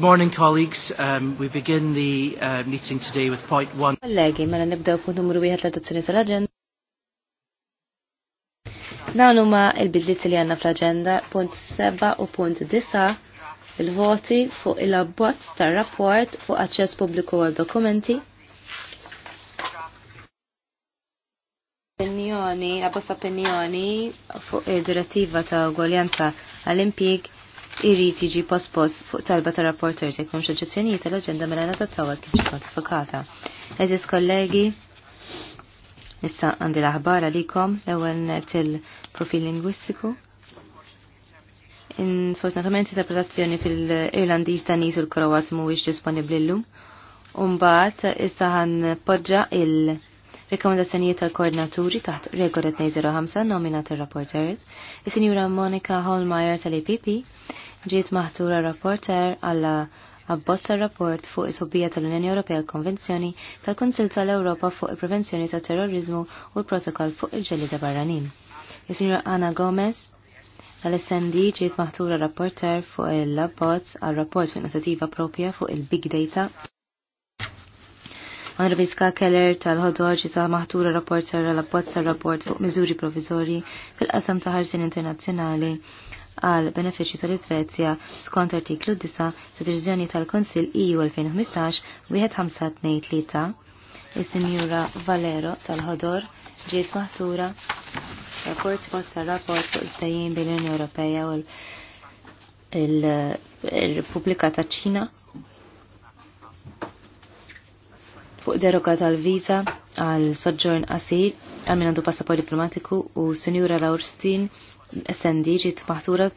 Good morning, colleagues. Um, we begin the uh, meeting today with point one. Kollegi, mela nibdew punt numru wieħed l-adozzjoni sal-agenda. Dawn huma l-bidliet li għandna fl-aġenda punt 7 u punt 9 il-voti fuq il-abbozz tar-rapport fuq aċċess pubbliku għal dokumenti. Opinjoni, abbozz opinjoni fuq il direttiva ta' ugwaljanza għall-impjieg irrit jiġi pospos fuq talba ta' rapporter jekk mhux oġġezzjonijiet tal-aġenda mela nadottawha kif ġiet notifikata. Eżis kollegi, issa għandi l-aħbar għalikom l-ewwel til-profil lingwistiku. Sfortunatament interpretazzjoni fil-Irlandiż Daniż u l-Kroat mhuwiex disponibbli llum. Umbat, issa għan podġa -il Rekomendazzjonijiet tal-koordinaturi taħt regola 205 nominat il-rapporters, il-Sinjura Monika Holmeyer tal app ġiet maħtura rapporter għalla abbozza rapport fuq is-sobbija tal-Unjoni Ewropea l-Konvenzjoni tal-Kunsil tal-Ewropa fuq il-Prevenzjoni tal Terrorizmu u l-Protokoll fuq il ta' barranin. is sinjura Anna Gomez tal-SND ġiet maħtura rapporter fuq il-abbozz għal rapport fuq inizjattiva propja fuq il-Big Data Honorable Ska Keller tal-ħodorġi ta' maħtura rapport sar la bozza rapport fuq miżuri provizori fil-qasam ta' ħarsin internazzjonali għal benefiċċju tal svezja skont artiklu 9 ta' deċiżjoni tal-Konsil EU 2015 lita' Is-Sinjura Valero tal-ħodor ġiet maħtura rapport bosta rapport fuq il tajjim bejn unjoni Ewropea u l-Repubblika ta' Ċina fuq deroga tal-viza għal soġġorn qasir għal min għandu passaport diplomatiku u Senjura Laurstin SND ġiet maħtura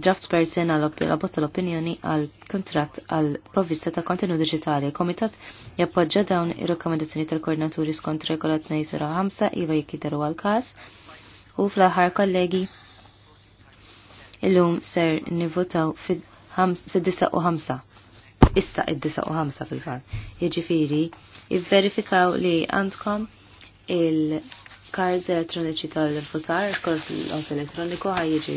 draft person għal post l-opinjoni għal kontrat għal provvista ta' kontenu digitali. Komitat jappoġġa dawn ir-rekomendazzjoni tal-koordinaturi skont regola 205 iva jikideru għal kas u fl-aħħar kollegi illum ser nivutaw fid disa u ħamsa issa id-95 fil fat Jiġifieri, jivverifikaw li għandkom il-kards elektroniċi tal-votar, il-korp elettroniku ħaj jiġi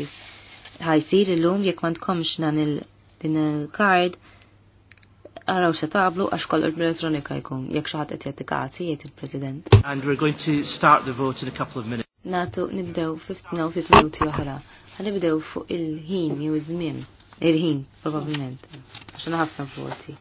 ħajsir illum jekk m'għandkomx il-din il-kard għaraw xa tablu għax kol elettronika jkun, jek xaħat qed jiet jgħid il-President. And we're going to start the vote in a couple of minutes. Natu nibdew 15 minuti oħra. nibdew fuq il-ħin jew iż-żmien Il-ħin, probabilment. Għaxan ħafna voti.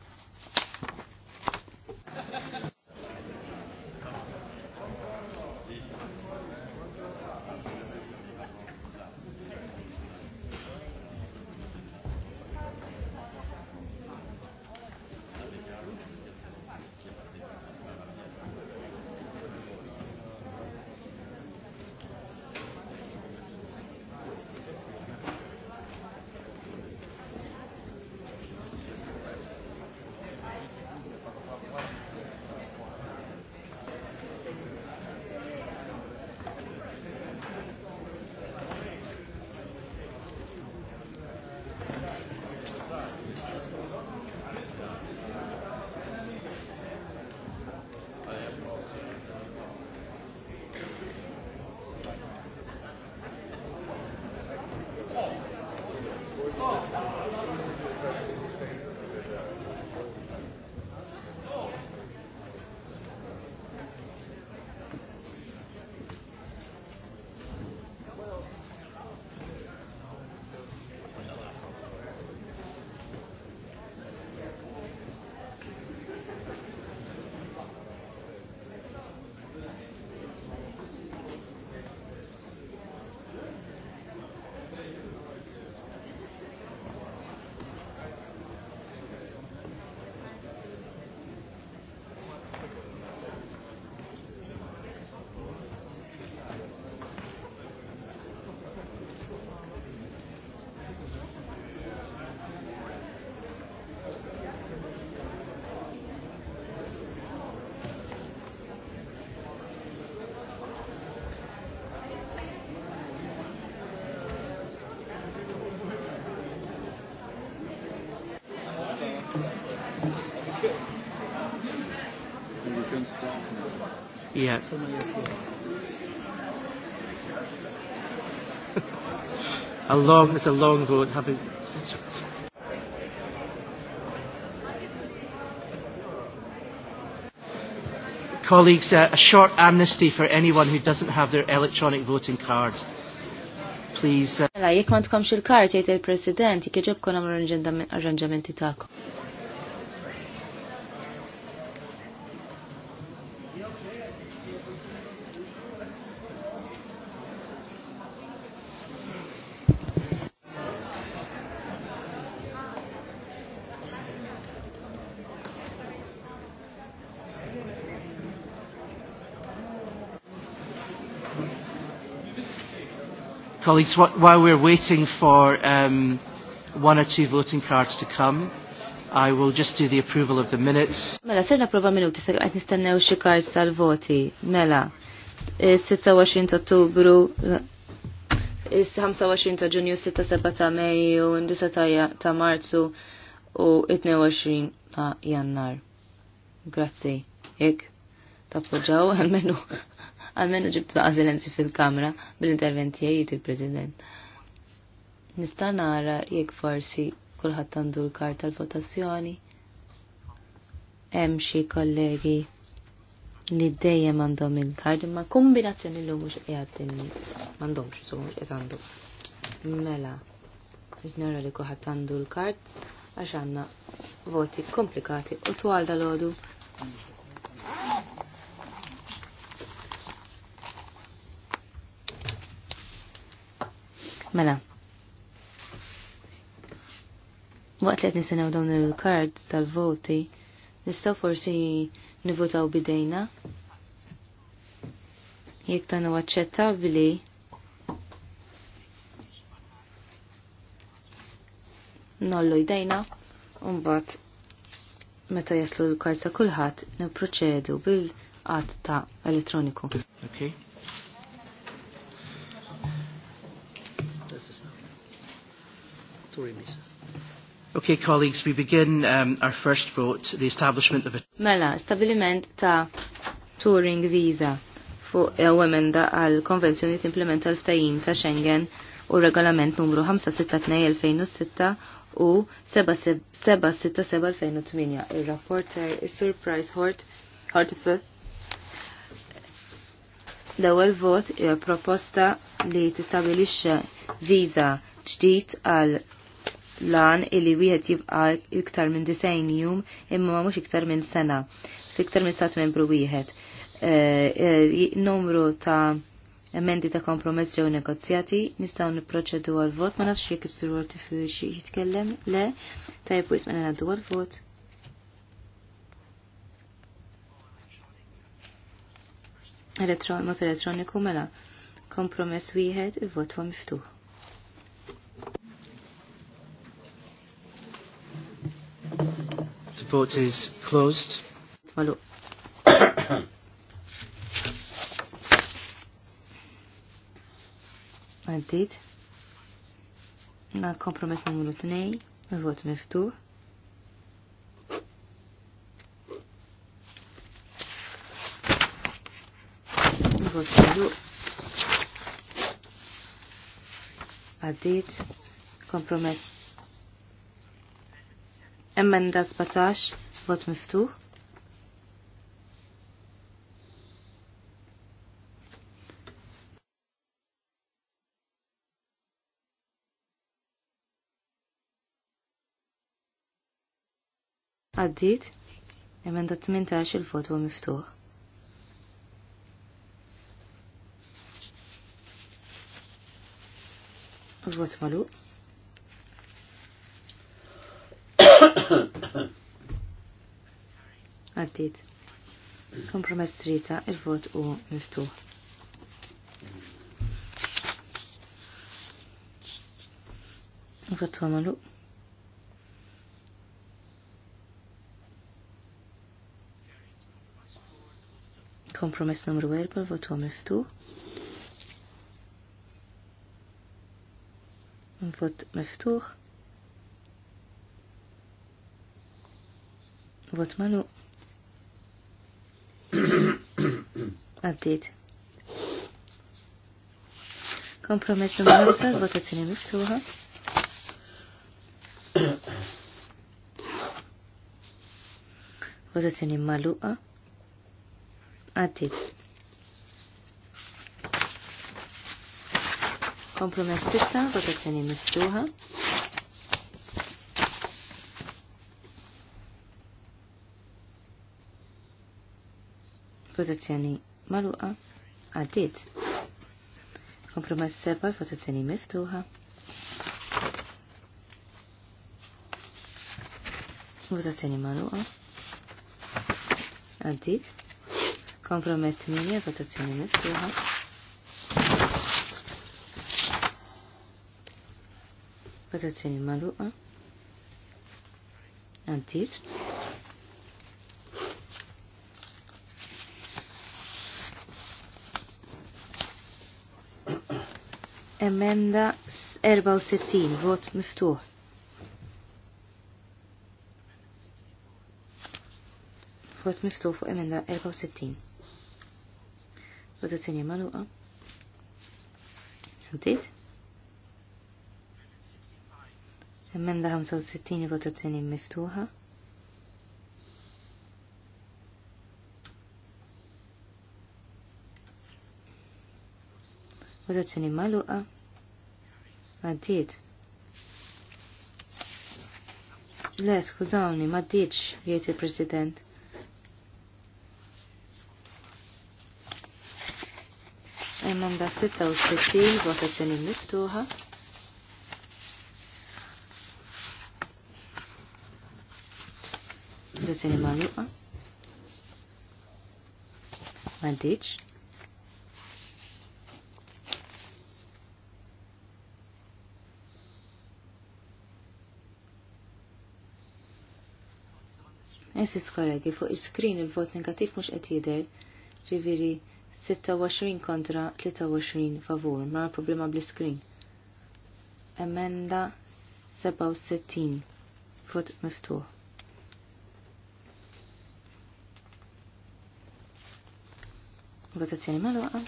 Yeah. a long, it's a long vote. Happy. Colleagues, uh, a short amnesty for anyone who doesn't have their electronic voting card. Please. Uh, mela, jek il-kart jgħid il-President, jek arranġamenti Colleagues, wh while we're waiting for um, one or two voting cards to come, I will just do the approval of the minutes. Mela, sirna prova minuti, sa' għet nistennew xikarz tal-voti. Mela, 26 ottubru, 25 ġunju, 6-7 ta' meju, 9 ta' marzu u 22 ta' jannar. Grazzi. Ik, ta' poġaw, għal-menu. għalmenu ġibtu daqqa silenzju fil-kamra bil-intervent il-President. Nista' nara jekk forsi kulħadd għandu l-kart tal-votazzjoni. Hemm xi kollegi li dejjem għandhom il kart imma kombinazzjoni l mhux qiegħed m'għandhomx insomma mhux qed għandu. Mela, biex nara li kulħadd għandu l-kart għax għandna voti komplikati u twal dal-għodu. Mela. Waqt li qed nisenew dawn il cards tal-voti, nistgħu forsi nivutaw bidejna. Jekk dan huwa aċċettabbli nollu jdejna mbagħad meta jaslu l-kards ta' kulħadd nipproċedu bil-qatt ta' elettroniku. Okay, colleagues, we begin um, our first vote, the establishment of a... Mela, stabiliment ta' touring visa fuq emenda għal konvenzjoni timplementa l-ftajim ta' Schengen u regolament numru 562-2006 u 767-2008. Il-rapporter is Surprise Hort, Hortife. L-ewwel vot proposta li tistabilixxa visa ġdijt għal lan illi wieħed jibqa' iktar minn disejn jum imma mhux iktar minn sena fiktar minn stat membru wieħed. Eh, eh, numru ta' emendi ta' kompromess ġew negozjati nistgħu nipproċedu għal vot ma nafx jekk is-sur Ortifuxi jitkellem le tajb wisq minn mela ngħaddu għal vot. Elektron, mod elettroniku mela kompromess wieħed il-vot huwa miftuħ. report is closed. Għaddit. Na kompromess numru 2, vot miftuħ. Vot miftuħ. Għaddit. Kompromess Emenda 17, vot miftuħ. Għaddit, emenda 18 il-vot huwa miftuħ. Vot maluq. għaddit. Kompromess trita, il-vot u miftuħ. Il-vot u għamalu. Kompromess numru 4, il-vot u miftuħ. Vot miftuħ. Vot maluq. Għaddit. Kompromess numru 5, votazzjoni miftuħa. Votazzjoni maluqa. Għaddit. Kompromess 6, votazzjoni miftuħa. Votazzjoni maluqa għaddit. Kompromess seba l votazzjoni miftuħa. Votazzjoni maluqa għaddit. Kompromess 8 votazzjoni miftuħa. Votazzjoni maluqa. Għaddit. Emenda 64, vot miftuħ. Vot miftuħ fuq emenda 64. Votazzjoni maluqa. Għantit? Emenda 65 votazzjoni miftuħa. Votazzjoni maluqa. Għaddiet. Le, skużawni, ma ddiċ, jgħid il-President. Emenda 66, votazzjoni miftuħa. Votazzjoni maluqa. Ma ddiċ. Esis kollegi, fuq iskrin il-vot negativ mux qed jidher, ġiviri 26 kontra 23 favur, ma problema bl-iskrin. Emenda 67, vot miftuħ. Votazzjoni mal-waqa.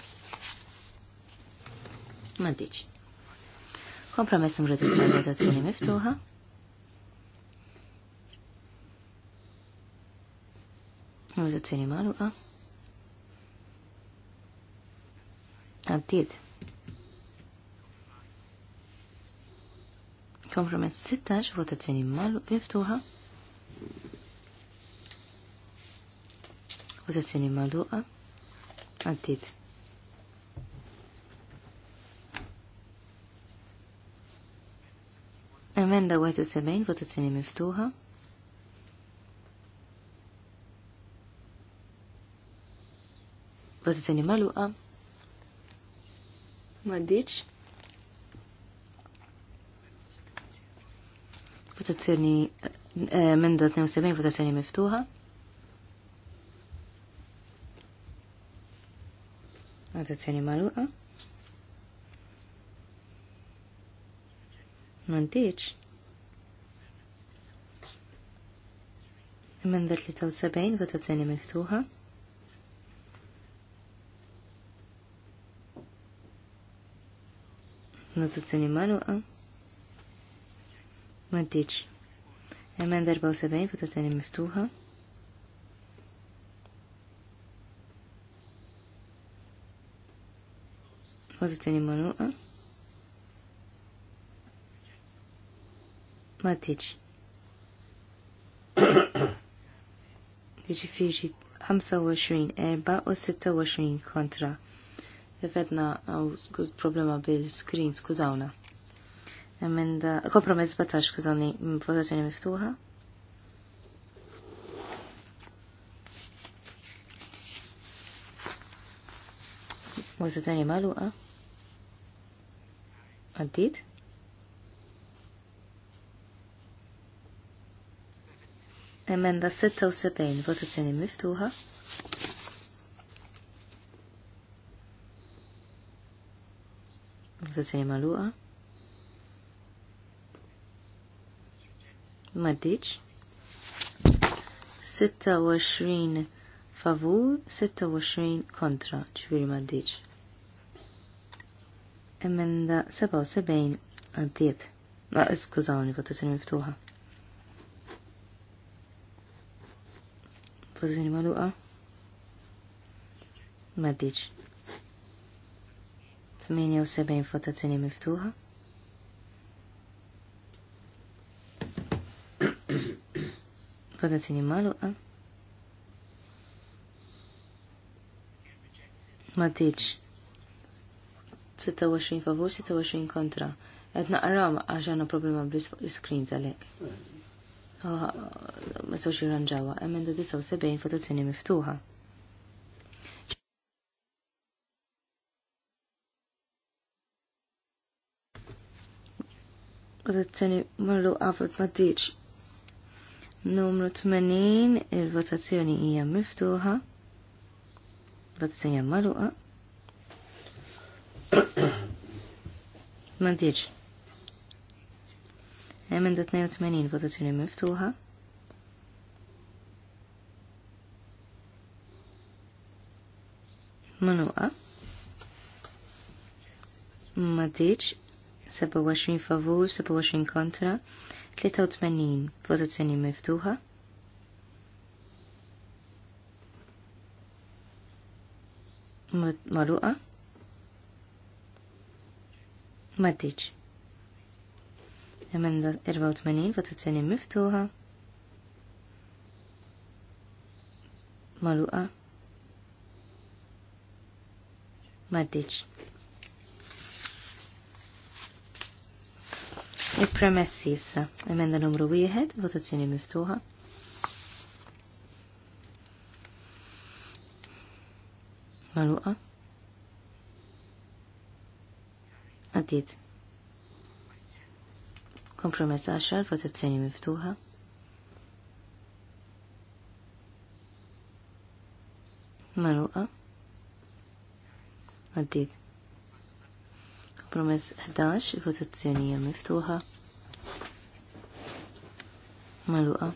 diċ. Kompromess mredu votazzjoni miftuħa. votazzjoni maluqa. Għaddiet. Kompromess 16, votazzjoni maluqa miftuħa. Votazzjoni maluqa. Għaddiet. Emenda 71, votazzjoni miftuħa. Votazzjoni maluqa. Maddiċ. Votazzjoni eh, menda 72, votazzjoni miftuħa. Votazzjoni maluqa. Maddiċ. Emenda 73, votazzjoni miftuħa. votazzjoni maluqa. Maddiċ. Emenda 74, votazzjoni miftuħa. Votazzjoni maluqa. Maddiċ. Jiġifieri 25 erba' u 26 kontra kif għaw problema bil-screen, skużawna. Emenda, kompromess batax, skużawni, votazzjoni miftuħa. Votazzjoni maluqa. Għaddit? Emenda 76, votazzjoni miftuħa. votazzjoni maluqa. Maddiċ. 26 favur, 26 kontra, ċviri maddiċ. Emenda 77 għaddiet. Ma, skużawni, votazzjoni miftuħa. Votazzjoni maluqa. Maddiċ. 78 votazzjoni miftuħa. Votazzjoni maluqa. Eh. Oh, ma 26 favur, 26 kontra. Għed naqram għax għanna problema bl-screen għalek. Ma sawx jirranġawa. Emenda 79 votazzjoni miftuħa. U votazzjoni marlu mullu ma maddiċ. Numru 80, il-votazzjoni hija miftuħa. Votazzjoni hija maluqa. ma diċ. Emenda 82, votazzjoni miftuħa. Maluqa. Ma diċ. 27 favur, 27 kontra, 83 pozizjoni miftuħa. Maluqa. Maddiċ. Emenda 84 pozizjoni miftuħa. Maluqa. Maddiċ. Il-premessi jissa. Emenda numru 1, votazzjoni miftuħa. Maluqa. Għaddit. Kompromess 10, votazzjoni miftuħa. Maluqa. Għaddit. Kompromess 11, votazzjoni miftuħa. Maluqa.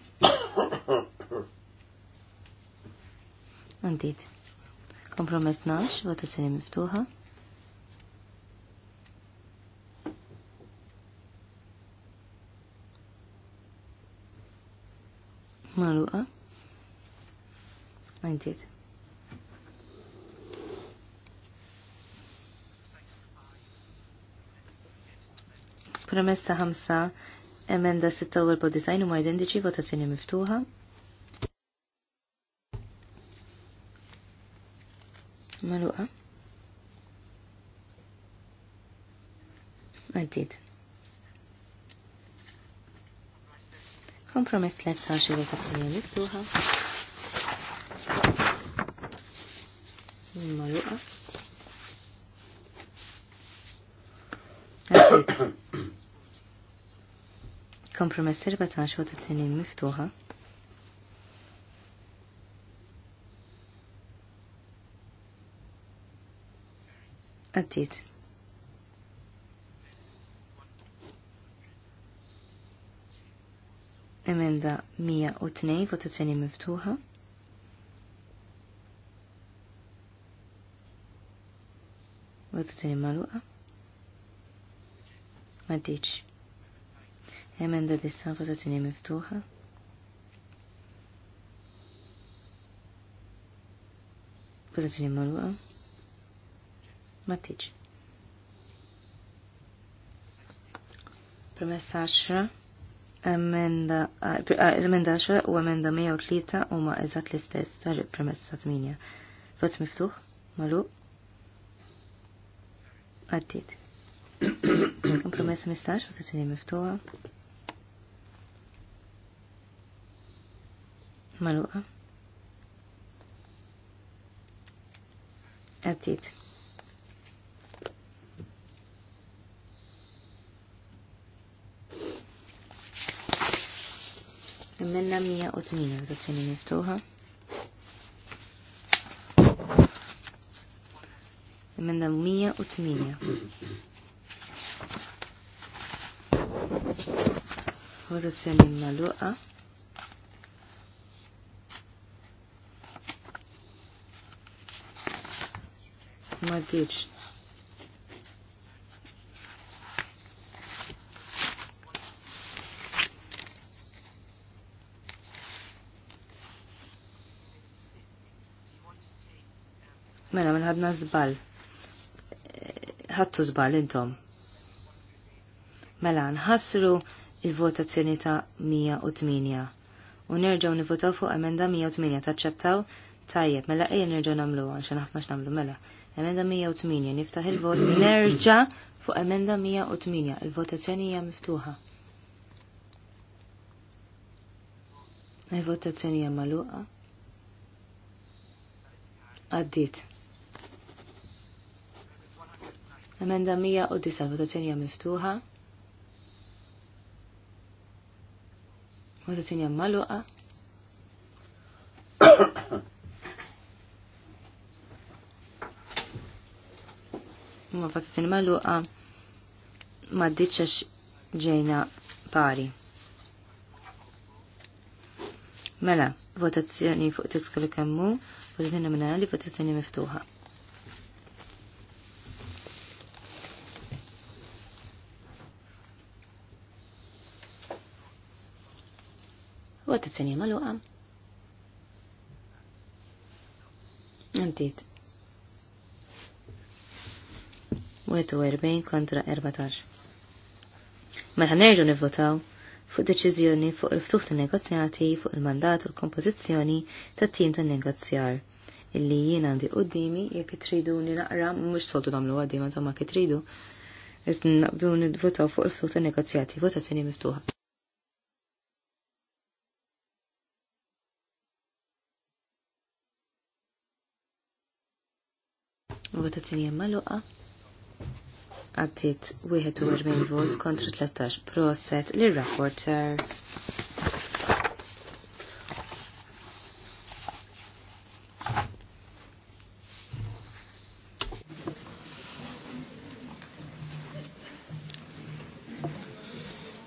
Għandid. Kompromess 12, votazzjoni miftuħa. Maluqa. Għandid. Promessa 5 Emenda 6 bod design huma identiċi votazzjoni miftuħa. Maluqa. Għaddit. Kompromess 13 votazzjoni miftuħa. Maluqa. Kompromess ta' votazzjoni miftuħa. Għaddit. Emenda 102 votazzjoni miftuħa. Votazzjoni maluqa. Għaddit. Emenda dissa votazzjoni miftuħa. Votazzjoni magħluqa. Ma tiġi. Premessa 10, emenda 10 u emenda 103 ma eżatt l-istess tal-premessa 8. Vot miftuħ, magħluq. Għaddit. Kompromess 15, votazzjoni miftuħa. maluqa. Għattit. Minna 108 votazzjoni miftuħa. Minna 108. Votazzjoni maluqa. ma Mena, Mela, minn mela, ħadna zbal. ħattu zbal intom. Mela, nħassru il-votazzjoni ta' 108 u nerġaw nivotaw fuq emenda 108 taċċettaw Tajjeb, mela ejja nerġa' nagħmlu għan xi ħafna x'nagħmlu mela. Emenda 108 niftaħ il-vot nerġa' fuq emenda 108 il-votazzjoni hija miftuħa. Il-votazzjoni hija magħluqa. Għaddiet. Emenda 109 votazzjoni hija miftuħa. Votazzjoni hija magħluqa. ma votazzjoni maluqa ma ddiċċax ġejna pari. Mela, votazzjoni fuq tekst kollu kemmu, votazzjoni nominali, votazzjoni miftuħa. Votazzjoni maluqa. Għandit. 41 kontra 14. Mela nerġu nivvotaw fuq deċiżjoni fuq il-ftuħ ta' negozjati fuq il-mandat u l-kompożizzjoni ta' tim ta' negozjar illi jien għandi qoddimi jekk tridu naqra mhux soltu nagħmlu għaddim insomma kif tridu iż naqbdu nivvotaw fuq il-ftuħ ta' negozjati votazzjoni miftuħa. Votazzjoni jemma luqa għaddit 41 vot kontra 13 proset li rapporter.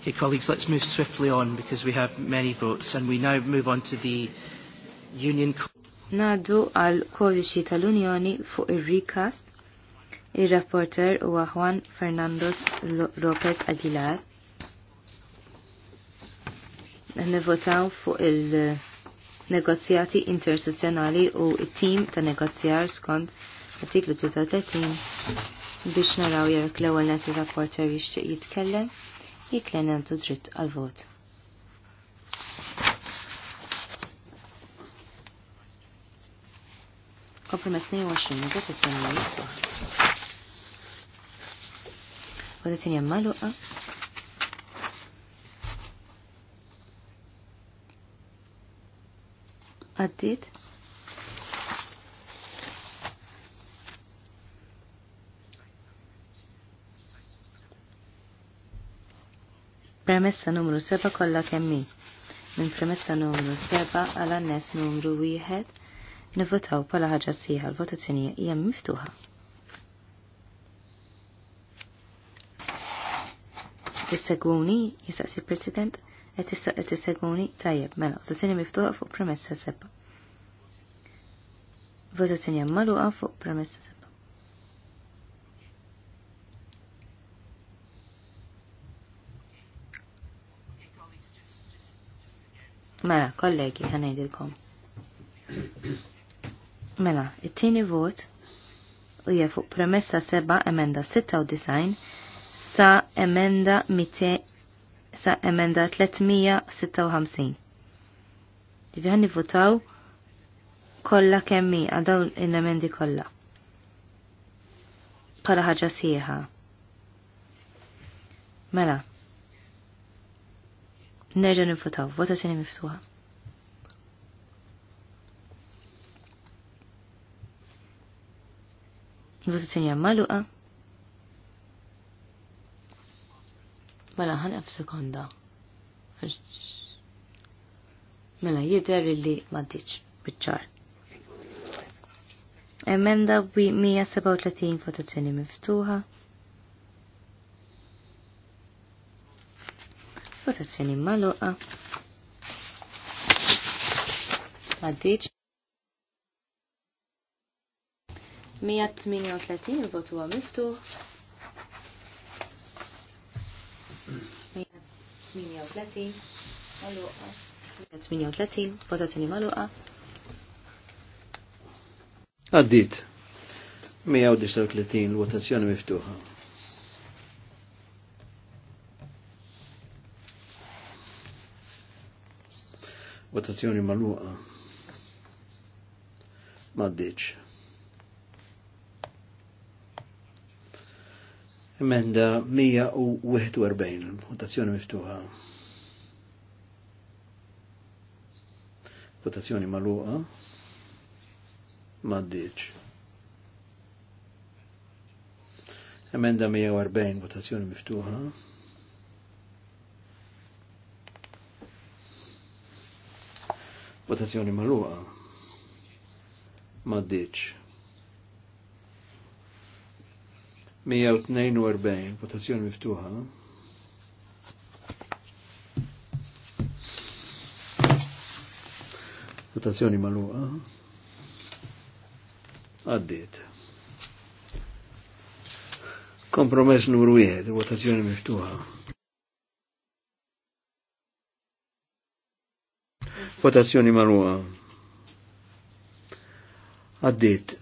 Okay, colleagues, let's move swiftly on because we have many votes and we now move on to the Union Nadu għal kodiċi tal-Unjoni fuq ir-recast Il-rapporter huwa Juan Fernando López Aguilar. Nivotaw fuq il-negozjati intersezzjonali u it-tim ta' negozjar skont artiklu 33 biex naraw jekk l-ewwel net ir-rapporter jixtieq jitkellem jiklen għandu dritt għal-vot. Kompromess 22, votazzjoni Votazzjoni hemm magħluqa. Għaddiet. Premessa numru 7 kollha kemmi. Minn premessa numru 7 għal annes numru 1 nivotaw bħala ħaġa sieħa l-votazzjoni hija miftuħa. tisseguni, jistaqsi il-President, qed tisseguni tajjeb, mela, votazzjoni miftuħa fuq premessa sebba. Votazzjoni magħluqa fuq premessa sebba. Mela, kollegi, ħanajdilkom. Mela, it-tieni vot u fuq premessa seba' emenda 96 sa emenda mite sa emenda 356. Divi għan votaw kolla kemmi għadaw l-emendi kolla. Kolla ħagġa siħa. Mela. Nerġa nifutaw, votazzjoni miftuħa. Votazzjoni għammaluqa. Mela ħan ħanef sekonda. Mela jider li maddiċ bitċar. Emenda bi 137 votazzjoni miftuħa. Votazzjoni maluqa. Maddiċ. 138 il-votu miftuħ. 38 votazzjoni maluqa. Għaddit. 139 votazzjoni miftuħa. Votazzjoni maluqa. Maddiċ. Emenda 141, votazzjoni miftuħa. Votazzjoni maluqa. Maddiċ. Emenda 140, votazzjoni miftuħa. Votazzjoni maluqa. Maddiċ. 142, votazzjoni miftuħa. Votazzjoni maluqa. Għaddiet. Kompromess numru 1, votazzjoni miftuħa. Votazzjoni maluqa. Għaddiet.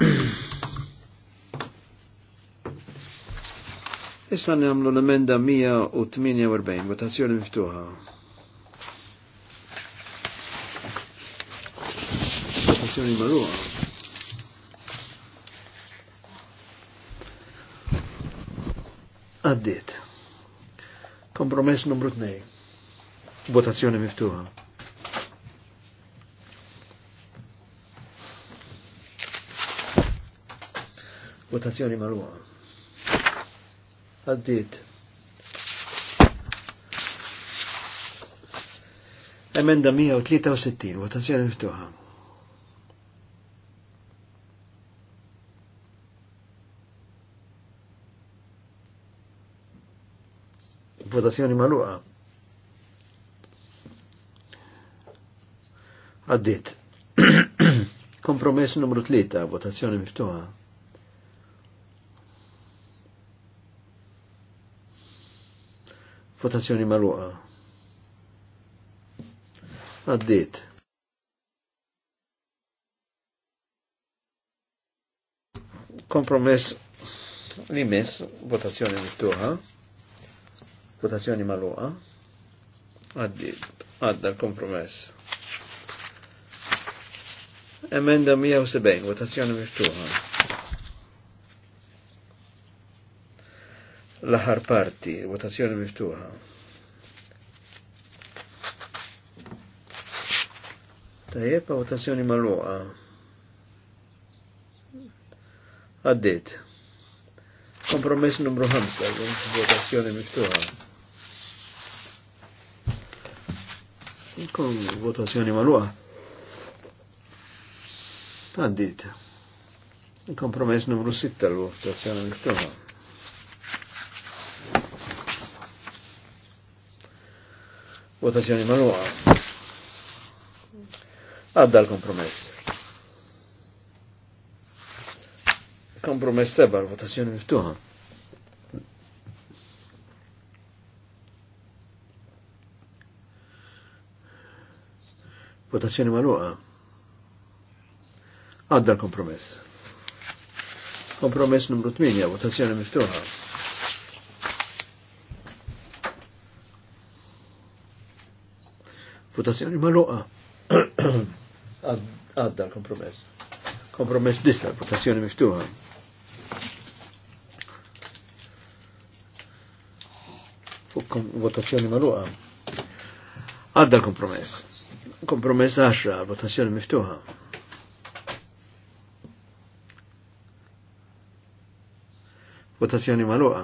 Issa nagħmlu l-emenda 148, votazzjoni miftuħa. Votazzjoni magħruqa. Għaddit. Kompromess numru 2. Votazzjoni miftuħa. Votazzjoni magħruqa għaddit. Emenda 163, votazzjoni miftuħa. Votazzjoni maluqa. Għaddit. Kompromess numru 3, votazzjoni miftuħa. Votazzjoni maluqa. Għaddit. Kompromess li mis, votazzjoni mittuħa, votazzjoni maluqa, għaddit, għadda l-kompromess. Emenda 170, votazzjoni mittuħa. l-aħar parti, votazzjoni miftuħa. Tajjeb, votazzjoni maluqa. Għaddit. Kompromess numru 5, votazzjoni miftuħa. Kom votazzjoni maluqa. Għaddit. Kompromess numru 6, votazzjoni miftuħa. Votazzjoni maluqa. Għadda l-kompromess. Kompromess seba, votazzjoni miftuħa. votazzjoni maluqa għadda l-kompromess. Kompromess numru 8, votazzjoni miftuħa. Votazzjoni maluqa. Għadda l-kompromess. Kompromess disa, votazzjoni miftuħa. Fuq votazzjoni maluqa. Għadda l-kompromess. Kompromess 10, votazzjoni miftuħa. Votazzjoni maluqa.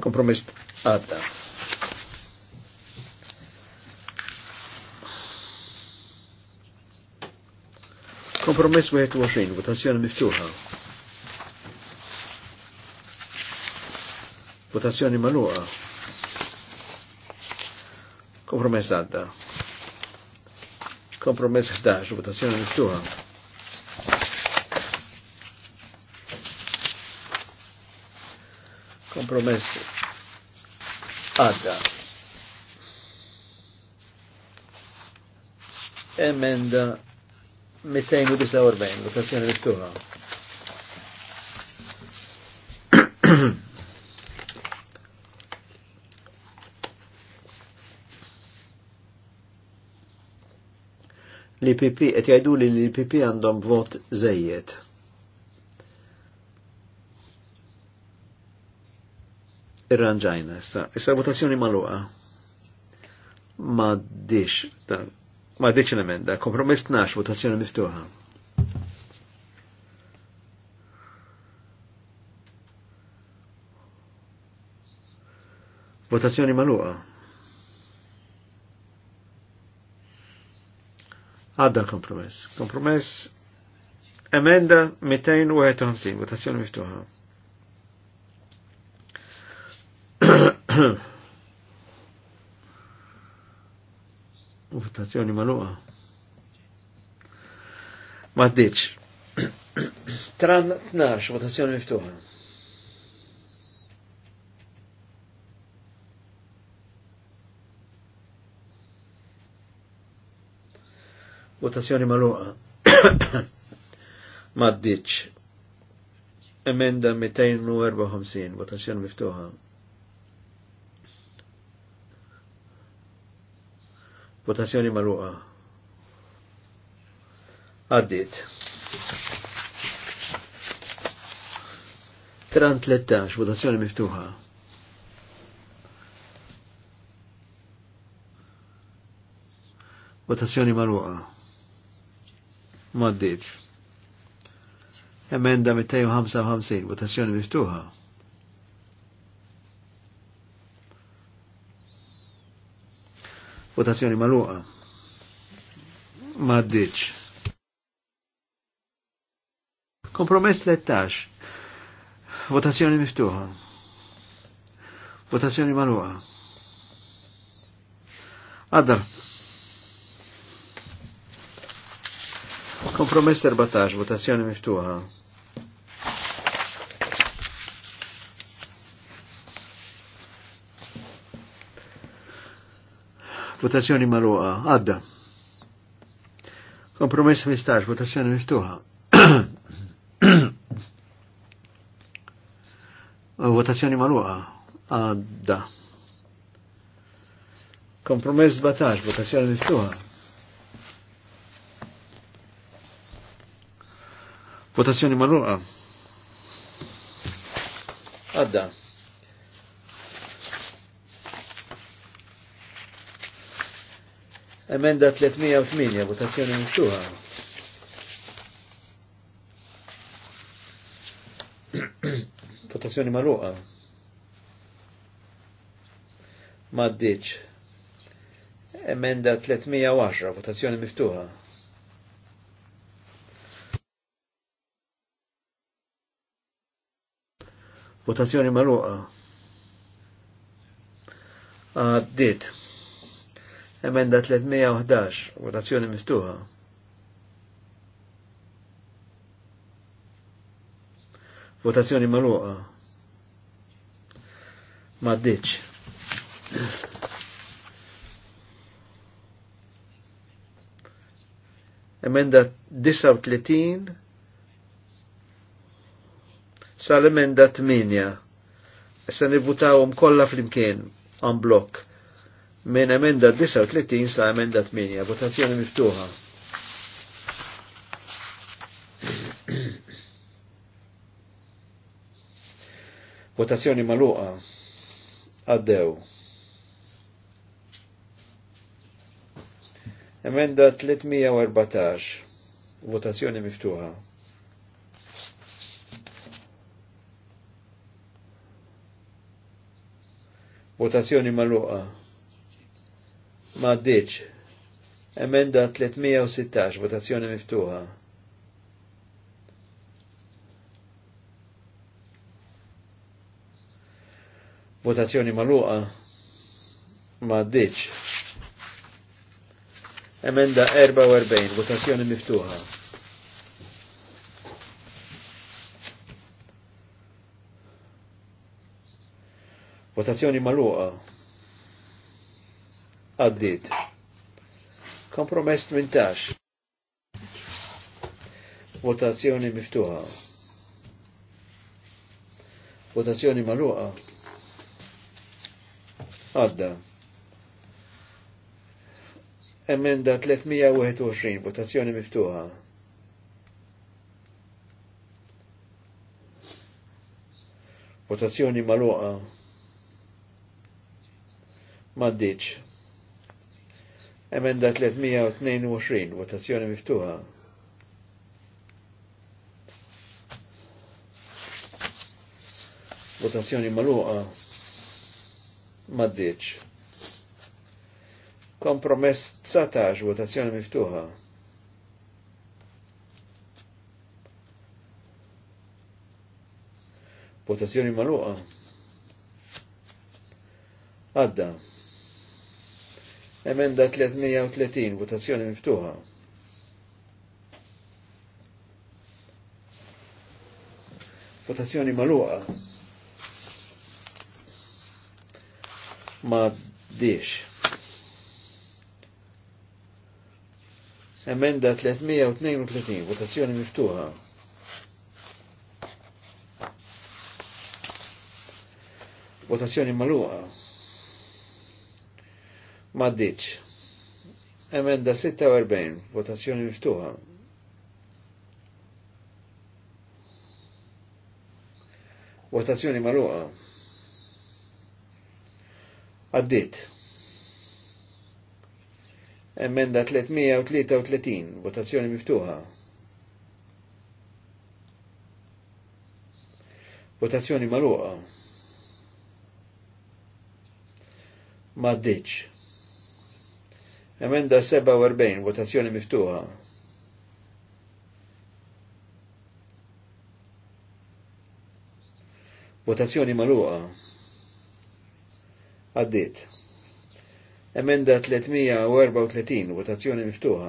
Kompromess għadda. Kompromess 21, votazzjoni miftuħa. Votazzjoni maluqa. Kompromess għadda. Kompromess 11, votazzjoni miftuħa. Kompromess għadda. Emenda 249, l votazzjoni miftuħa. L-IPP, et jajdu li l-IPP għandhom vot zejjed. Irranġajna, issa, issa votazzjoni maluqa. Ma dix, tal Ma diċ l-emenda, kompromess 12, votazzjoni miftuħa. Votazzjoni maluqa. Għadda l-kompromess. Kompromess emenda 251, votazzjoni miftuħa. Votazzjoni maluqa. Maddiċ. Tran 12, votazzjoni miftuħa. Votazzjoni maluqa. Maddiċ. Emenda 254, votazzjoni miftuħa. Votazzjoni marruqa. Għaddit. Tran 13, votazzjoni miftuħa. Votazzjoni marruqa. Maddit. Emenda 55, votazzjoni miftuħa. Votazzjoni maluqa. Maddiċ. Kompromess 13. Votazzjoni miftuħa. Votazzjoni maluqa. Għaddar. Kompromess 14. Votazzjoni miftuħa. Votazzjoni maluqa. Għadda. Kompromess 15. Votazzjoni miftuħa. Votazzjoni maluqa. Għadda. Kompromess 17. Votazzjoni miftuħa. Votazzjoni maluqa. Għadda. Emenda 308, votazzjoni miftuħa. votazzjoni maluqa. Maddiċ. Emenda 310, votazzjoni miftuħa. Votazzjoni maluqa. Għaddit. Uh, Emenda 311, votazzjoni miftuħa. Votazzjoni maluqa. Maddiċ. Emenda 39 sal-emenda 8. Issa nivvutawhom kollha flimkien on blok minn emenda 39 sa' emenda 8, votazzjoni miftuħa. Votazzjoni maluqa għaddew. Emenda 314, votazzjoni miftuħa. Votazzjoni maluqa ma ddiċ. Emenda 316, votazzjoni miftuħa. Votazzjoni maluqa ma Emenda 44, votazzjoni miftuħa. Votazzjoni maluqa għaddit. Kompromess 18. Votazzjoni miftuħa. Votazzjoni maluqa. Għadda. Emenda 321, votazzjoni miftuħa. Votazzjoni maluqa. Maddiċ. Emenda 322, votazzjoni miftuħa. Votazzjoni maluqa. Maddiċ. Kompromess 19, votazzjoni miftuħa. Votazzjoni maluqa. Għadda. Emenda 330, votazzjoni miftuħa. Votazzjoni maluqa. Ma diex. Emenda 332, votazzjoni miftuħa. Votazzjoni maluqa. Maddiċ. Emenda 46, votazzjoni miftuħa. Votazzjoni maluqa. Addit. Emenda 333, votazzjoni miftuħa. Votazzjoni maluqa. Maddiċ. Emenda 47, votazzjoni miftuħa. Votazzjoni maluqa. Għaddit. Emenda 334, votazzjoni miftuħa.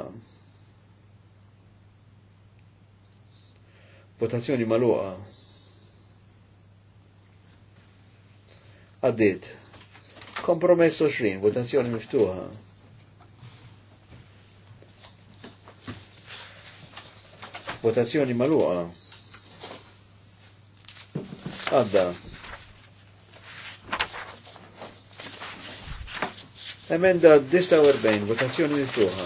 Votazzjoni maluqa. Għaddit. Kompromess 20, votazzjoni miftuħa. Votazzjoni maluqa. Għadda. Emenda 49, votazzjoni miftuħa.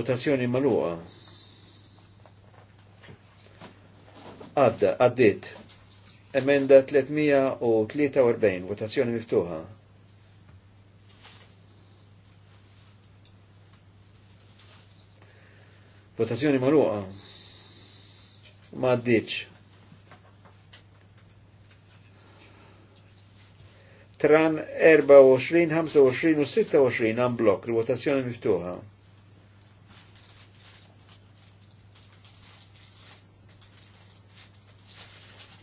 Votazzjoni maluqa. Għadda, għaddit. Emenda 343, votazzjoni miftuħa. Votazzjoni maluqa. Ma għaddiċ. Tran 24, 25 u 26 għan blok, votazzjoni miftuħa.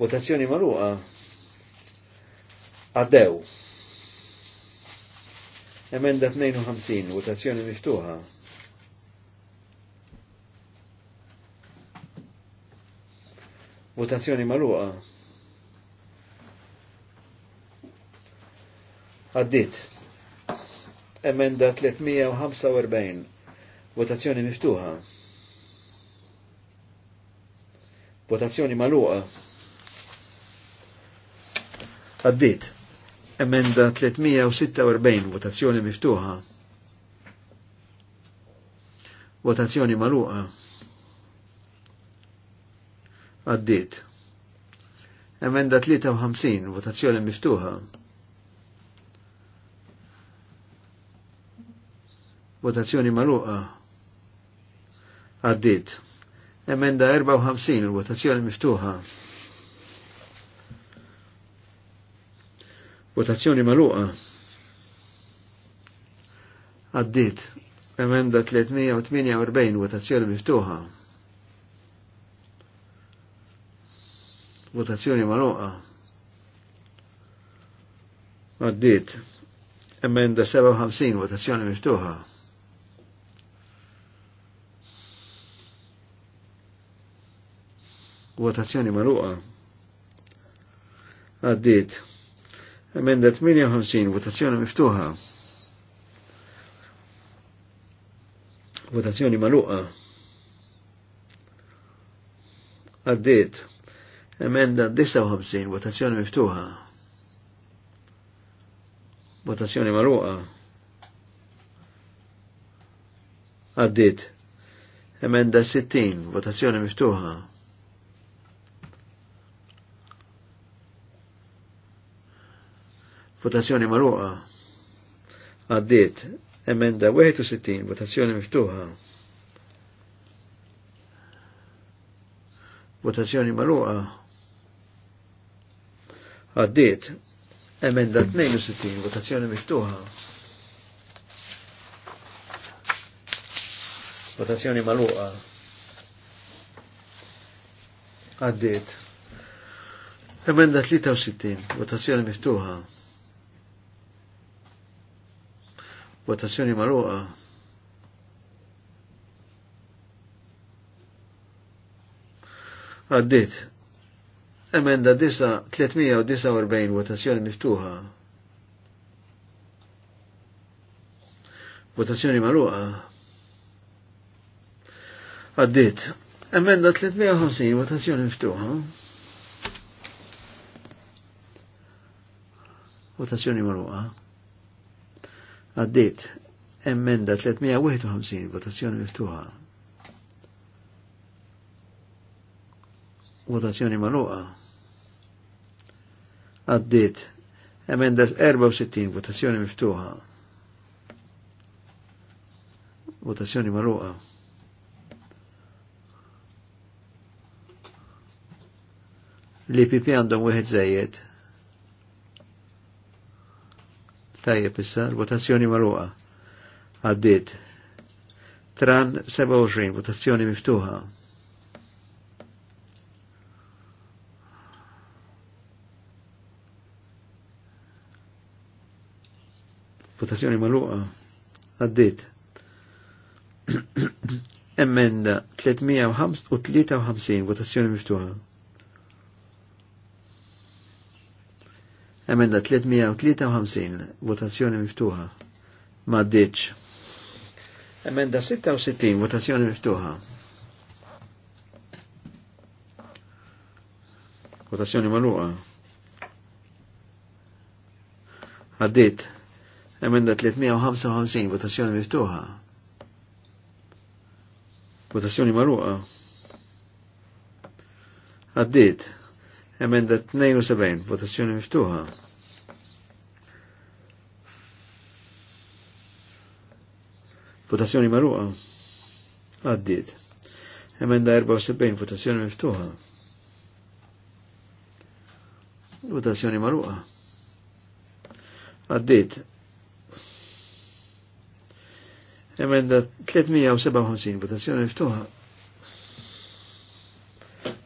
votazzjoni maluqa għaddew. Emenda 52, votazzjoni miftuħa. Votazzjoni maluqa. Għaddit. Emenda 345. Votazzjoni miftuħa. Votazzjoni maluqa. Għaddit. Emenda 346. Votazzjoni miftuħa. Votazzjoni maluqa. Għaddit. Emenda 53, votazzjoni miftuħa. Votazzjoni maluqa. Għaddit. Emenda 54, votazzjoni miftuħa. Votazzjoni maluqa. Għaddit. Emenda 348, votazzjoni miftuħa. Votazzjoni maluqa. Għaddit. Emenda 57, votazzjoni miftuħa. Votazzjoni maluqa. Għaddit. Emenda 58, votazzjoni miftuħa. Votazzjoni maluqa. Għaddit Emenda 59, votazzjoni miftuħa. Votazzjoni marruqa. Għaddit. Emenda 60, votazzjoni miftuħa. Votazzjoni marruqa. Għaddit. Emenda 61, votazzjoni miftuħa. Votazzjoni marruqa Għaddiet, emenda 62, votazzjoni miftuħa. Votazzjoni maluqa. Għaddiet. Emenda 63, votazzjoni miftuħa. Votazzjoni maluqa. Għaddiet. Emenda 349 votazzjoni miftuħa. Votazzjoni maluqa. Għaddit. Emenda 350 votazzjoni miftuħa. Votazzjoni maluqa. Għaddit. Emenda 351 votazzjoni miftuħa. votazzjoni maluqa għaddit. Emenda 64, votazzjoni miftuħa. Votazzjoni marruqa. L-IPP għandhom wieħed żejjed. Tajjeb issa, votazzjoni marruqa. Għaddit. Tran 27, votazzjoni miftuħa. votazzjoni maluqa għaddit. Emenda 353 votazzjoni miftuħa. Emenda 353 votazzjoni miftuħa. Ma għaddit. Emenda 66 votazzjoni miftuħa. Votazzjoni maluqa. Għaddit. Emenda 355, votazzjoni miftuħa. Votazzjoni marruqa. Għaddit. Emenda 72, votazzjoni miftuħa. Votazzjoni marruqa. Għaddit. Emenda 74, votazzjoni miftuħa. Votazzjoni marruqa. Għaddit. Emenda 357, votazzjoni ftuħa.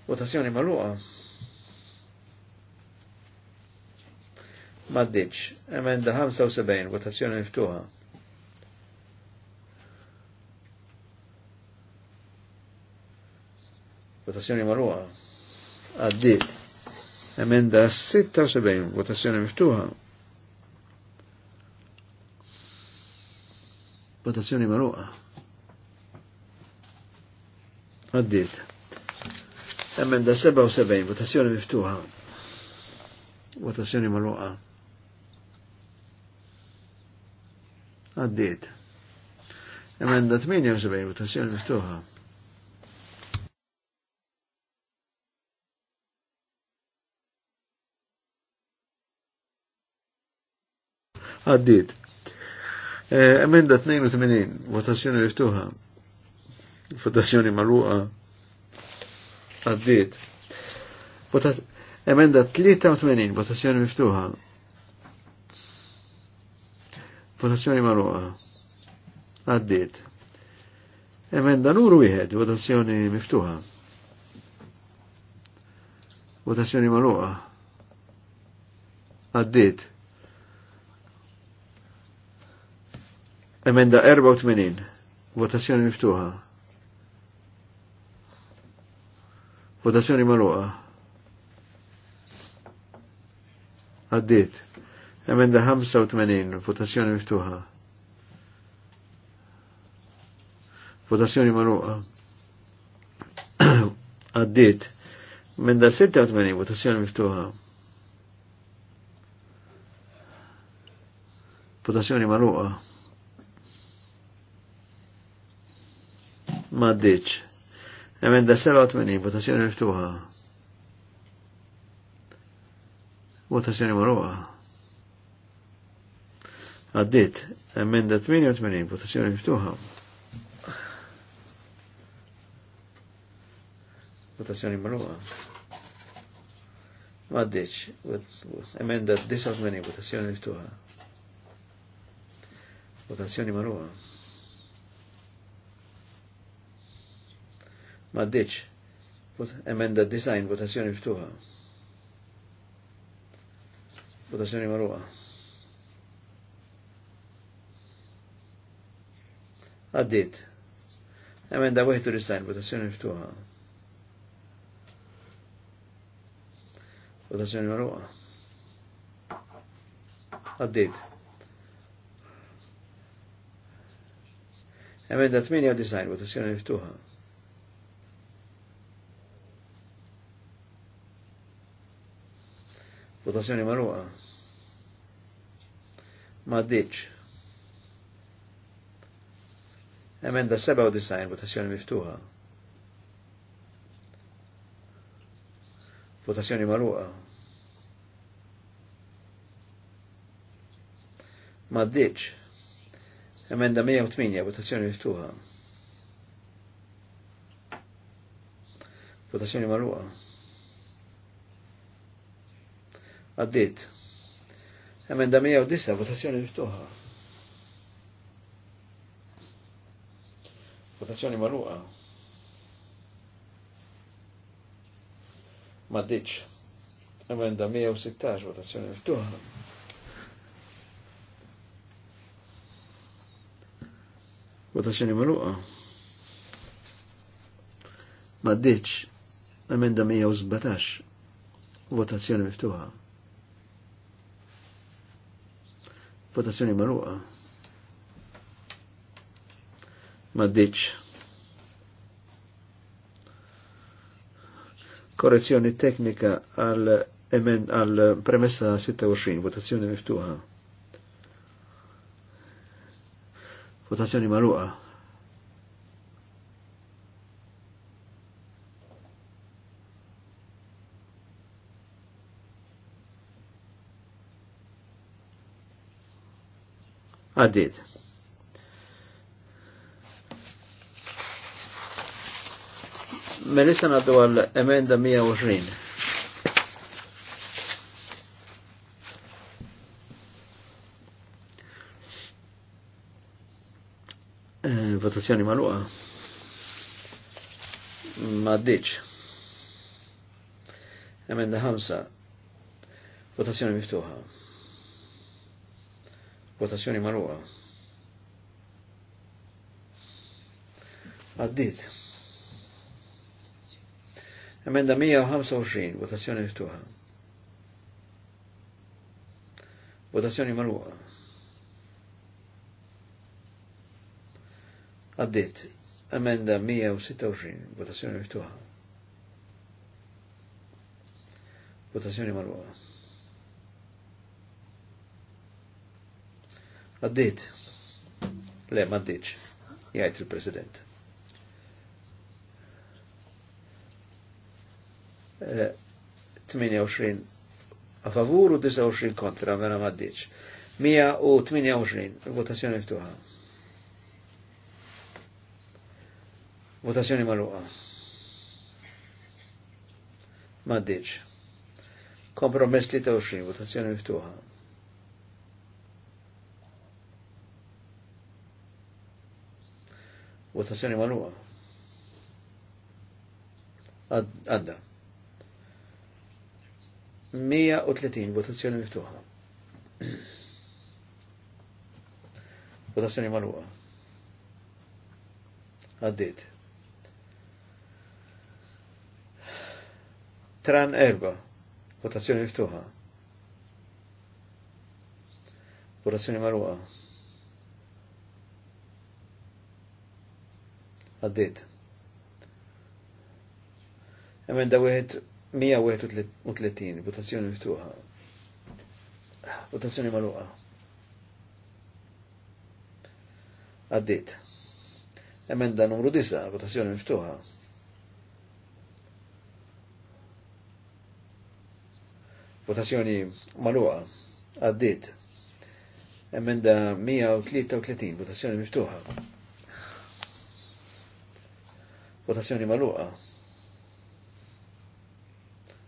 Votazzjoni maluqa. Maddiċ, emenda 75, votazzjoni ftuħa. Votazzjoni maluqa. Għaddit. Emenda 76, votazzjoni ftuħa. Votazzjoni maruqa. Għaddit. da 77, votazzjoni miftuħa. Votazzjoni maruqa. Għaddit. da 78, votazzjoni miftuħa. Għaddit. Eh, emenda 82, votazzjoni riftuħa. Votazzjoni marruqa. Għaddit. Emenda 83, votazzjoni miftuħa. Votazzjoni marruqa. Għaddit. Emenda nuru wieħed, votazzjoni miftuħa. Votazzjoni marruqa. Għaddit. Emenda 84. Votazzjoni miftuħa. Votazzjoni maluqa. Għaddit. Emenda 85. Votazzjoni miftuħa. Votazzjoni maluqa. Għaddit. Emenda 86. Votazzjoni miftuħa. Votazzjoni maluqa ma ddiċ. Emenda 87, votazzjoni miftuħa. Votazzjoni marruħa. Għaddit, emenda 88, votazzjoni miftuħa. Votazzjoni marruħa. Ma ddiċ, emenda 89, votazzjoni miftuħa. Votazzjoni marruħa. ma ditx. Emenda design, votazzjoni ftuħa. Votazzjoni marruqa. Għaddit. Emenda 91, votazzjoni ftuħa. Votazzjoni marruqa. Għaddit. Emenda design, votazzjoni ftuħa. Votazzjoni marruqa. Ma ddiċ. Emenda 97, votazzjoni miftuħa. Votazzjoni marruqa. Ma ddiċ. Emenda 108, votazzjoni miftuħa. Votazzjoni marruqa. Għaddit. Emenda 109, votazzjoni miftuħa. Votazzjoni marruqa. Maddiċ. Emenda 116, votazzjoni miftuħa. Votazzjoni marruqa. Maddiċ. Emenda 117, votazzjoni miftuħa. Votazzjoni marruqa. Ma ditx. Korrezzjoni teknika għal emen għal premessa 26, votazzjoni miftuħa. Votazzjoni marruqa. għaddit. Melissa għaddu għal emenda 120. Eh, votazzjoni maluqa. Ma ddiċ. Emenda 5. Votazzjoni miftuħa. Votazzjoni marruqa. Għaddit. Emenda 125, votazzjoni miftuħa. Votazzjoni marruqa. Għaddit. Emenda 126, votazzjoni miftuħa. Votazzjoni marruqa. Għaddit. Le, ma għaddit. Jgħajt il-President. Uh, eh, 28 a favur u 29 kontra, mela ma għaddit. 128, votazzjoni ftuħa. Votazzjoni maluqa. Ma għaddit. Kompromess 23, votazzjoni ftuħa. Votazzjoni maluqa. Għadda. 130 votazzjoni miftuħa. Votazzjoni maluqa. Għaddit. Tran erba. Votazzjoni miftuħa. Votazzjoni maluqa. għaddit. Emmen da wieħed 131, votazzjoni miftuħa. Votazzjoni maluqa. Għaddit. Emenda da numru 9, votazzjoni miftuħa. Votazzjoni maluqa. Għaddit. Emenda 133, votazzjoni miftuħa. Votazzjoni maluqa.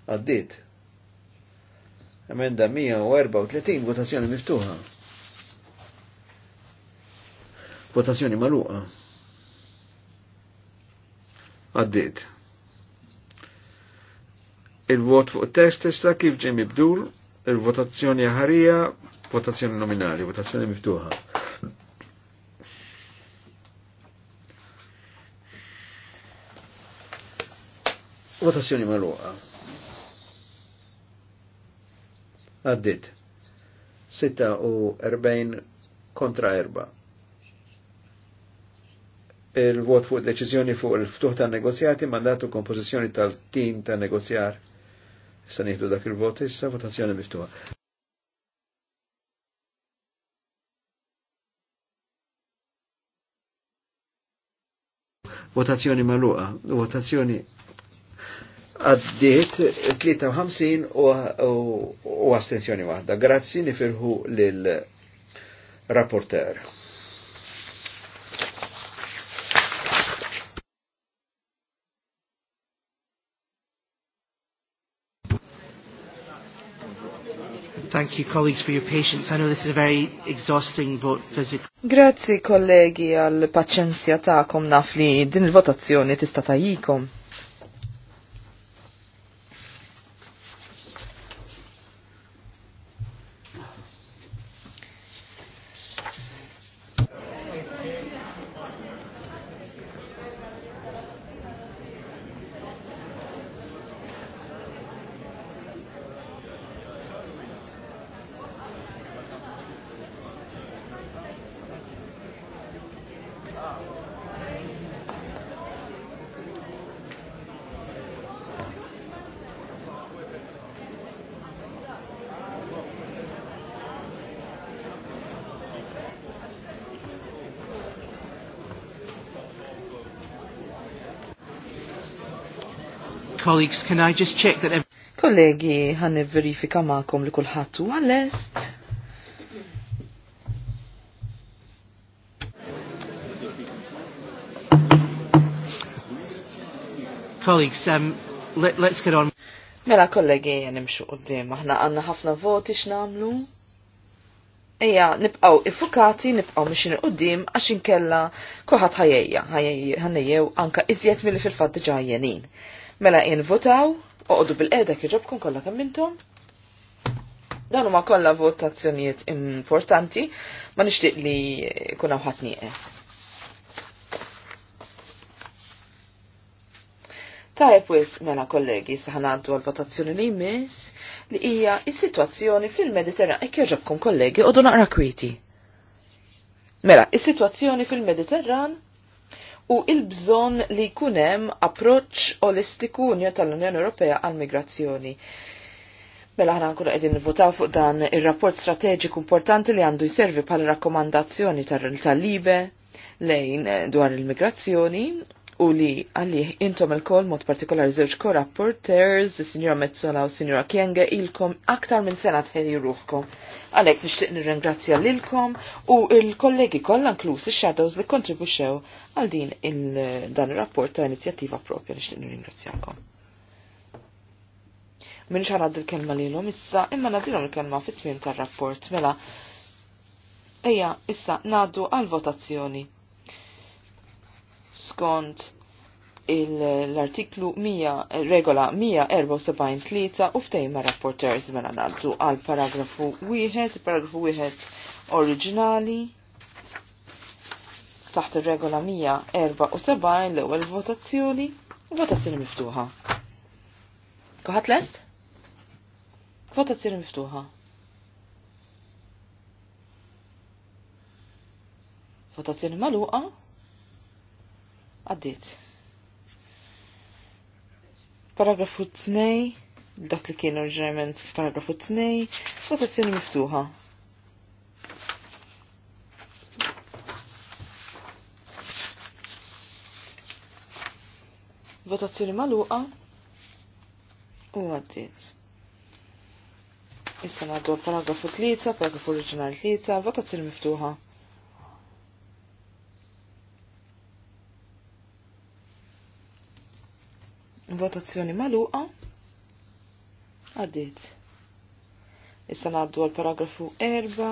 Għaddit. Emenda 134, votazzjoni miftuħa. Votazzjoni maluqa. Għaddit. Il-vot fuq test issa kif ġej mibdur, il-votazzjoni ħarija, votazzjoni nominali, votazzjoni miftuħa. Votazzjoni maluqa. Għaddit. 46 kontra 4. Il-vot fuq deċiżjoni fuq il-ftuħ ta' negozjati mandatu kompożizzjoni tal-tim ta' negozjar. Issa nieħdu dak il-vot issa votazzjoni miftuħa. Votazzjoni maluqa, votazzjoni għaddiet 53 u astenzjoni waħda. Grazzi nifirħu lil rapporter. Thank you, colleagues, for your patience. I know this is a very exhausting vote physically. Grazzi kollegi għal paċenzja ta'kom naf li din il-votazzjoni tista' tajikom. colleagues, can I just check that every... Kollegi, għanne verifika maħkom li kullħattu għal-est. Colleagues, um, let, let's get on. Mela kollegi nimxu qoddim, aħna għanna ħafna voti x'namlu. Ija, nibqaw ifukati, nibqaw mixin qoddim għax inkella kuħat ħajja, jew, anka iżjed mill fil fat ġajjenin. Mela votaw, uqdu bil-qeda kieġobkom kollha kemm intom. Dan huma kollha votazzjonijiet importanti, ma nixtieq li jkun hawn ħadd nieqes. Tajb wis mela kollegi saħnaddu għal votazzjoni li jmiss li hija is-sitwazzjoni fil-Mediterran. Ek jaġobkom kollegi, u naqra kwiti. Mela, is-sitwazzjoni fil-Mediterran u il-bżon li kunem approċ olistiku unja tal-Unjoni Ewropea għal-migrazzjoni. Mela ħana nkunu qegħdin nivvotaw fuq dan ir-rapport strateġiku importanti li għandu jservi bħala rakkomandazzjoni tal-Libe lejn eh, dwar il-migrazzjoni u li għalih intom il-kol mod partikolari zewġ korrapporters, rapporters signora Mezzola u signora Kienge, ilkom aktar minn sena tħeri ruħkom. Għalek nishtiq nirringrazzja lilkom u il-kollegi kollha klus il shadows li kontribuxew għal din dan ir-rapport ta' inizjattiva propja nixtieq nirringrazzjakom. Minn ħanad il-kelma lilhom issa imma nadilhom il-kelma fit tmim tar-rapport mela ejja issa ngħaddu għal votazzjoni skont l-artiklu regola 174 u ftejma rapporters mela naddu għal paragrafu 1, paragrafu 1 oriġinali taħt ir-regola 174 l-ewwel votazzjoni, votazzjoni miftuħa. Kuħat lest? Votazzjoni miftuħa. Votazzjoni maluqa? Għaddit. Paragrafu 2, dak li kien oriġinament paragrafu 2, votazzjoni miftuħa. Votazzjoni maluqa u għaddit. Issa għaddu paragrafu 3, paragrafu oriġinali 3, votazzjoni miftuħa. Votazzjoni maluqa. Għaddit. Issa naddu għal paragrafu 4.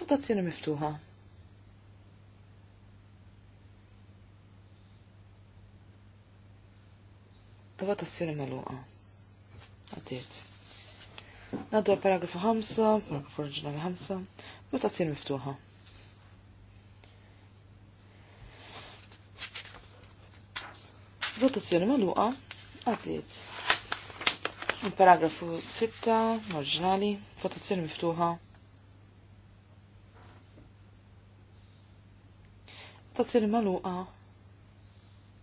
Votazzjoni miftuħa. Votazzjoni maluqa. Għaddit. Naddu għal paragrafu 5, paragrafu oriġinali 5. Votazzjoni miftuħa. Votazzjoni maluqa. Għaddit. Il-paragrafu 6, marġinali, votazzjoni miftuħa. Votazzjoni maluqa.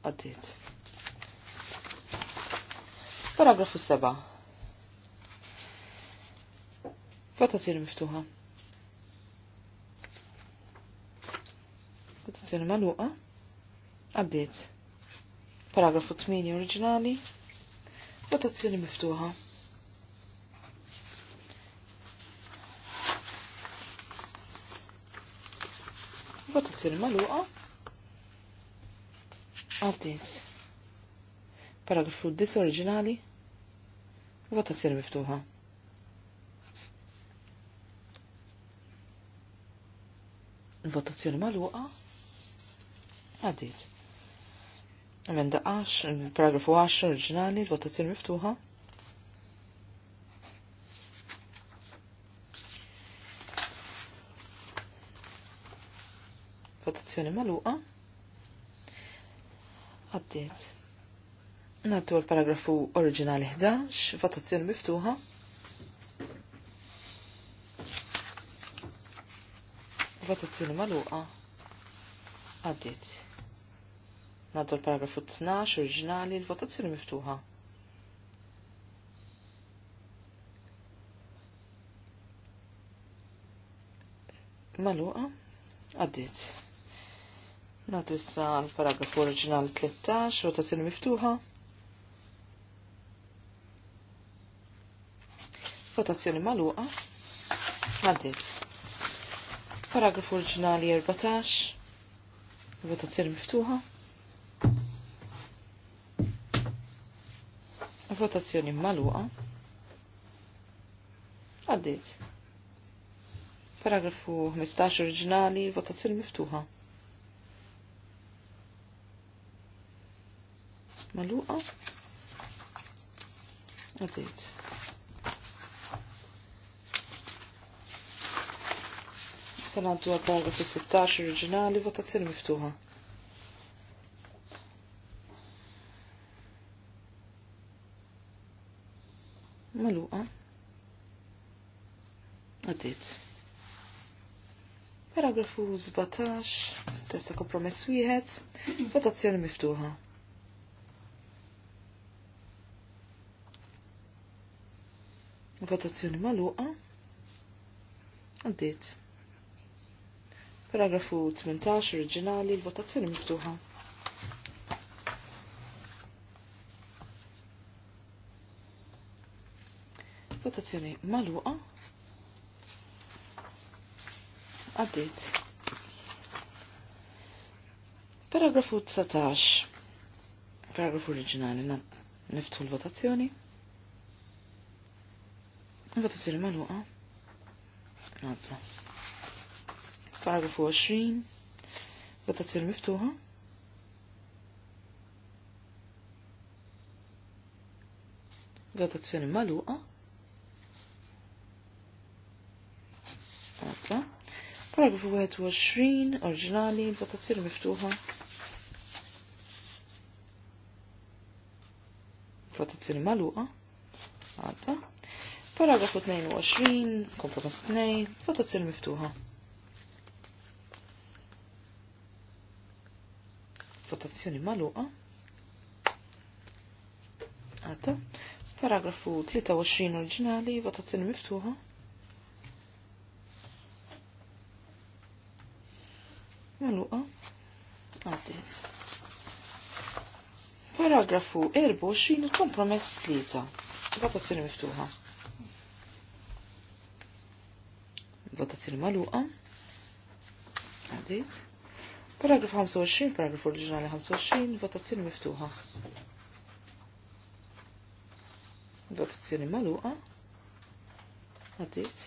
Għaddit. Paragrafu 7. Votazzjoni miftuħa. Votazzjoni maluqa. Għaddit. Paragrafu 8 oriġinali. Votazzjoni miftuħa. Votazzjoni maluqa. Għaddit. Paragrafu 10 oriġinali. Votazzjoni miftuħa. Votazzjoni maluqa. Għaddit. Emenda 10, paragrafu 10 oriġinali, votazzjoni miftuħa. Votazzjoni maluqa. Għaddiet. Nattu l-paragrafu oriġinali 11, votazzjoni miftuħa. Votazzjoni maluqa. Għaddiet. Naddu l-paragrafu 12 oriġinali l-votazzjoni miftuħa. Maluqa, għaddit. Naddu issa l-paragrafu oriġinali 13, votazzjoni miftuħa. votazzjoni maluqa, għaddit. Paragrafu oriġinali 14, votazzjoni miftuħa. Votazzjoni maluqa. Għaddit. Paragrafu 15 oriġinali, votazzjoni miftuħa. Maluqa. Għaddit. Sanaddu għal paragrafu 16 oriġinali, votazzjoni miftuħa. maluqa. Għaddit. Paragrafu 17, testa kompromess wieħed, votazzjoni miftuħa. Votazzjoni maluqa. Għaddit. Paragrafu 18, oriġinali, votazzjoni miftuħa. Votazzjoni maluqa. Għaddit. Paragrafu 19. Paragrafu oriġinali. Niftu l-votazzjoni. Votazzjoni maluqa. Għadda. Paragrafu 20. Votazzjoni miftuħa. Votazzjoni maluqa. Paragrafu 21, oriġinali, votazzjoni miftuħa. Votazzjoni maluqa. Għadda. Paragrafu 22, kompromess 2, votazzjoni miftuħa. Votazzjoni maluqa. Għadda. Paragrafu 23 oriġinali, votazzjoni miftuħa. paragrafu 24 il-kompromess 3. Votazzjoni miftuħa. Votazzjoni maluqa. Għadit. Paragraf 25, paragraf oriġinali 25, votazzjoni miftuħa. Votazzjoni maluqa. Għadit.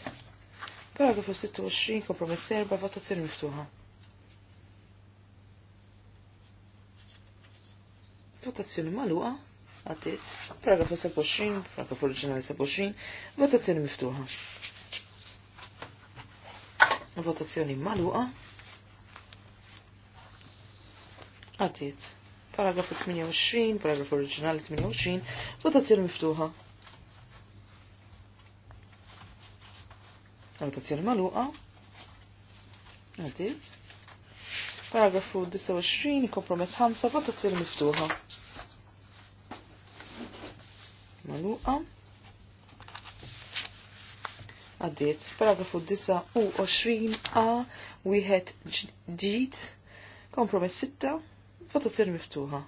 Paragrafu 26, kompromess 4, votazzjoni miftuħa. votazzjoni maluqa, għaddit, paragrafu 27, paragrafu oriġinali 27, votazzjoni miftuħa. Votazzjoni maluqa, għaddit, paragrafu 28, paragrafu oriġinali 28, votazzjoni miftuħa. Votazzjoni maluqa, għatit, paragrafu 29, kompromess 5, votazzjoni miftuħa maluqa. Għaddiet, paragrafu 9 u 20 a wieħed ġdid, kompromess 6, votazzjoni miftuħa.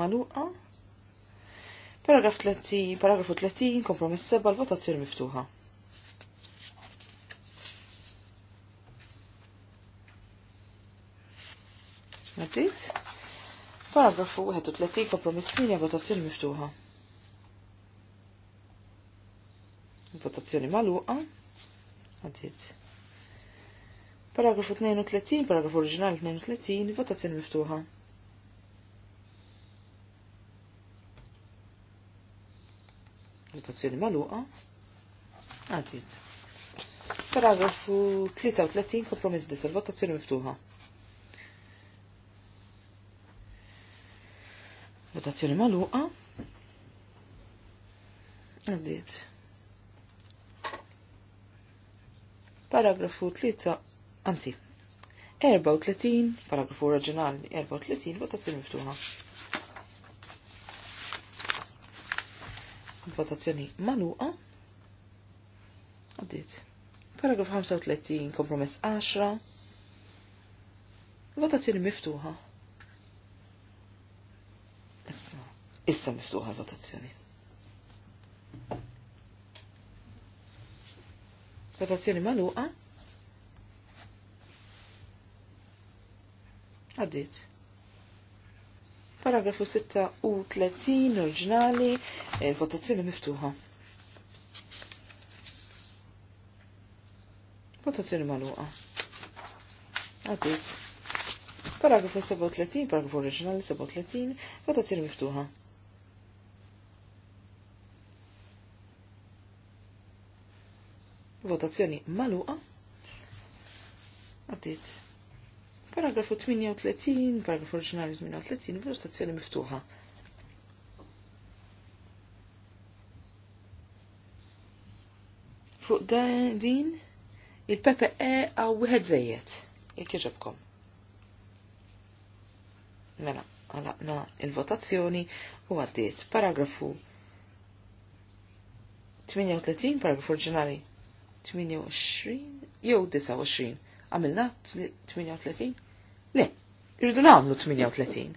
Maluqa. Paragraf 30, paragrafu 30, kompromess 7, votazzjoni miftuħa. Għaddiet? Paragrafu 31 kompromiss 8 votazzjoni miftuħa. Votazzjoni maluqa. Għadiet. Paragrafu 32, paragrafu oriġinali 32, votazzjoni miftuħa. Votazzjoni maluqa. Għadiet. Paragrafu 33, kompromiss 10, votazzjoni miftuħa. Votazzjoni maluqa. Għaddit. Paragrafu 3, għamsi, 34, paragrafu oriġinali 34, votazzjoni miftuħa. Votazzjoni maluqa. Għaddit. Paragraf 35, kompromess 10. Votazzjoni miftuħa. Issa miftuħa votazzjoni. Votazzjoni maluqa. Għaddit. Paragrafu 6 u 30 oriġinali, e, votazzjoni miftuħa. Votazzjoni maluqa. Għaddit. Paragrafu 37, paragrafu oriġinali 37, votazzjoni miftuħa. Votazzjoni maluqa. Għaddit. Paragrafu 38, paragrafu oriġinali 38, votazzjoni miftuħa. Fuq din il-PPE għaw wieħed zejjed. Jekk jġobkom. Mela, għalaqna il-votazzjoni u għaddiet paragrafu 38, paragrafu oriġinali 28 jew 29. Għamilna 38? Le, irridu nagħmlu 38.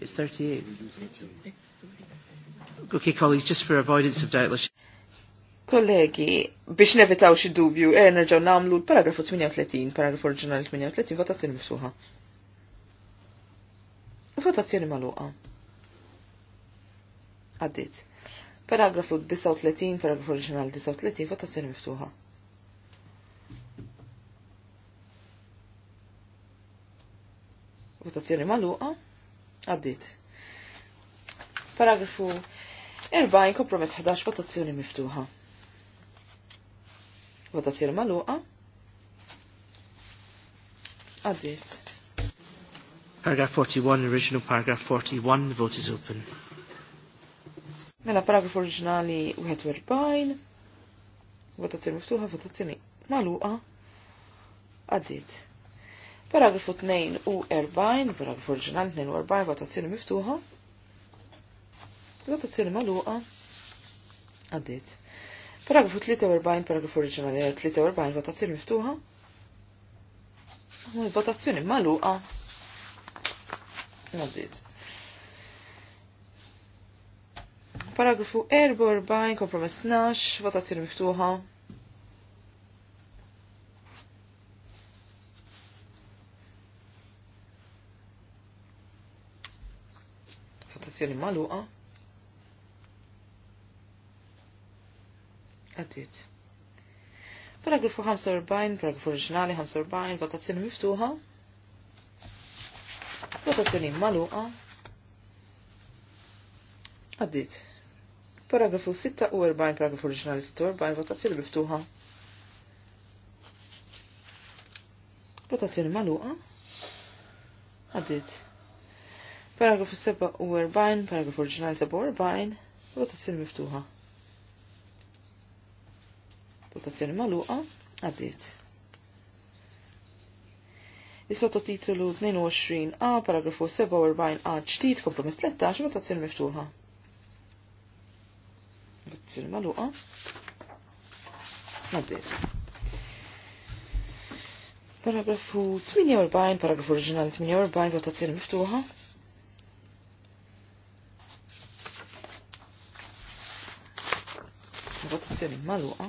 It's 38. Okay, colleagues, just for avoidance of doubt, Kollegi, biex nevitaw xi dubju, er nerġgħu nagħmlu l-paragrafu 38, paragrafu oriġinali 38, votazzjoni mifsuħa. Votazzjoni magħluqa. Għaddit. Paragrafu 39, paragrafu original 39, votazzjoni miftuħa. Votazzjoni maluqa, għaddit. Paragrafu 40, kompromess 11, votazzjoni miftuħa. Votazzjoni maluqa, għaddit. Paragraph 41, original paragraph 41, the vote is open. Mela paragraf oriġinali 41, votazzjoni miftuħa, votazzjoni maluqa, għaddit. Paragrafu 2 u 40, paragrafu oriġinali 42, votazzjoni miftuħa, votazzjoni maluqa, għaddit. Paragrafu 43, paragrafu oriġinali 43, eh, votazzjoni miftuħa, votazzjoni maluqa, għaddit. Paragrafu 44, kompromess 12, votazzjoni miftuħa. Votazzjoni maluqa. Għaddit. Paragrafu 45, paragrafu oriġinali 45, votazzjoni miftuħa. Votazzjoni maluqa. Għaddit. Paragrafu 46, paragrafu oriġinali 46, votazzjoni miftuħa. Votazzjoni maluqa. Għaddit. Paragrafu 47, paragrafu oriġinali 47, votazzjoni miftuħa. Votazzjoni maluqa. Għaddit. Is-sottotitolu 22a, paragrafu 47a ġdid, kompromiss 13, votazzjoni miftuħa. Votazzjoni maluqa. Għaddiet. Paragrafu 48, paragrafu oriġinali 48, votazzjoni miftuħa. Votazzjoni maluqa.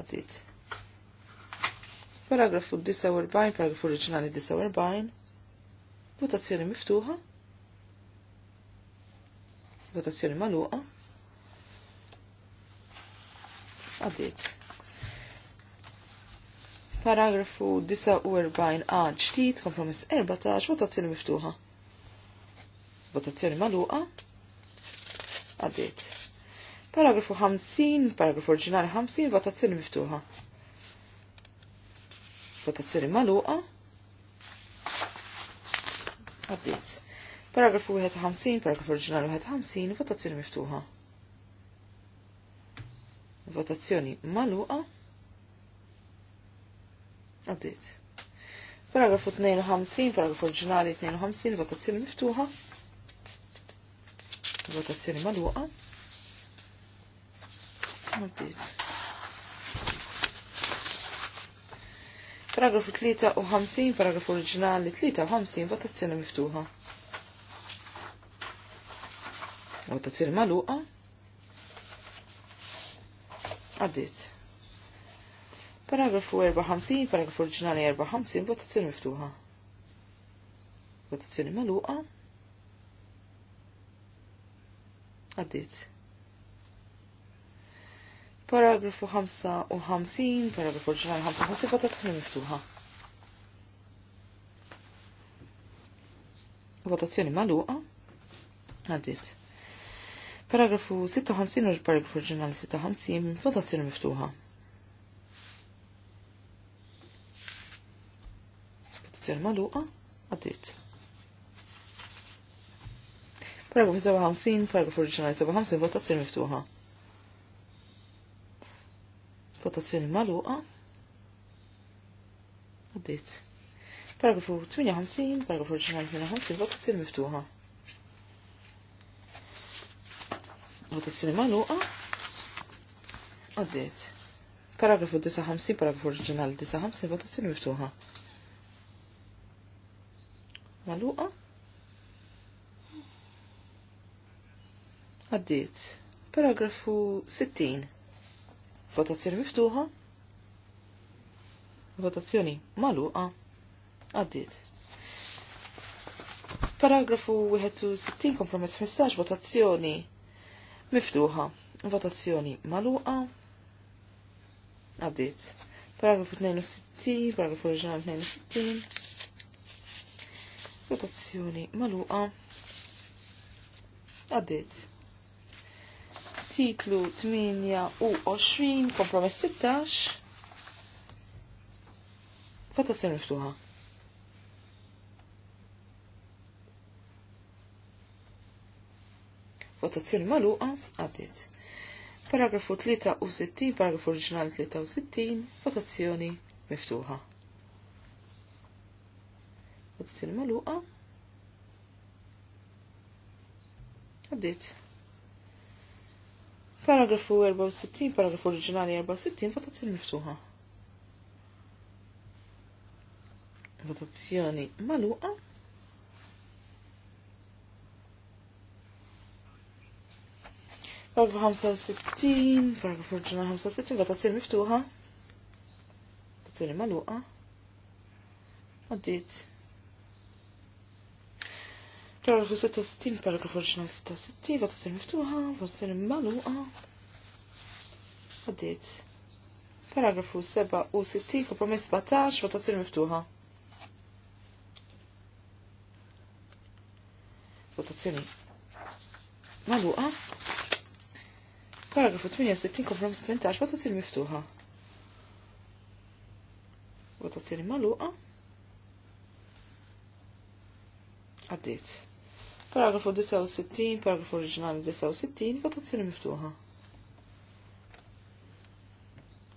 Għaddiet. Paragrafu 49, paragrafu oriġinali 49, votazzjoni miftuħa votazzjoni maluqa. Għaddit. Paragrafu 49 għad ġdid, kompromis 14, votazzjoni miftuħa. Votazzjoni maluqa. Għaddit. Paragrafu 50, paragrafu oriġinali 50, votazzjoni miftuħa. Votazzjoni maluqa. Għaddit. Paragrafu 51, paragrafu oriġinali 51, votazzjoni miftuħa. Votazzjoni maluqa. Għaddit. Paragrafu 52, paragrafu oriġinali 52, votazzjoni miftuħa. Votazzjoni maluqa. Għaddit. Paragrafu 53, paragrafu oriġinali 53, votazzjoni miftuħa. Votazzjoni maluqa għaddit. Paragrafu 54, paragrafu oriġinali 54, votazzjoni miftuħa. Votazzjoni maluqa. Għaddit. Paragrafu 55, paragrafu oriġinali 55, votazzjoni miftuħa. Votazzjoni maluqa. Għaddit. Paragrafu 56 u l-paragrafu ġurnali 56 votazzjoni miftuħa. Votazzjoni maluqa għaddit. Paragrafu 57, paragrafu ġurnali 57 votazzjoni miftuħa. Votazzjoni maluqa għaddit. Paragrafu 58, paragrafu ġurnali 58 votazzjoni miftuħa. Votazzjoni maluqa. Għaddit. Paragrafu 59, paragrafu oriġinali 59, votazzjoni miftuħa. Maluqa. Għaddit. Paragrafu 60. Votazzjoni miftuħa. Votazzjoni maluqa. Għaddit. Paragrafu 61, kompromess 15, votazzjoni Miftuħa. Votazzjoni maluqa. Għaddit. Paragrafu 62, paragrafu oriġinali 62. Votazzjoni maluqa. Għaddit Titlu 28, kompromess 16, Votazzjoni miftuħa. votazzjoni maluqa għaddit. Paragrafu 63, paragrafu oriġinali 63, votazzjoni miftuħa. Votazzjoni maluqa għaddit. Paragrafu 64, paragrafu oriġinali 64, votazzjoni miftuħa. Votazzjoni maluqa 65, paragrafu ġuna 65, votazzjoni miftuħa. Votazzjoni maluqa. Għaddit. Paragrafu 66, paragrafu ġuna 66, votazzjoni miftuħa, votazzjoni maluqa. Għaddit. Paragrafu 67, kompromess 17, votazzjoni miftuħa. Votazzjoni maluqa. Paragrafu 68 kompromiss 18 votazzjoni miftuħa. Votazzjoni maluqa. Għaddit. Paragrafu 69, paragrafu oriġinali 69, votazzjoni miftuħa.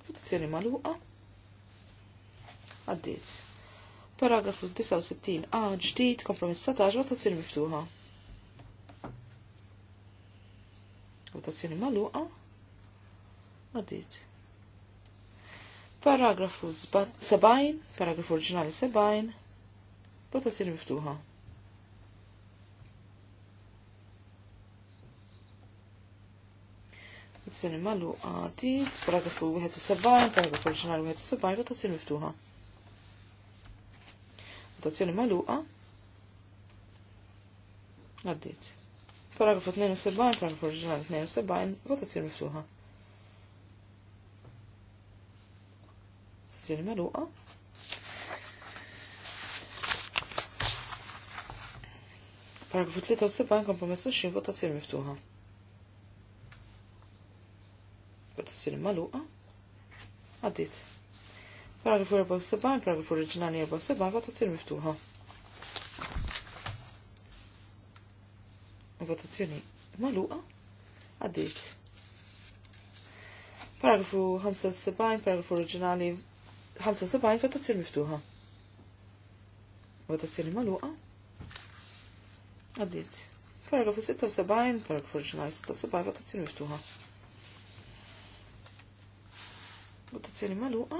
Votazzjoni maluqa. Għaddit. Paragrafu 69 a ġdid kompromiss 17 votazzjoni miftuħa. votazzjoni maluqa, għaddit. Paragrafu 70, paragrafu oriġinali 70, votazzjoni miftuħa. Votazzjoni maluqa, għaddit. Paragrafu 71, paragrafu oriġinali 71, votazzjoni miftuħa. Votazzjoni maluqa, għaddit. Paragrafu 72, paragrafu 72, votazzjoni miftuħa. Sessjoni meluqa. Paragrafu 73, kompromessu xin, votazzjoni miftuħa. Votazzjoni maluqa. Għaddit. Paragrafu 74, paragrafu oriġinali 74, votazzjoni miftuħa votazzjoni maluqa għaddit. Paragrafu 75, paragrafu oriġinali 75, votazzjoni miftuħa. Votazzjoni maluqa għaddit. Paragrafu 76, paragrafu oriġinali 76, votazzjoni miftuħa. Votazzjoni maluqa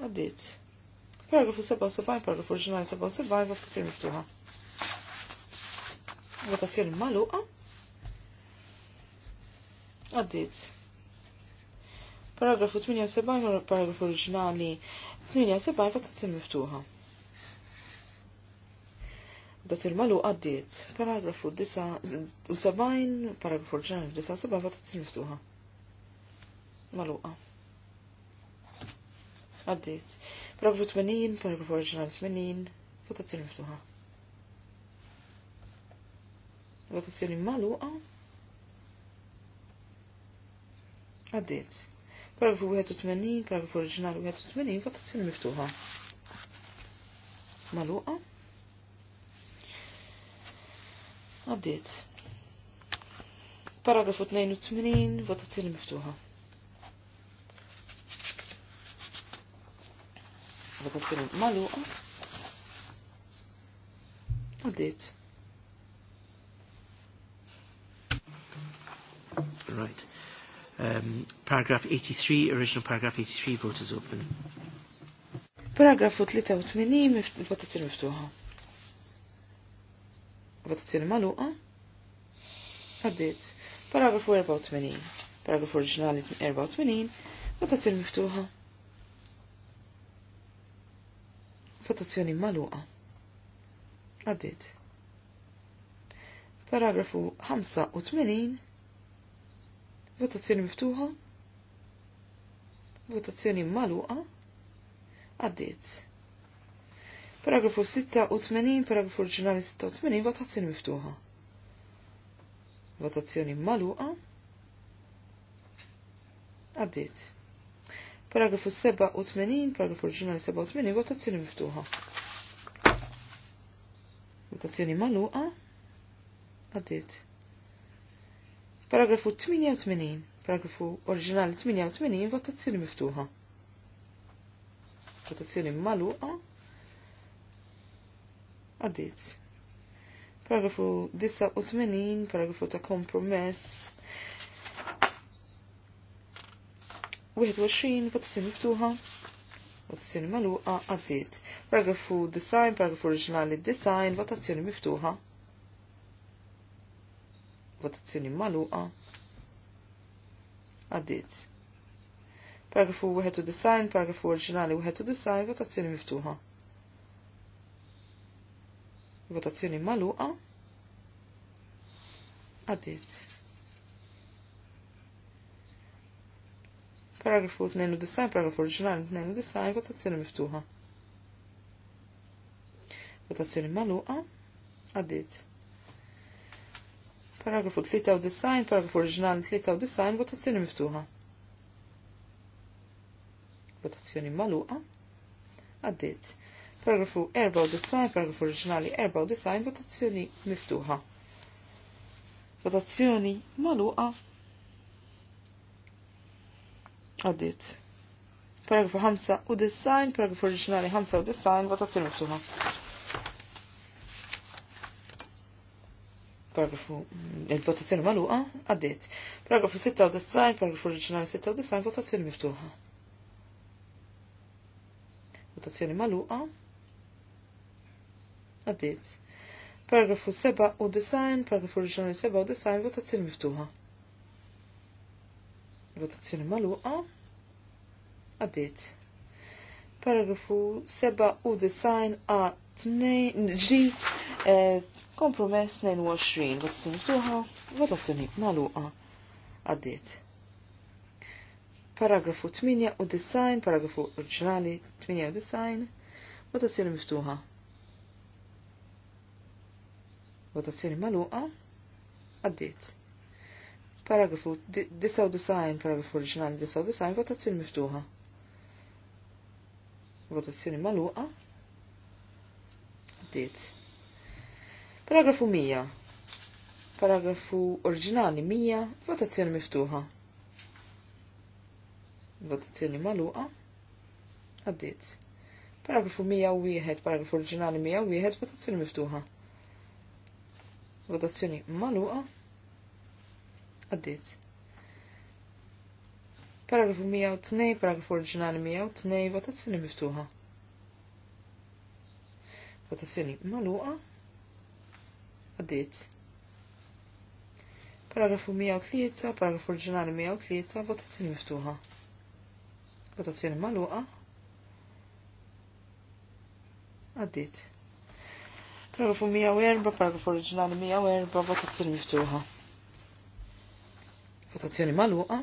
għaddit. Paragrafu 77, paragrafu oriġinali 77, votazzjoni miftuħa. Għata sir maluqa. Għaddit. Paragrafu 78 u paragrafu oriġinali 78 votazzjoni miftuħa. Dat il-malu għaddit. Paragrafu 79, paragrafu oriġinali 79 votazzjoni miftuħa. Maluqa. Għaddit. Paragrafu 80, paragrafu oriġinali 80, votazzjoni miftuħa rotazzjoni maluqa. Għaddiet. Paragrafu 81, paragrafu oriġinali 81, votazzjoni miftuħa. Maluqa. Għaddiet. Paragrafu 82, votazzjoni miftuħa. Votazzjoni maluqa. Għaddiet. right. Um, paragraph 83, original paragraph 83, vote is open. Paragrafu 83, votazzjoni miftuħa. Votazzjoni maluqa. Għaddit. Paragrafu 84, paragrafu oriġinali 84, votazzjoni miftuħa. Votazzjoni maluqa. Għaddit. Paragrafu 85, Votazzjoni miftuħa. Votazzjoni maluqa. Għaddiet. Paragrafu 86, paragrafu oriġinali 86, votazzjoni miftuħa. Votazzjoni maluqa. Għaddiet. Paragrafu 87, paragrafu oriġinali 87, votazzjoni miftuħa. Votazzjoni maluqa. Għaddiet. Paragrafu 88, paragrafu oriġinali 88, votazzjoni miftuħa. Votazzjoni maluqa. Għaddit. Paragrafu 89, paragrafu ta' kompromess. 21, votazzjoni miftuħa votazzjoni maluqa għaddit. Paragrafu design, paragrafu oriġinali design, votazzjoni miftuħa votazzjoni maluqa, għaddit. Paragrafu design, paragrafu oriġinali design, votazzjoni miftuħa. Votazzjoni maluqa, għaddit. Paragrafu design, paragrafu oriġinali design, votazzjoni miftuħa. Votazzjoni maluqa, għaddit. Paragrafu 93, paragrafu oriġinali 93, votazzjoni miftuħa. Votazzjoni maluqa. Għaddit. Paragrafu 94, paragrafu oriġinali 94, votazzjoni miftuħa. Votazzjoni maluqa. Għaddit. Paragrafu 5 u design, paragrafu oriġinali 95, votazzjoni miftuħa. paragrafu il-votazzjoni maluqa għaddit. Paragrafu 96, paragrafu oriġinali 96, votazzjoni miftuħa. Votazzjoni maluqa għaddit. Paragrafu 7 paragrafu oriġinali 7 votazzjoni miftuħa. Votazzjoni maluqa għaddit. Paragrafu 7 u a 2 ġdid eh, Kompromess 22, votazzjoni ftuħa, votazzjoni maluqa għaddiet. Paragrafu 8 u design, paragrafu oriġinali 8 u design, votazzjoni miftuħa. Votazzjoni maluqa għaddiet. Paragrafu design, paragrafu oriġinali design, votazzjoni miftuħa. Votazzjoni maluqa għaddiet Paragrafu 100. Paragrafu oriġinali 100, votazzjoni miftuħa. Votazzjoni maluqa. Għaddit. Paragrafu 101, paragrafu oriġinali 101, votazzjoni miftuħa. Votazzjoni maluqa. Għaddit. Paragrafu 102, paragrafu oriġinali 102, votazzjoni miftuħa. Votazzjoni maluqa għaddit. Paragrafu 103, paragrafu l-ġenari 103, votazzjoni miftuħa. Votazzjoni maluqa. Għaddit. Paragrafu 104, paragrafu l-ġenari 104, votazzjoni miftuħa. Votazzjoni maluqa.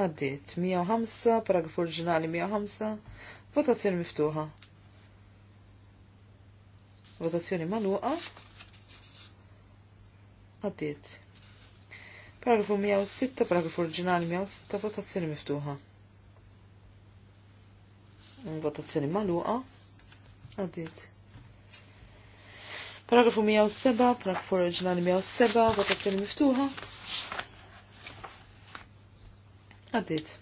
Għaddit. 105, paragrafu l-ġenari 105, votazzjoni miftuħa. Votazzjoni maluqa. Għaddiet. Paragrafu 106, paragrafu oriġinali 106, votazzjoni miftuħa. Votazzjoni maluqa. Għaddiet. Paragrafu 107, paragrafu oriġinali 107, votazzjoni miftuħa. Għaddiet.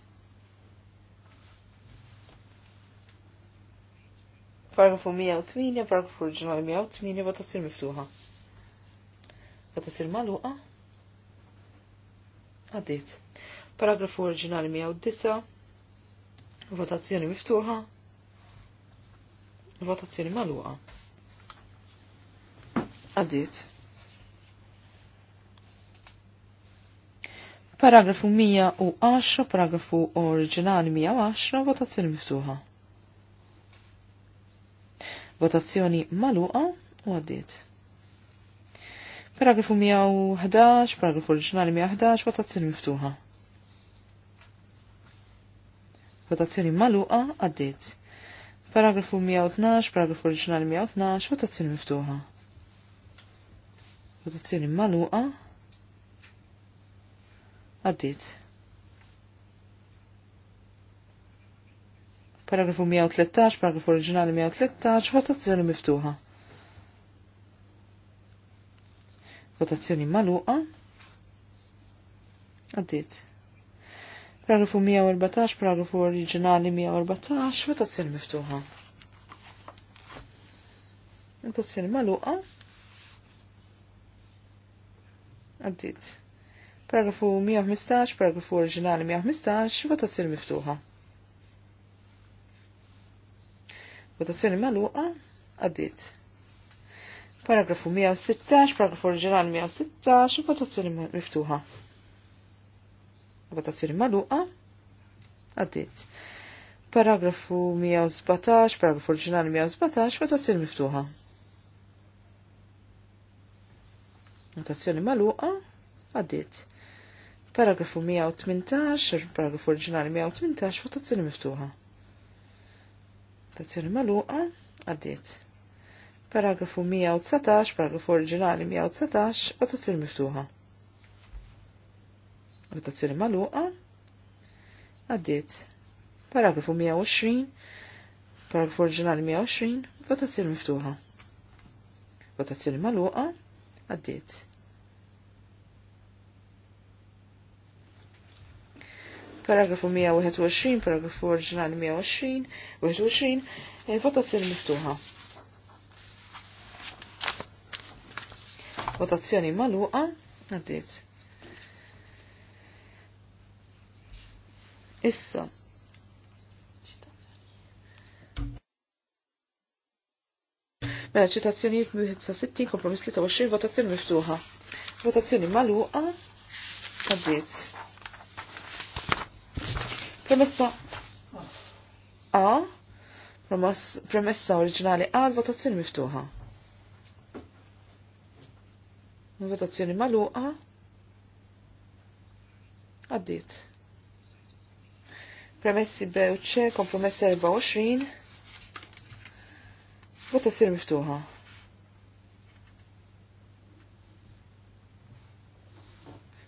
Paragrafu 108, paragrafu oriġinali 108, votazzjoni miftuħa. Votazzjoni maluqa. Għaddit. Paragrafu oriġinali 109. Votazzjoni miftuħa. Votazzjoni maluqa. Għaddit. Paragrafu 110, paragrafu oriġinali 110, votazzjoni miftuħa. Votazzjoni maluqa u għaddit. Paragrafu 111, paragrafu oriġinali 111, votazzjoni miftuħa. Votazzjoni maluqa għaddit. Paragrafu 112, paragrafu oriġinali 112, votazzjoni miftuħa. Votazzjoni maluqa għaddit. Paragrafu 113, paragrafu oriġinali 113, votazzjoni miftuħa. Votazzjoni maluqa. Għaddit. Paragrafu 114, paragrafu oriġinali 114, votazzjoni miftuħa. Votazzjoni maluqa. Għaddit. Paragrafu 115, paragrafu oriġinali 115, votazzjoni miftuħa. Votazzjoni maluqa. Għaddit paragrafu 116, paragrafu oriġinali 116, votazzjoni miftuħa. Votazzjoni maluqa, għaddit. Paragrafu 117, paragrafu oriġinali 117, votazzjoni miftuħa. Votazzjoni maluqa, għaddit. Paragrafu 118, paragrafu oriġinali 118, votazzjoni miftuħa. Votazzjoni maluqa, għaddit Paragrafu 119, paragrafu oriġinali 119, votazzjoni miftuħa. Votazzjoni maluqa. Għaddiet. Paragrafu 120, paragrafu oriġinali 120, votazzjoni miftuħa. Votazzjoni maluqa. għaddit. paragrafu 121, paragrafu oriġinali 120, 21, eh, votazzjoni miftuħa. Votazzjoni maluqa, għaddit. Issa. Mela ċitazzjonijiet minn 60 kompromiss 23 votazzjoni miftuħa. Votazzjoni maluqa, għaddit. Premessa A, premessa oriġinali A, votazzjoni miftuħa. Votazzjoni maluqa. Għaddit. Premessi bewċe, kompromessi 24. Votazzjoni miftuħa.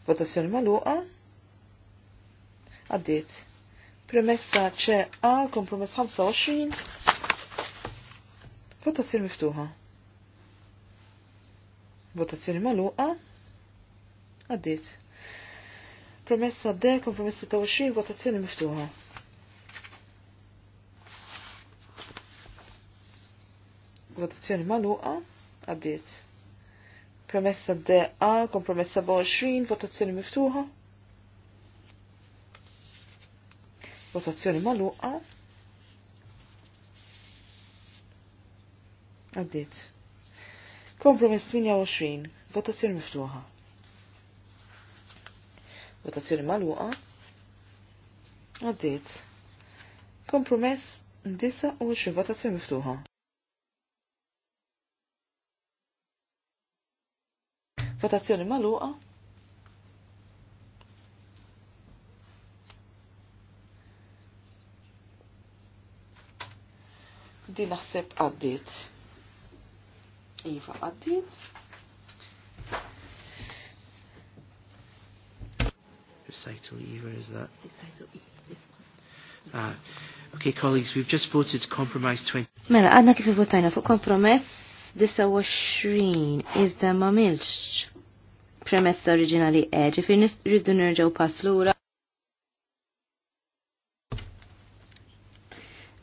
Votazzjoni maluqa. Għaddit. Premessa ċe A, kompromess 25. Votazzjoni miftuħa. Votazzjoni maluqa. Għaddit. Promessa kompromessa ta' 26, votazzjoni miftuħa. votazzjoni maluqa, għaddiet. Promessa DA, kompromessa 27, votazzjoni miftuħa. Votazzjoni maluqa. Għaddit. Kompromess 28, votazzjoni miftuħa. Votazzjoni maluqa. Għaddit. Kompromess 29, votazzjoni miftuħa. Votazzjoni maluqa. Din naħseb għaddit. Iva għaddit. Recital Eva, is that? Recital Eva, this one. Ah, okay, colleagues, we've just voted to compromise 20. Mela, għadna kif votajna fuq kompromess 29, iżda ma milx premessa oriġinali E, ġifir rridu nerġaw pass lura.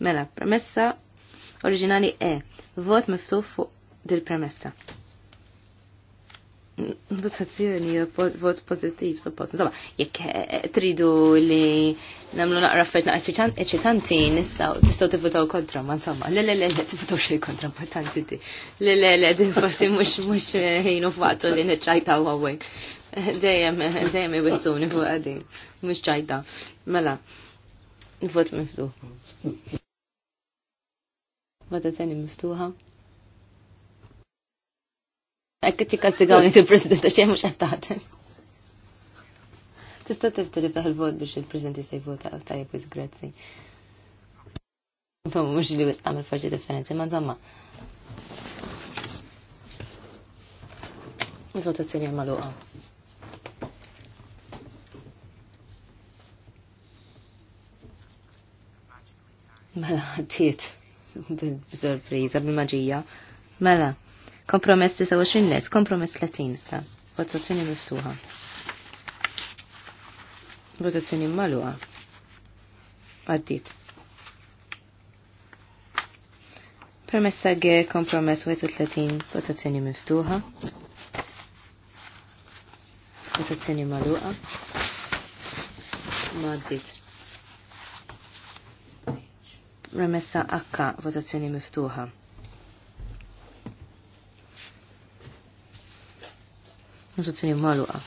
Mela, premessa oriġinali E, vot miftuħ fuq dil-premessa. Votazzjoni vot pozittiv, suppost. Insomma, jekk eh, tridu li namlu naqra affert naqra eċitanti, nistaw, nistaw tistaw votaw kontra, ma insomma, le le le le votaw xej kontra importanti ti. Le le le, din forsi mux mux ħinu eh, fatu li neċajta u għawek. Dejem, dejem i jwissuni nifu għadin, mux ċajta. Mela, vot miftuħ. Votazzjoni miftuħa. Ekk ti kastigawni til president għax jemmu qed Tista' tiftu li ftaħ il-vot biex il-President jistaj vota jvota tajjeb u grazzi. Tom mux li wisq tagħmel farġi differenzi, ma insomma. Il-votazzjoni hija magħluqa. Mela, tiet, bil-sorpriza, bil Mela, Kompromess 29 les, kompromess 30 sa. Votazzjoni miftuħa. Votazzjoni maluħa. Għaddit. Permessa G, kompromess 30, votazzjoni miftuħa. Votazzjoni maluqa. Ma għaddit. Remessa H, votazzjoni miftuħa. Premessa maluqa.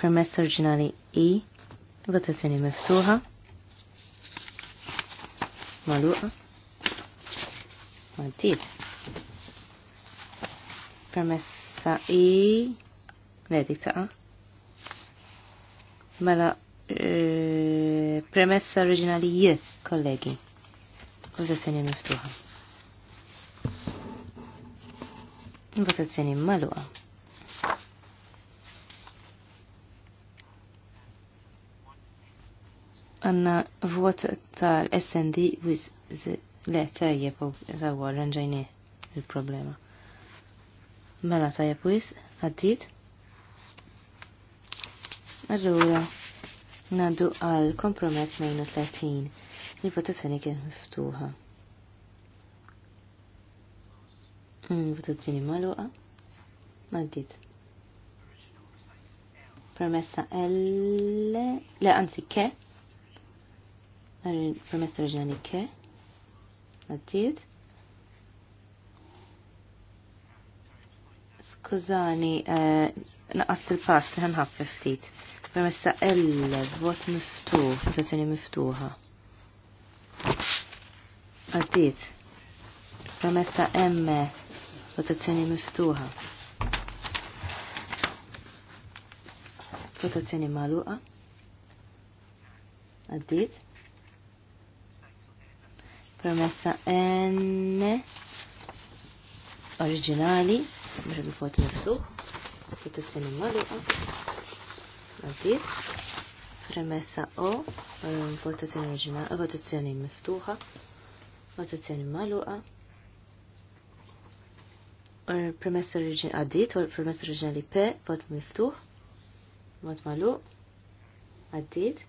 Permess oriġinali I. Votazzjoni miftuħa. Maluqa. Għaddit. Permessa I. Le dik taqa. Mela eh, premessa originali J, kollegi. Votazzjoni miftuħa. Votazzjoni maluqa. Għanna vot tal-SND wiz le tajjeb u zawa ranġajni il-problema. Mela tajjeb wiz għaddit. Allura, naddu għal kompromess 39 Il-votazzjoni kien miftuħa. Mm, votazzjoni maluqa. Maddit. Permessa L. Le, anzi, ke. Permessa reġinali ke. Għaddit. Skużani, eh, naqast il-pass li ħanħaffef ftit. Permessa L, vot miftuħ, votazzjoni miftuħa. Għaddit. Permessa M, Votazzjoni miftuħa. Votazzjoni maluqa. Għaddit. Promessa N. Oriġinali. Mħiġu l-vot miftuħ. Votazzjoni maluqa. Għaddit. Premessa O. Votazzjoni oriġinali. Votazzjoni miftuħa. Votazzjoni maluqa. Eh, premessa reġin għaddit, premessa Origin li P, vot miftuħ, vot malu, għaddit.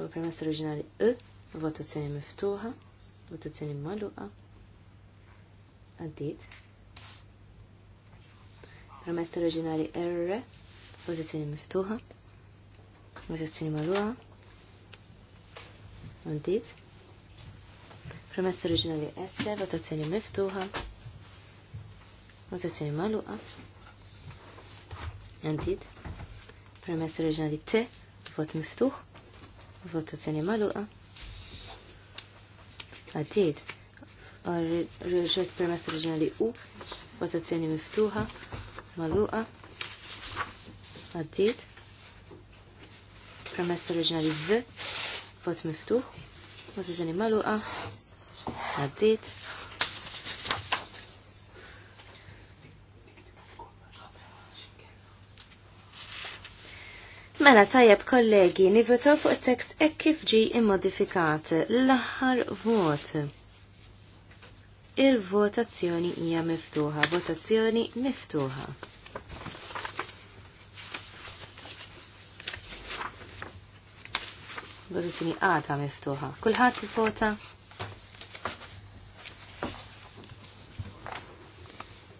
U Origin li E, votazzjoni miftuħa, votazzjoni maluqa, għaddit. Origin li R, votazzjoni miftuħa, votazzjoni maluqa, għaddit. Premess oriġinali S, votazzjoni miftuħa, votazzjoni maluqa, għandid, premess oriġinali T, vot miftuħ, votazzjoni maluqa, għandid, rġet premess oriġinali U, votazzjoni miftuħa, maluqa, għandid, premess oriġinali V, vot miftuħ, votazzjoni maluqa, għaddit. Mela tajjeb kollegi, nivvotaw fuq it text hekk kif ġi immodifikat l-aħħar vot. Il-votazzjoni hija miftuħa, votazzjoni miftuħa. Votazzjoni għadha miftuħa. Kulħadd ivvota? vota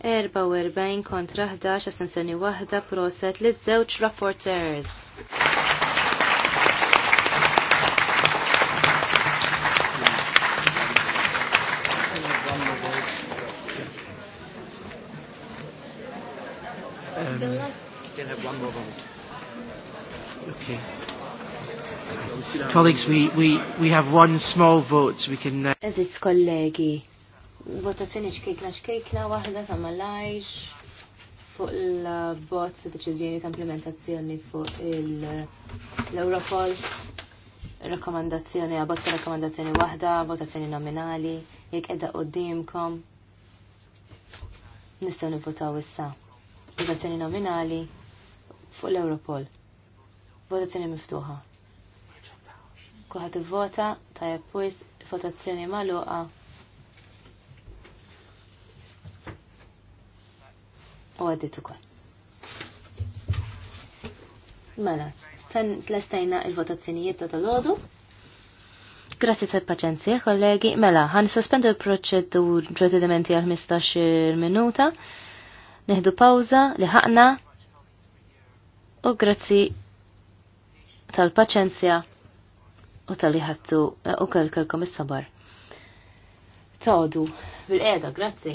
44 kontra 11 astensjoni waħda proset li żewġ rapporters. Um, Colleagues, we, we, we have one small vote. We can. Uh... As it's colleague votazzjoni ċkejkna ċkejkna waħda ta' malajx fuq il-bot deċiżjoni ta' implementazzjoni fuq l-Europol rakkomandazzjoni għabot ta' rakkomandazzjoni waħda, votazzjoni nominali, jek edha qoddimkom nistaw nivvotaw issa. Votazzjoni nominali fuq l-Europol. Votazzjoni miftuħa. Kuħat vota tajab pwis votazzjoni maluqa u għaddit ukoll. Mela, l-estajna il-votazzjonijiet ta' tal-ħodu. Grazzi tal paċenzja kollegi. Mela, għan sospendu l-proċedur procedimenti għal 15 minuta. Neħdu pawza li ħakna. u grazzi tal-paċenzja u tal-liħattu eh, u kelkom is-sabar. Tawdu, bil-qeda, grazzi.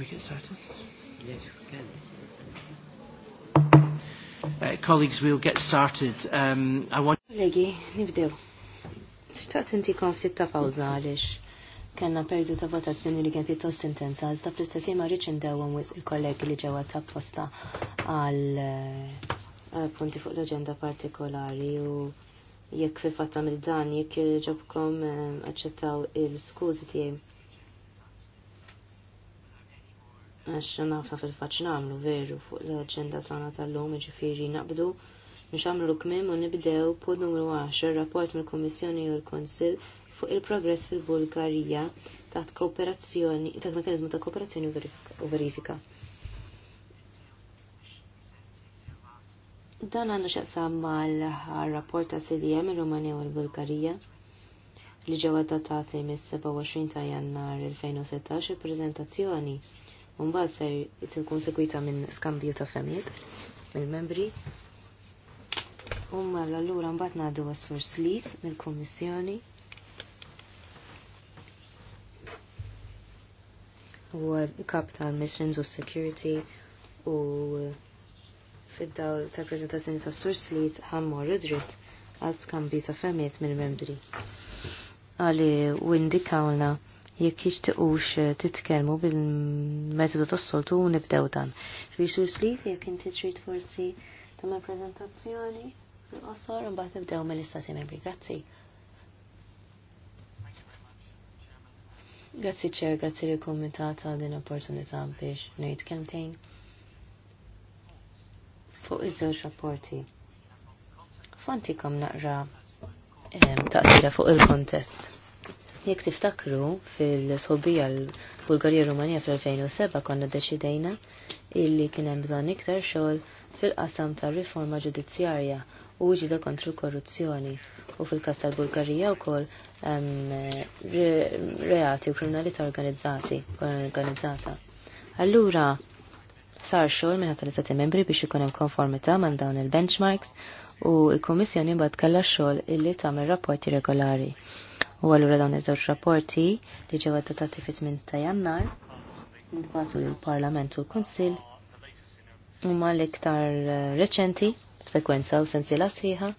we get started? Yes, we can. Uh, colleagues, we'll get started. Um, I want... Kollegi, nibdew. Xtaqt inti kon ftit ta' pawza għalix. Kenna perdu ta' votazzjoni li kien tost intensa, iżda fl-istess ma rridx indewhom wisq il-kollegi li ġewwa ta' posta uh, għal punti fuq l-aġenda partikolari u jekk fil-fatta mill-dan jekk ġobkom um, aċċettaw il-skużi tiegħi għax nafa fil-faċ namlu veru fuq l-agenda tana tal-lum ġifiri, naqbdu biex għamlu kmim u nibdew pod numru 10 rapport mill-Kummissjoni u l-Konsil fuq il-progress fil-Bulgarija taħt kooperazzjoni taħt mekanizmu ta' kooperazzjoni u verifika. Dan għandu xaqsam mal-rapport ta' CDM il-Rumanija u l-Bulgarija li ġewa datati mis-27 ta' Jannar 2016 il prezentazzjoni Umbat ser tkun konsekwita minn skambju ta' femijiet mill-membri. Umma mela l-allura mbagħad ngħadu għas-sur Slif mill-Kummissjoni. U kap missions u Security u fid-dawl ta' preżentazzjoni ta' sur Slith ħammor rridrit għal skambju ta' femijiet mill-membri. Għali u indikawna jekk jixtiqux eh, titkellmu bil-metodu tas-soltu u nibdew dan. Fisu slif jekk inti trid forsi tagħmel preżentazzjoni fil-qosor u mbagħad nibdew mill-istati membri. Grazzi. Grazzi ċer, grazzi li kommentata għal din opportunità biex ngħid kemmtejn fuq iż-żewġ rapporti. Fontikom naqra eh, taqsira fuq il-kontest Jek tiftakru fil-sħobija l-Bulgarija Rumanija fl-2007 konna deċidejna illi kien hemm bżonn iktar xogħol fil-qasam tar riforma ġudizzjarja u ġida kontru korruzzjoni u fil-kas tal-Bulgarija wkoll eh, reati u kriminalità organizzati organizzata. Allura sar xogħol minn ħadd l-istati membri biex ikun hemm konformità minn dawn il-benchmarks u l-Komissjoni bad kalla xogħol illi tagħmel rapporti regolari. U allura dawn iż-żewġ rapporti li ġew adattati fit-8 ta' Jannar ntbatu l parlament u l-Kunsill huma l-iktar eh, reċenti sekwenza u la siħa,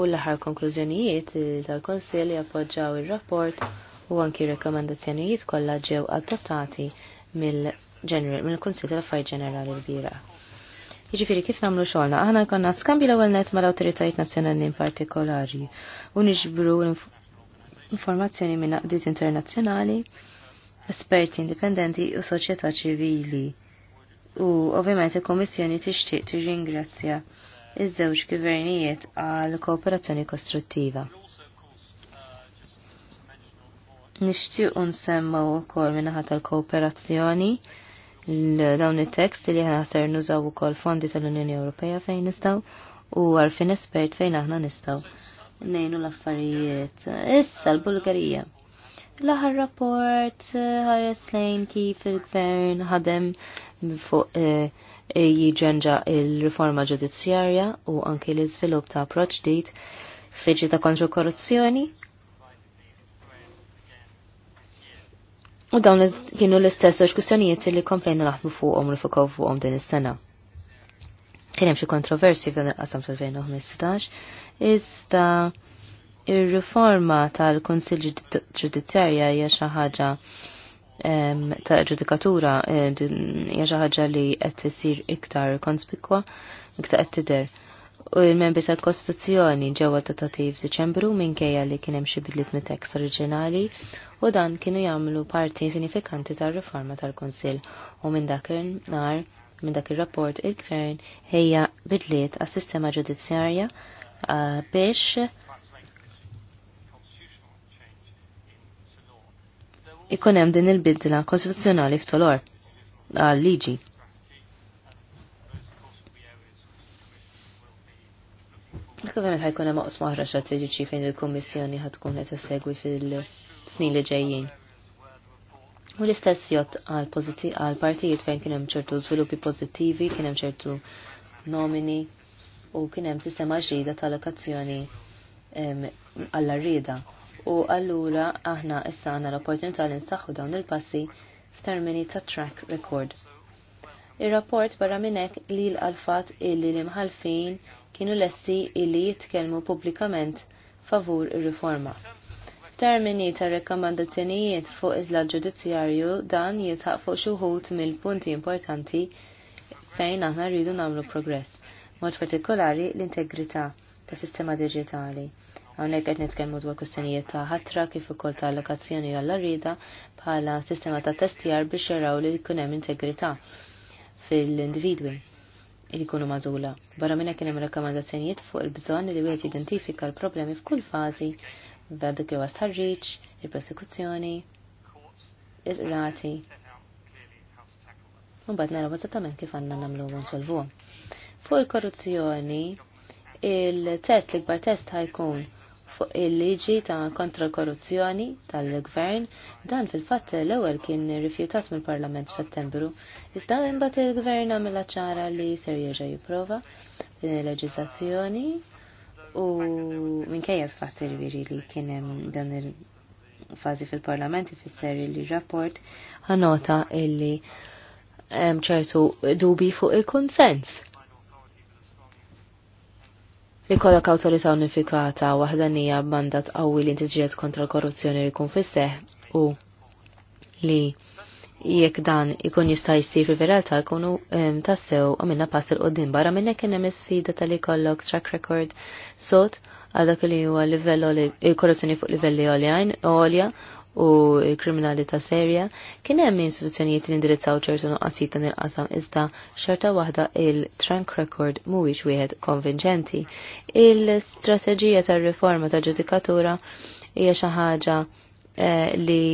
u l-aħħar konklużjonijiet tal-Kunsill jappoġġaw ir-rapport u anki rekomendazzjonijiet kollha ġew adottati mill-Kunsill tal-Affarijiet Ġenerali l-Bira. Jiġifieri kif nagħmlu xogħolna, aħna jkollna skambi l-ewwel net mal-awtoritajiet nazzjonali partikolari u niġbru informazzjoni minn qdiet internazzjonali, esperti indipendenti u soċjetà ċivili. U ovvjament il kummissjoni tixtieq tiġingrazzja iż-żewġ gvernijiet għal kooperazzjoni kostruttiva. Nixtieq nsemmaw ukoll min-naħa tal-kooperazzjoni dawn it-tekst li ħasar nużaw ukoll fondi tal-Unjoni Ewropea fejn nistgħu u għarfin espert fejn aħna nistgħu nejnu l-affarijiet. Issa l-Bulgarija. L-aħħar rapport eh, ħares lejn kif il-gvern ħadem fuq eh, jiġenġa il-riforma ġudizzjarja u anke l-iżvilupp ta' approċ ġdid fiġi ta' kontra korruzzjoni U dawn kienu l-istess żewġ kwistjonijiet li komplejna naħdmu fuqhom u nifukaw fuqhom din is-sena. Kien hemm xi kontroversi fil qasam tal-2015, iżda ir-riforma tal-Kunsill Ġudizzjarja hija xi ħaġa ta' ġudikatura eh, hija xi ħaġa li qed isir iktar konspikwa, iktar qed tidher u l-membri tal-Kostituzzjoni ġewwa dotativ Diċembru minkejja li kien hemm xi bidliet mit-tekst oriġinali u dan kienu jagħmlu parti sinifikanti tar-riforma tal-Kunsill u minn dak nar minn dak ir-rapport il-Gvern ħejja bidliet għas-sistema ġudizzjarja ah, biex ikun hemm din il-bidla kostituzzjonali f'tolor għal-liġi. Il-government ħajkun hemm oqsma oħra strateġiċi fejn il-Kummissjoni ħad tkun qed issegwi fil-snin li ġejjin. U l-istess jott għal partijiet fejn kien hemm ċertu żviluppi pożittivi, kien hemm ċertu nomini u kien hemm sistema ġdida tal-lokazzjoni għall-arrieda. U allura aħna issa għandna l-opportunità li nsaħħu dawn il-passi f'termini ta' track record. Ir-rapport barra minnek li l-alfat illi li mħalfin kienu lessi illi jitkellmu pubblikament favur ir-riforma. Termini ta' rekkomandazzjonijiet fuq iżla ġudizzjarju dan jitħaq fuq xuħut mill-punti importanti fejn aħna rridu nagħmlu progress, mod partikolari l-integrità ta' sistema digitali għonek għed nitkemmu dwar kustenijiet ta' ħatra kif ukoll ta' allokazzjoni għall rida bħala sistema ta' testjar biex jaraw li jkun hemm integrità fil-individwi li jkunu mażula. Barra minna kien hemm rakkomandazzjonijiet fuq il-bżonn li wieħed identifika l-problemi f'kull fażi bħal dik li ħarriġ, il-prosekuzzjoni, il rati Mbagħad naraw eżattament kif għandna nagħmluhom nsolvuhom. Fuq il-korruzzjoni, il-test, l-ikbar test ħajkun fuq il-liġi ta' kontra korruzzjoni tal-gvern, dan fil-fatt l-ewwel kien rifjutat mill-Parlament f'Settembru. Iżda imbagħad il-gvern għamilha ċara li ser jerġa' jipprova din il-leġiżlazzjoni u minkejja l-fatt iri li kien hemm dan il-fażi fil-Parlament ifisser li rapport ħanota illi hemm ċertu dubi fuq il-konsens li kollok awtorità unifikata nija banda tqawwi li intiġiet kontra l-korruzzjoni li jkun fisseħ u li jekk dan ikun jista' jsir fil-verità jkunu tassew u minna pass il qoddim barra minna kien hemm sfida tal-li kollok track record sot għal dak li huwa livell korruzzjoni fuq livelli għolja u kriminalità serja, kien hemm istituzzjonijiet li indirizzaw ċertu nuqqasijiet tan il-qasam iżda xorta waħda il-track record mhuwiex wieħed konvinċenti. Il-strateġija tar-riforma tal-ġudikatura hija xi ħaġa eh, li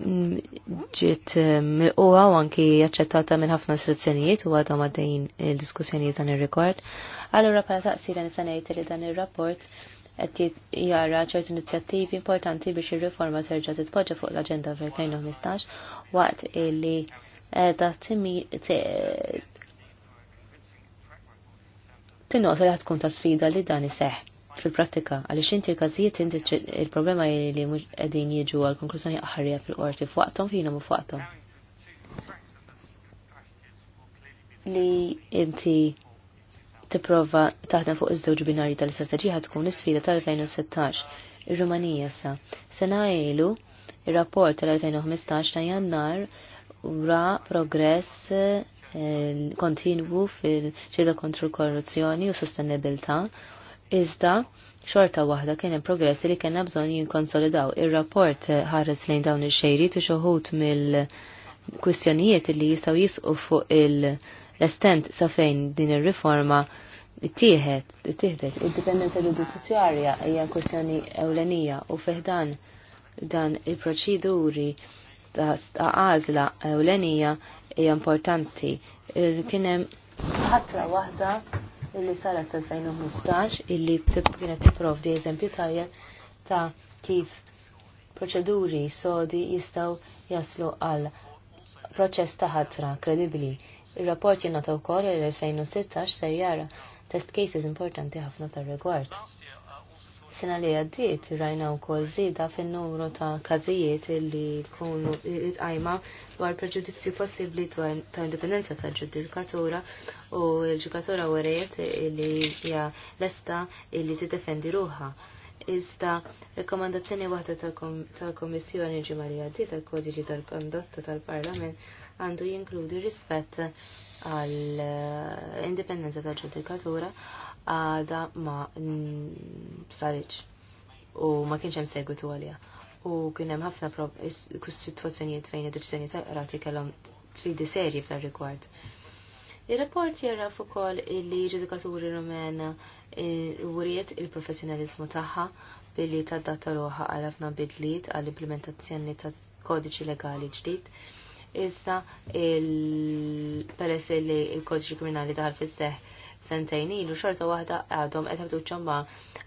ġiet milquha eh, u anki aċċettata minn ħafna istituzzjonijiet u għadhom għaddejjin il-diskussjonijiet dan ir-rekord. Allura pala taqsira nista' ngħid li dan ir-rapport qed jara ċerti inizjattivi importanti biex ir-riforma terġa' titpoġġa fuq l-aġenda fil-2015 waqt illi qiegħda tinnoqta li tkun ta' sfida li dan iseħħ fil-prattika għaliex inti l-każijiet inti il-problema li mhux qegħdin jiġu għal konklużjoni aħarija fil-qorti f'waqthom fina mhu f'waqthom. Li inti tipprova taħdem fuq iż-żewġ binarji tal-istrateġija tkun is-sfida tal-2016. Ir-Rumanija sa sena ilu ir-rapport tal-2015 ta' jannar ra progress eh, kontinwu fil-ċeda kontru korruzzjoni u sostenibilità iżda xorta waħda kien hemm progressi li kellna bżonn jinkonsolidaw. Ir-rapport ħares lejn dawn ix xejri u xoħut mill-kwistjonijiet li jistgħu jisqu fuq il- l-estent sa fejn din ir-riforma tieħed, tieħdet, id-dipendenza ġudizzjarja hija kwestjoni ewlenija u fiħdan dan il-proċeduri ta' għażla ewlenija hija importanti. Kien hemm ħatra waħda illi saret fil-2015 illi kienet tipprovdi eżempju tajjeb ta' kif proċeduri sodi jistaw jaslu għal proċess ta' ħatra kredibli Il-rapport jenata wkoll il-2016 ser jara test cases importanti ħafna tar-rigward. Sena li għaddiet rajna wkoll zida fin-numru ta' każijiet li jkunu itqajma dwar preġudizzju possibbli ta' indipendenza ta' ġudikatura u l-ġudikatura weriet li hija lesta li tiddefendi ruħa. Iżda rekomandazzjoni waħda ta' komissjoni ġimali għaddiet tal-kodiġi tal-kondotta tal-parlament għandu jinkludi rispett għall eh, indipendenza tal-ġudikatura għada ma sarriċ u ma kienx hemm segwitu għalija. U kien hemm ħafna sitwazzjonijiet fejn id-deċiżjoni tal-qrati kellhom tfidi serji f'dan rigward. Il-rapport jaraf ukoll li ġudikaturi rumena eh, wuriet il-professjonalizmu tagħha billi ta' data roħa għal ħafna bidliet għall implementazzjoni ta' kodiċi legali ġdid Issa peress li il-kodġi kriminali daħal fis-seħ sentejn ilu xorta waħda għadhom qed ħabtuċċhom ma'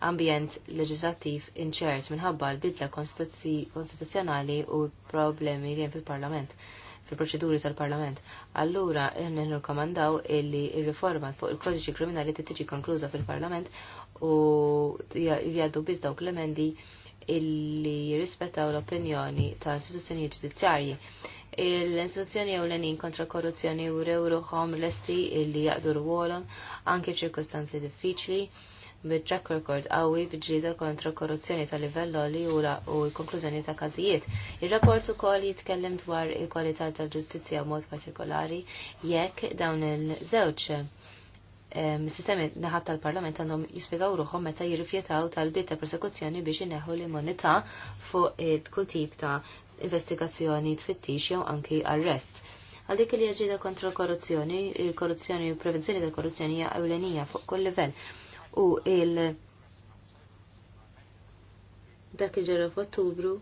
ambjent leġislattiv inċert minħabba l-bidla konstituzzjonali u problemi li fil-Parlament fil-proċeduri tal-Parlament. Allura, nirkomandaw illi il-riforma fuq il-kodiċi kriminali tiġi konkluża fil-Parlament u jgħaddu biz dawk l-emendi illi jirrispettaw l-opinjoni tal istituzzjoni ġudizzjarji l l ewlenin kontra korruzzjoni u rewruħom l-esti illi jaqdu għolom anke ċirkostanzi diffiċli bit-track record qawwi bġida kontra korruzzjoni ta' livell li u l-konklużjoni ta' każijiet. Ir-rapport ukoll jitkellem dwar il-kwalità tal-ġustizzja b'mod partikolari jekk dawn il-żewġ Ehm, sistemi naħat tal-parlament għandhom jispjegaw ruħom meta jirrifjetaw tal-bit ta' persekuzzjoni biex ineħu l-immunità fuq kull tip ta' investigazzjoni tfittix jew anki arrest. Għal dik li jaġida kontra korruzzjoni, il-korruzzjoni u prevenzjoni tal-korruzzjoni hija ewlenija fuq kull livell. U il- dak il-ġara f'Ottubru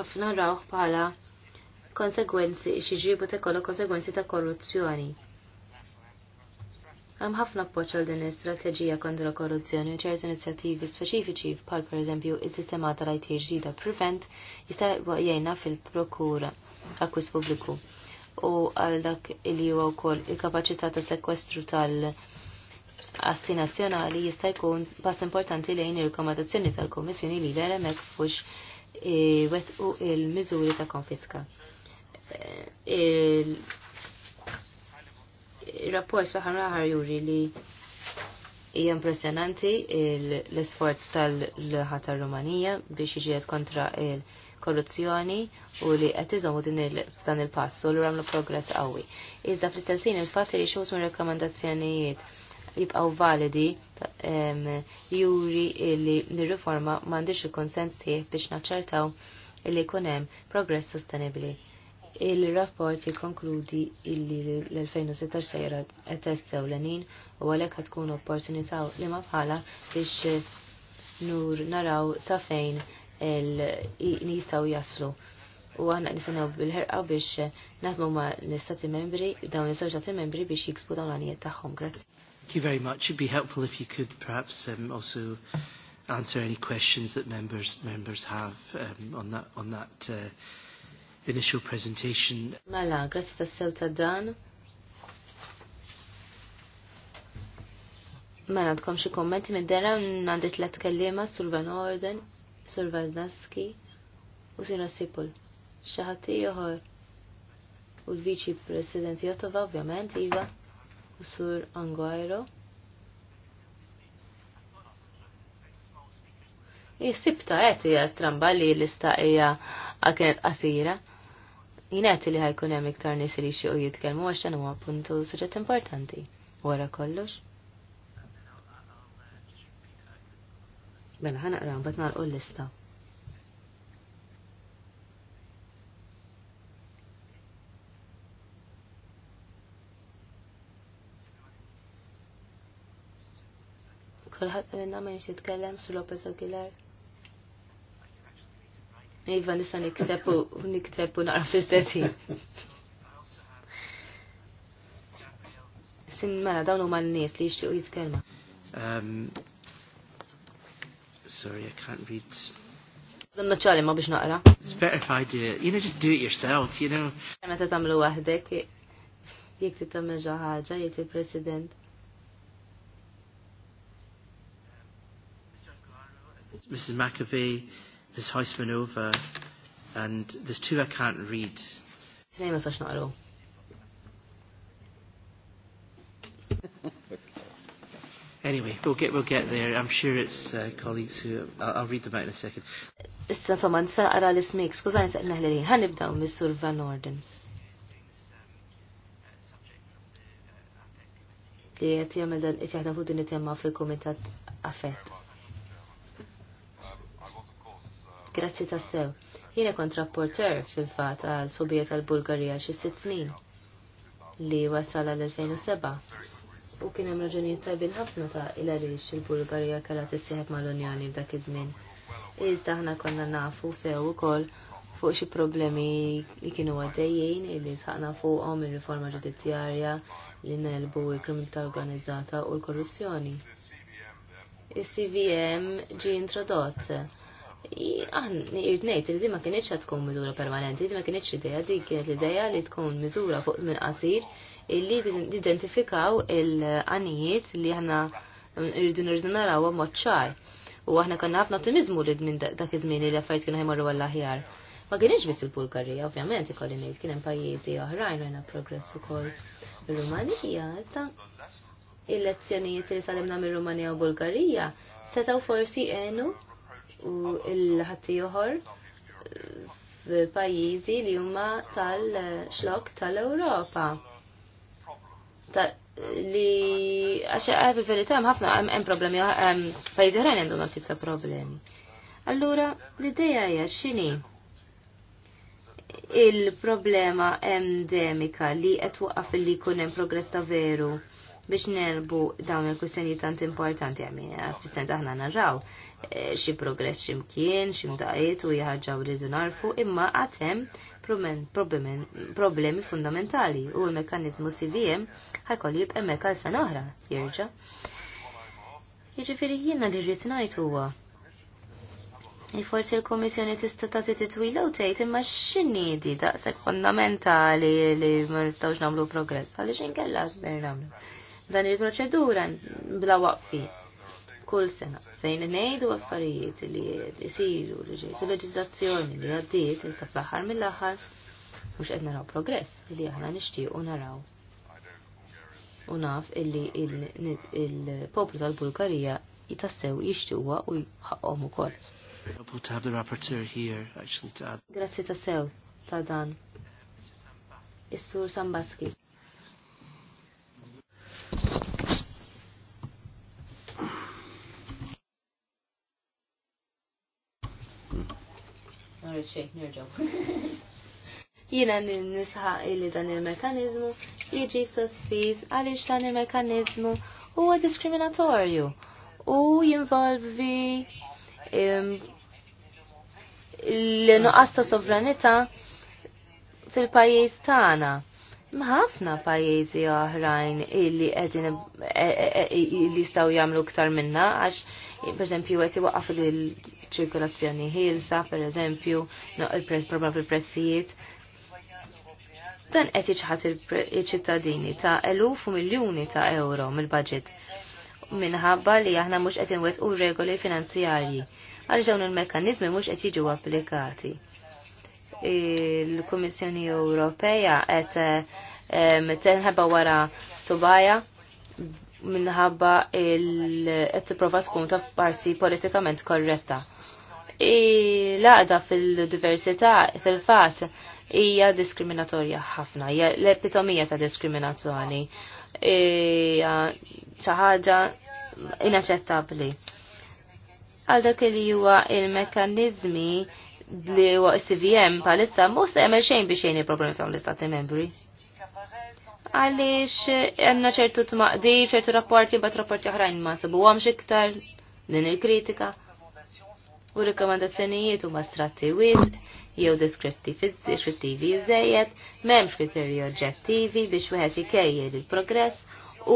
ħafna rawħ bħala konsegwenzi xi ta' kollha konsegwenzi ta' korruzzjoni. Hemm ħafna appoġġ għal din l-istrateġija kontra l korruzzjoni u ċertu inizjattivi speċifiċi bħal pereżempju is-sistema tal-IT ġdida Prevent jista' jgħinna fil-prokura akkwis pubbliku u għal dak li huwa wkoll il-kapaċità ta' sekwestru tal- assi nazzjonali jista' jkun pass importanti lejn ir rikomandazzjoni tal-Kummissjoni li l-RMF fux eh, wettqu il-miżuri ta' konfiska il-rapport saħan raħar juri li hija impressjonanti l-isforz tal ħatar rumanija biex iġiet kontra il-korruzzjoni u li qed u dan il-pass u l għamlu progress qawwi. Iżda fl-istessin il fatti li xus rekomendazzjonijiet jibqaw validi juri li l reforma m'għandix il-konsens biex naċċertaw li jkun hemm progress sostenibbli. Il-rapport jikkonkludi illi l-2016 sejra test ewlenin u għalhekk ħatkun opportunità li ma bħala biex eh, nur naraw sa fejn jistgħu jaslu u għanna nisenaw bil-ħerqa biex eh, naħdmu ma l-istati membri, dawn l-istati membri biex jiksbu dawn għanijiet taħħom. Grazie. Thank you very much. It'd be helpful if you could perhaps um, also answer any questions that members members have um, on that on that uh, initial presentation. Mela, grazzi tassew ta' dan. Mela, għandkom xi kommenti minn dera għandi tlet kellima Sulvan Orden, Sur Valdaski u Sina Sipul. Xaħati joħor u l-Viċi President Jotova, ovvjament, Iva, u Sur Anguajro. Jissibta għet hija tramba l-istaqija għakenet qasira. Jinet li ħajkun hemm iktar nies li xiequ jitkellmu għax dan huwa puntu suġġett importanti wara kollox. Mela ħanaqra mbagħad nagħlqu l-lista. Kulħadd qal inna ma jitkellem su Lopez Aguilar. Iva nista nikteb u nikteb u naqra fl-istessi. Sin mela dawn huma n-nies li jixtiequ jitkellma. Um, sorry, I can't read. Zanna ċalim ma biex naqra. It's better if I do it. You know, just do it yourself, you know. ta' tamlu wahdek, jek ti tamlu ġaħġa, jek ti president. Mrs. McAfee, Ms. maneuver, and there's two I can't read. not at all. Anyway, we'll get we'll get there. I'm sure it's uh, colleagues who I'll, I'll read them out in a second. Issa somma nsa ara l-ismik, skużani saq naħli Van Orden. Li dan fuq din it-tema fil Affett. Grazzi tassew. Jiena kont rapporter fil-fat għal subiet għal Bulgarija xi sitt snin li wasal għal 2007. U kien hemm raġunijiet tajbin ħafna ta' il għaliex il-Bulgarija kellha tissieħeb mal-Unjoni f'dak iż-żmien. Iżda aħna konna nafu sew ukoll fuq xi problemi li kienu għaddejjin Illi sħaqna fuqhom ir-riforma ġudizzjarja li nelbu l-kriminalità organizzata u l-korruzzjoni. Is-CVM ġie introdott Irnejt, li di ma kienieċ tkun miżura permanenti, di ma kienieċ ideja, di kienet l-ideja li tkun miżura fuq minn qasir illi identifikaw il-għanijiet li ħana irridu nirridu narawa moċċar. U aħna kanna ħafna timizmu li minn dak iż-żmien li affarijiet kienu ħajmorru għall-aħjar. Ma kienieċ biss il-Bulgarija, ovvjament ikolli ngħid kien hemm pajjiżi oħrajn rajna progress ukoll. Ir-Rumanija zda, il-lezzjonijiet li salimna minn rumanija u Bulgarija setaw forsi għenu u l-ħatti uħor eh, f'pajjiżi li huma tal-xlok tal-Ewropa. Li għax eh, fil-verità hemm ħafna hemm problemi pajjiżi oħrajn għandhom għan tibta problemi. Allura l-idea hija x'inhi? il-problema endemika li qed waqaf li jkun hemm progress ta' veru biex nerbu dawn il-kwistjoni tant importanti għamina, fissent aħna narraw xi progress ximkien, ximdaqiet u jħarġaw li narfu imma għatem problemi fundamentali u l-mekanizmu CVM ħajkolli jibqa' mekka sena oħra jirġa'. Jiġifieri jiena li rrid ngħid huwa Forsi l-Komissjoni tista' tagħti titwila u tgħid imma x'inhi di daqshekk fundamentali li ma nistgħux nagħmlu progress għaliex inkella ser nagħmlu. Dan il-proċedura bla waqfi kull sena fejn ngħidu affarijiet li jisiru li ġejtu leġizazzjoni li għaddiet iżda fl-aħħar mill-aħħar mhux qed naraw progress li aħna nixtiequ naraw. U naf illi il-poplu tal-Bulgarija jitassew jixtiequha u jħaqhom ukoll. Grazie tassew ta' dan. Is-sur Sambaski. għamil xejn nerġgħu. Jiena nisħaq illi dan il-mekanizmu jiġi sospiż għaliex dan il-mekanizmu huwa diskriminatorju u jinvolvi l-nuqqas ta' sovranità fil-pajjiż tagħna. Mħafna pajjiżi oħrajn illi qegħdin e, e, e, illi jistgħu jagħmlu iktar minna għax pereżempju qed iwaqaf il ċirkolazzjoni ħilsa, per eżempju, il-problema fil-prezzijiet. Dan qed jiġħat il-ċittadini ta' eluf u miljuni ta' euro mill-budget minħabba li aħna mhux qed inwettqu regoli finanzjarji għal dawn il-mekkaniżmi mhux qed jiġu applikati. Il-Kummissjoni Ewropea qed tenħabba wara subajja minħabba il-qed tipprova tkun ta' parsi politikament korretta l-għada fil-diversità fil-fat hija diskriminatorja ħafna, hija l-epitomija ta' diskriminazzjoni, hija e, xi ħaġa inaċċettabbli. Għal dak li huwa il-mekkaniżmi li huwa CVM palissa mhux jagħmel xejn biex jgħin il-problemi fejn l-istati membri. Għaliex għanna ċertu t-maqdi, ċertu rapporti, bat rapporti oħrajn ma sabu għamx iktar din il-kritika u rekomandazzjonijiet huma stratti wisq jew fit-TV iżejjed, m'hemmx kriterji oġġettivi biex wieħed ikejjel il-progress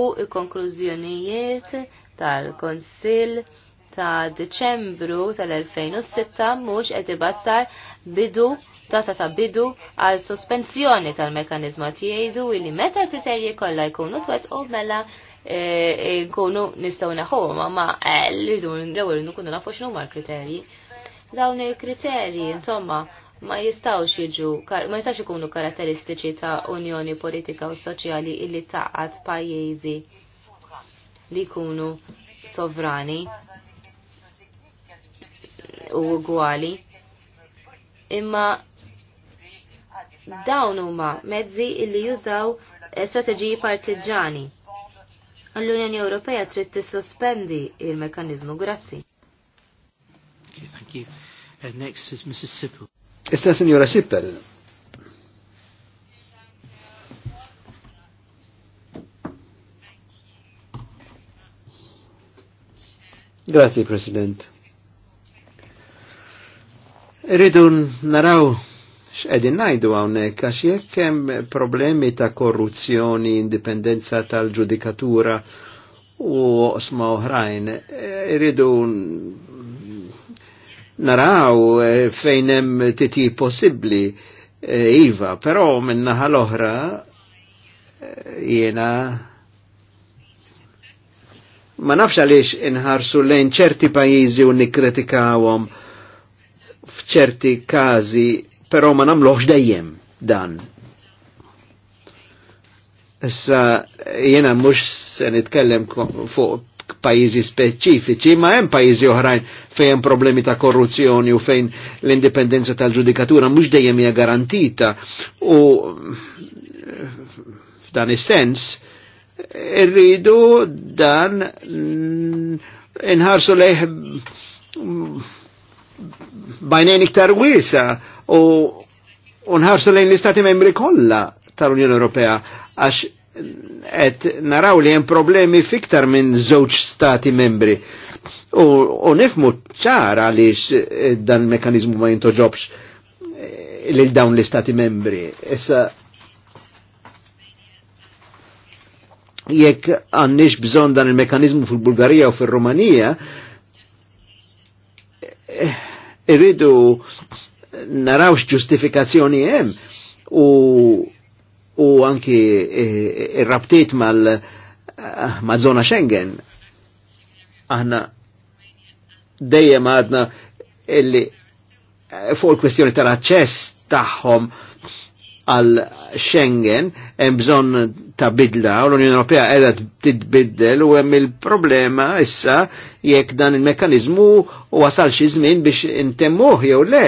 u l-konklużjonijiet tal-Konsill ta' Deċembru tal-2006 mhux qed ibassar bidu data ta' bidu għal sospensjoni tal-mekanizmu jgħidu illi meta l-kriterji kollha jkunu twettqu mela E, e, nkunu nistgħu naħħu, ma e, l n-rewel n-kunu nafu x'nu ma l-kriterji. Dawn il-kriterji, insomma, ma jistawx jiġu, ma jistawx ikunu karatteristiċi ta' unjoni politika u soċjali illi taqat pajjiżi li jkunu sovrani u gwali, Imma dawn huma mezzi illi jużaw eh, strateġiji partiġani għall unjoni Ewropea trid tissospendi il-mekanizmu. Grazzi. Okay, thank you. Uh, next is Mrs. Sippel. Issa Signora Sippel. Grazie, President. Irridu naraw x'qegħdin ngħidu hawnhekk għax jekk hemm problemi ta' korruzzjoni, indipendenza tal-ġudikatura u osma oħrajn, iridu naraw eh, fejn hemm titi possibbli eh, iva, però minnaħa l-oħra eh, jiena ma nafx għaliex inħarsu lejn ċerti pajjiżi u nikkritikawhom f'ċerti każi pero ma namluħx dejjem dan. Issa jena mux se nitkellem fuq pajizi speċifiċi, ma hemm pajizi oħrajn fejn problemi ta' korruzzjoni u fejn l-indipendenza tal-ġudikatura mhux dejjem hija garantita u f'dan is-sens irridu dan inħarsu lejh bajnejn iktar wiesa' u unħarsu lejn l-Istati membri kolla tal-Unjoni Ewropea għax et naraw li hemm problemi fiktar minn żewġ stati membri. U, u nifmu ċara li dan il-mekanizmu ma jintoġobx eh, l dawn l-istati membri. Issa jekk għannix bżon dan il-mekanizmu fil-Bulgarija u fil-Romanija, eh, irridu narawx ġustifikazzjoni jem u, u anki il e, e, rabtiet mal ma' zona Schengen aħna dejjem għadna illi eh, fuq il-kwestjoni tal-aċċess tagħhom għal Schengen hemm bżonn ta' bidla u l-Unjoni Ewropea qiegħda titbiddel u hemm il-problema issa jekk dan il-mekkaniżmu wasal xi żmien biex intemmuh jew le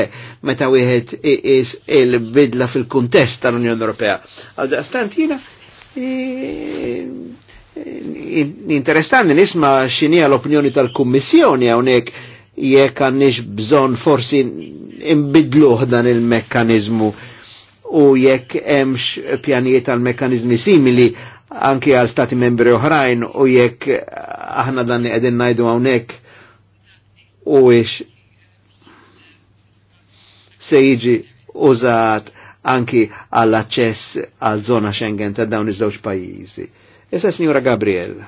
meta wieħed iqis il-bidla fil-kuntest tal-Unjoni Ewropea. Għal daqstant jiena interessanti nisma' x'inhi l-opinjoni tal-Kummissjoni hawnhekk jekk għandniex bżonn forsi imbidluh dan il-mekkaniżmu u jekk hemmx pjanijiet għal mekkanizmi simili anki għal stati membri oħrajn u jekk aħna dan li qegħdin ngħidu hawnhekk u ix se jiġi użat anki għall aċċess għal zona Schengen ta' dawn iż-żewġ pajjiżi. Issa Signora Gabriel.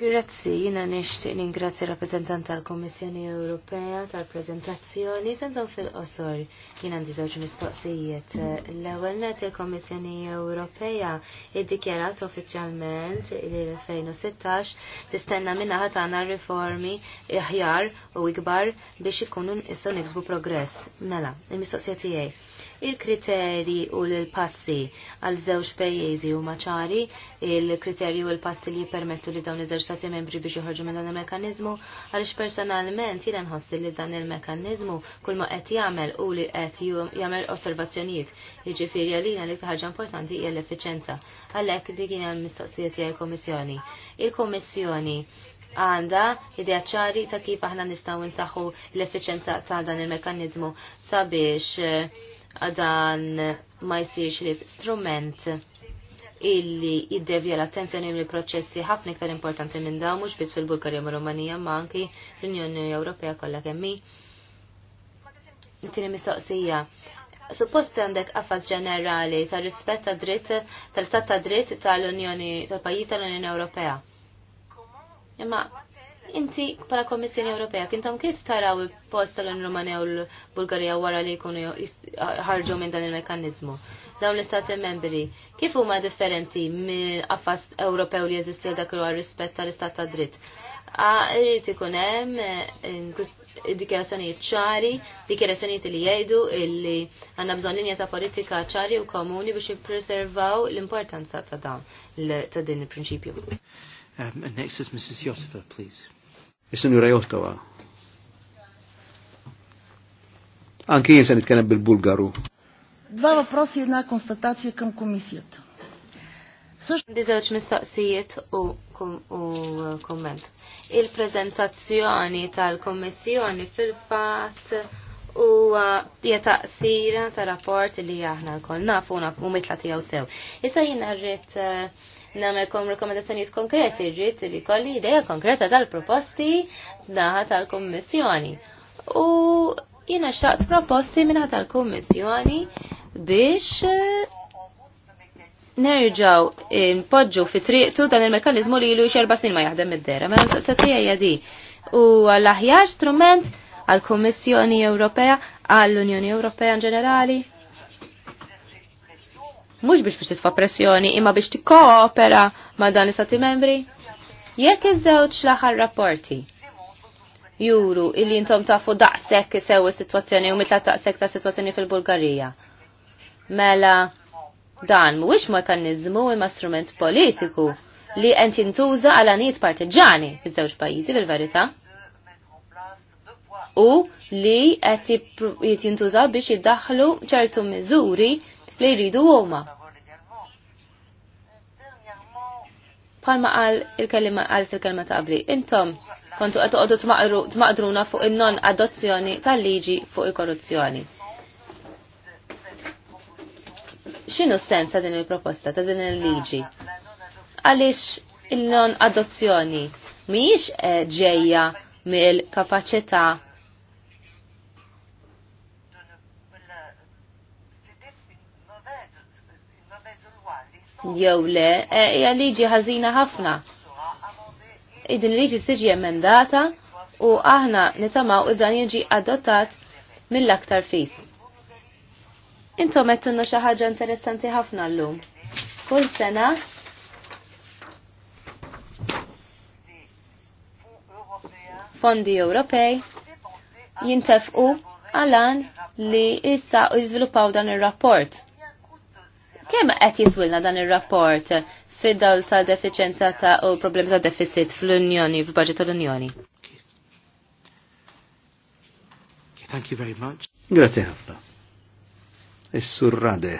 Grazzi, jina nishtiq ningrazzi rappresentant tal-Kommissjoni Ewropea tal-prezentazzjoni senżon fil-qosor. Jina għandi żewġ mistoqsijiet. L-ewwel net il-Kommissjoni Ewropea iddikjarat uffiċjalment il-2016 tistenna minna ħatana riformi iħjar u ikbar biex ikunu nistgħu niksbu progress. Mela, il-mistoqsijiet tiegħi il-kriterji u l-passi għal żewġ pejjeżi u maċari il-kriterji u l-passi li jippermettu li dawn iż-żewġ stati membri biex joħorġu minn dan il-mekkaniżmu għaliex personalment jiena nħossi li dan il-mekkaniżmu kull ma qed jagħmel u li qed jagħmel osservazzjonijiet. Jiġifieri għalina li ħaġa importanti hija l-effiċenza. Għalhekk dik hija l mistoqsijiet tiegħi il-Kommissjoni. Il-Kommissjoni għanda idea ċari ta' kif aħna nistgħu nsaħħu l-effiċenza ta' dan il-mekanizmu sabiex eh, dan ma jsirx li strument illi jiddevja l-attenzjoni mill proċessi ħafna iktar importanti minn dawn mhux biss fil-Bulgarija u Rumanija ma anki l-Unjoni Ewropea kollha kemm hi. Tieni mistoqsija. Suppost għandek Affas ġenerali ta' rispett ta' dritt tal-istat ta' dritt tal-Unjoni tal-pajjiż tal-Unjoni Ewropea. Imma Inti pala Kommissjoni Ewropea, kintom kif taraw il-post tal-Rumanija u l-Bulgarija wara li jkunu ħarġu minn dan il-mekanizmu? Dawn l-istati membri, kif huma differenti mill affas Ewropew li jeżisti dak li rispett tal-istat ta' dritt? Irrid ikun hemm eh, dikjarazzjonijiet ċari, dikjarazzjonijiet li jgħidu illi għandna bżonn linja ta' politika ċari u komuni biex jippreservaw l-importanza ta' dan ta' din il-prinċipju. Um, and next is Mrs. Yosifa, please. Is-Sinjura Jottova. Anki jien se nitkellem bil-Bulgaru. Dva вопроса jedna констатация към комисията. Също... Дизелч мистaqsijiet u, u uh, komment. Il-prezentazzjoni tal-Kommissjoni fil-fat u jetaqsira ta' rapport li aħna l-kol nafu u mitla tijaw sew. Issa jina rrit uh, namelkom rekomendazzjonijiet konkreti, ġiet li kolli ideja konkreta tal-proposti naħa tal-Kommissjoni. U jiena xtaqt proposti minnaħa tal-Kommissjoni biex eh, nerġaw eh, npoġġu fi triqtu dan il-mekanizmu li ilu xerba snin ma jaħdem id-dera. Ma s-satija jadi. U l-aħjar strument għal-Kommissjoni Ewropea, għall-Unjoni Ewropea in ġenerali, mhux biex biex tisfa pressjoni imma biex tikkoopera ma' dan l membri? Jekk iż-żewġ l-aħħar rapporti juru illi intom tafu daqshekk sew is-sitwazzjoni u mitla daqshekk ta' sitwazzjoni fil-Bulgarija. Mela dan mhuwiex mekanizmu imma strument politiku li qed jintuża għal anijiet partiġani fiż-żewġ pajjiżi fil-verità. U li qed jintuża biex jiddaħħlu ċertu miżuri li jridu huma. Palma għal il-kelima għal il-kelima ta' qabli, intom kontu għat toqgħodu tmaqdruna fuq il non adozzjoni tal-liġi fuq il-korruzzjoni. X'inhu sens ta' din il-proposta ta' din il-liġi? Għaliex il-non adozzjoni mhijiex eh, ġejja mill-kapaċità jew le e, hija liġi ħażina ħafna. Idin liġi tiġi emendata u aħna nitamaw id-dan jiġi adottat mill-aktar fis. Intom għettunna xi ħaġa interessanti ħafna llum. Kull sena fondi Ewropej jintefqu għalan li issa jiżviluppaw dan ir-rapport. Kemm qed jiswilna dan ir-rapport fid-dawl ta' deficienza ta' u problemi ta' deficit fl-Unjoni, fil-budget tal-Unjoni? Thank you very much. Grazie ħafna. Is-surrade.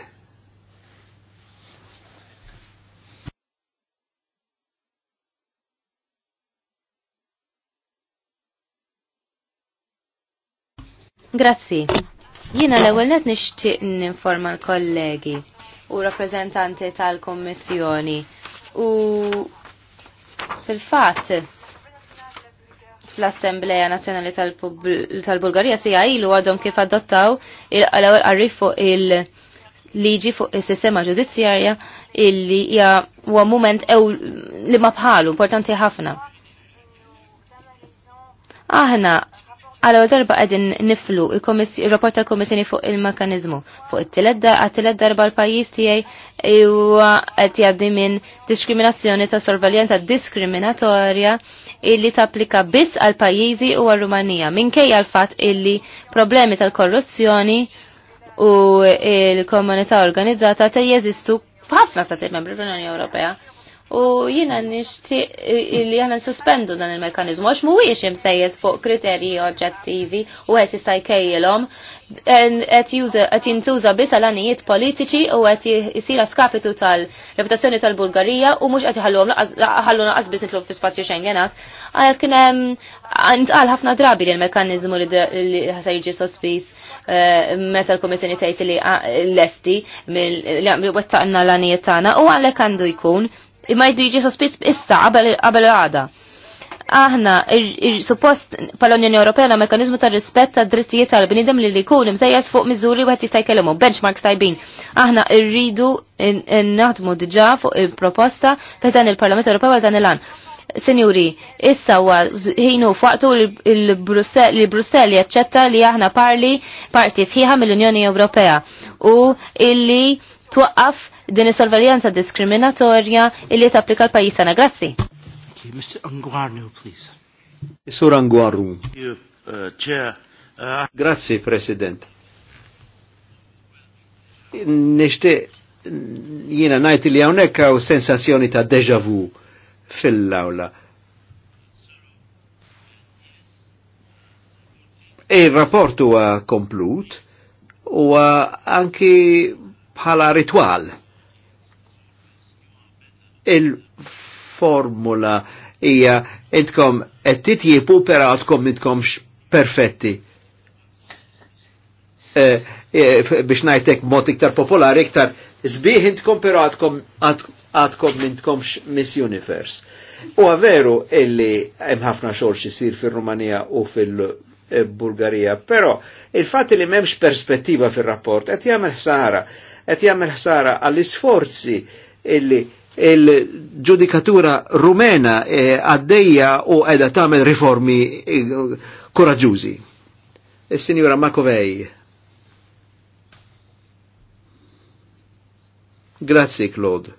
Grazzi. Jina l-ewwel net nixtieq ninforma l-kollegi u rappresentanti tal-Kommissjoni. U fil-fatt fl-Assembleja Nazzjonali tal-Bulgarija si ilu għadhom kif adottaw il ewwel qarrif fuq il-liġi fuq is-sistema ġudizzjarja illi hija huwa mument ew li ma bħalu importanti ħafna. Aħna Għalaw darba għedin niflu il-rapport tal-Komissjoni fuq il-mekanizmu. Fuq it teledda għat-tiledda darba l-pajis tijaj u għed jaddi minn diskriminazzjoni ta' sorveljanza diskriminatorja illi tapplika biss għal pajjiżi u għal Rumanija. Minkejja l-fat illi problemi tal-korruzzjoni u il-komunità organizzata ta' jeżistu f'ħafna stati membri fl-Unjoni Ewropea u jina nishti li jana suspendu dan il-mekanizmu, għax muwiex jimsejjes fuq kriterji oġġettivi u għet jistaj kejjelom, għet jintuża bis għal-għanijiet politiċi u għet jisira skapitu tal-reputazzjoni tal-Bulgarija u mux għet jħallum għallu naqqas bis nitlu fi spazju xengenat. Għet kienem għal ħafna drabi li l-mekanizmu li għasaj jġi sospis eh, meta l-Komissjoni tgħid li ah, l-esti, li wettaqna l-għanijiet tagħna u għalhekk għandu jkun imma jdu jiġi sospiss issa qabel għada. Aħna, suppost pal-Unjoni Ewropea na mekanizmu ta' rispett ta' drittijiet tal-bnidem li li kun imsejjas fuq miżuri wieħed jista' jkellmu benchmarks tajbin. Aħna rridu naħdmu diġà fuq il-proposta dan il-Parlament Ewropew għal dan il-an. Senjuri, issa huwa ħinu faqtu li Brussell jaċċetta li aħna parli parti sħiħa mill-Unjoni Ewropea u illi twaqqaf din is-sorveljanza diskriminatorja illi tapplika l-pajjiż tagħna. Grazzi. Mr. Angwarnu, please. Sur Angwarnu. Uh, uh, Grazzi, President. Nishtiq jiena najt li hawnhekk hawn sensazzjoni ta' deja vu fil-awla. E il rapportu huwa komplut huwa anki bħala ritual il-formula hija intkom qed titjibu pera għadkom intkomx perfetti. E, e, biex ngħidlek mod iktar popolari iktar sbieħ intkom però għadkom għadkom intkomx Miss Universe. U għaveru illi hemm ħafna xogħol xisir fir-Rumanija u fil-Bulgarija, pero il fat li m'hemmx perspettiva fir-rapport qed jagħmel ħsara, qed jagħmel ħsara għall-isforzi illi il-ġudikatura rumena eh, għaddeja u għedha tamel riformi eh, koraġużi. il e, sinjura Makovej. Grazzi, Claude.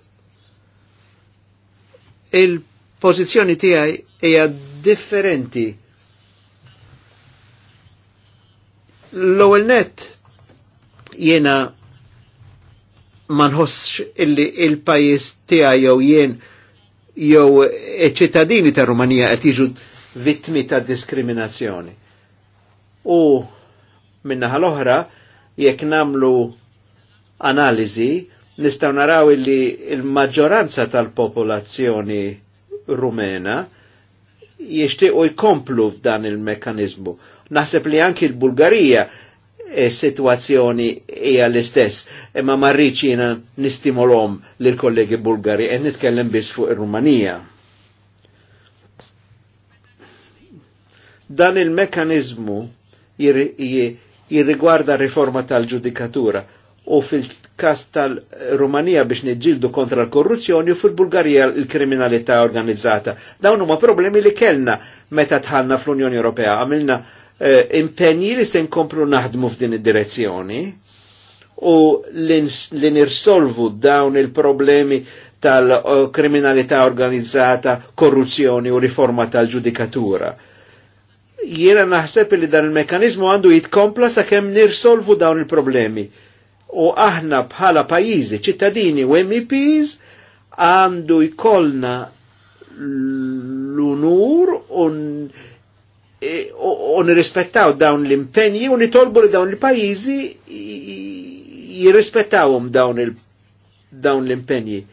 il pozizjoni tijaj hija differenti. l ewel net jena ma nħossx illi il-pajis tiegħi jew jien jew iċ-ċittadini ta' Rumanija qed jiġu vittmi ta' diskriminazzjoni. U minnaħa l-oħra jekk namlu analiżi nistgħu naraw illi il-maġġoranza tal-popolazzjoni rumena jixtiequ jkomplu f'dan il mekkanizmu Naħseb li anki l-Bulgarija situazzjoni hija l-istess, imma marriċ jiena nistimolom lill kollegi Bulgari qed nitkellem biss fuq ir-Rumanija. Dan il mekanizmu jirrigwarda riforma tal-ġudikatura u fil-kas tal-Rumanija biex niġġildu kontra l-korruzzjoni u fil-Bulgarija l-kriminalità organizzata. Dawn huma problemi li kellna meta tħallna fl-Unjoni Ewropea. Għamilna Eh, impenji li se nkomplu naħdmu f'din id-direzzjoni u li nirsolvu dawn il-problemi tal-kriminalità organizzata, korruzzjoni u riforma tal-ġudikatura. Jiena naħseb li dan il-mekanizmu għandu jitkompla sakemm nirsolvu dawn il-problemi. U aħna bħala pajjiżi, ċittadini u MEPs għandu jkollna l-unur un u e, nirrispettaw dawn l-impenji u nitolbu li dawn il-pajizi jirrispettawhom dawn l-impenji.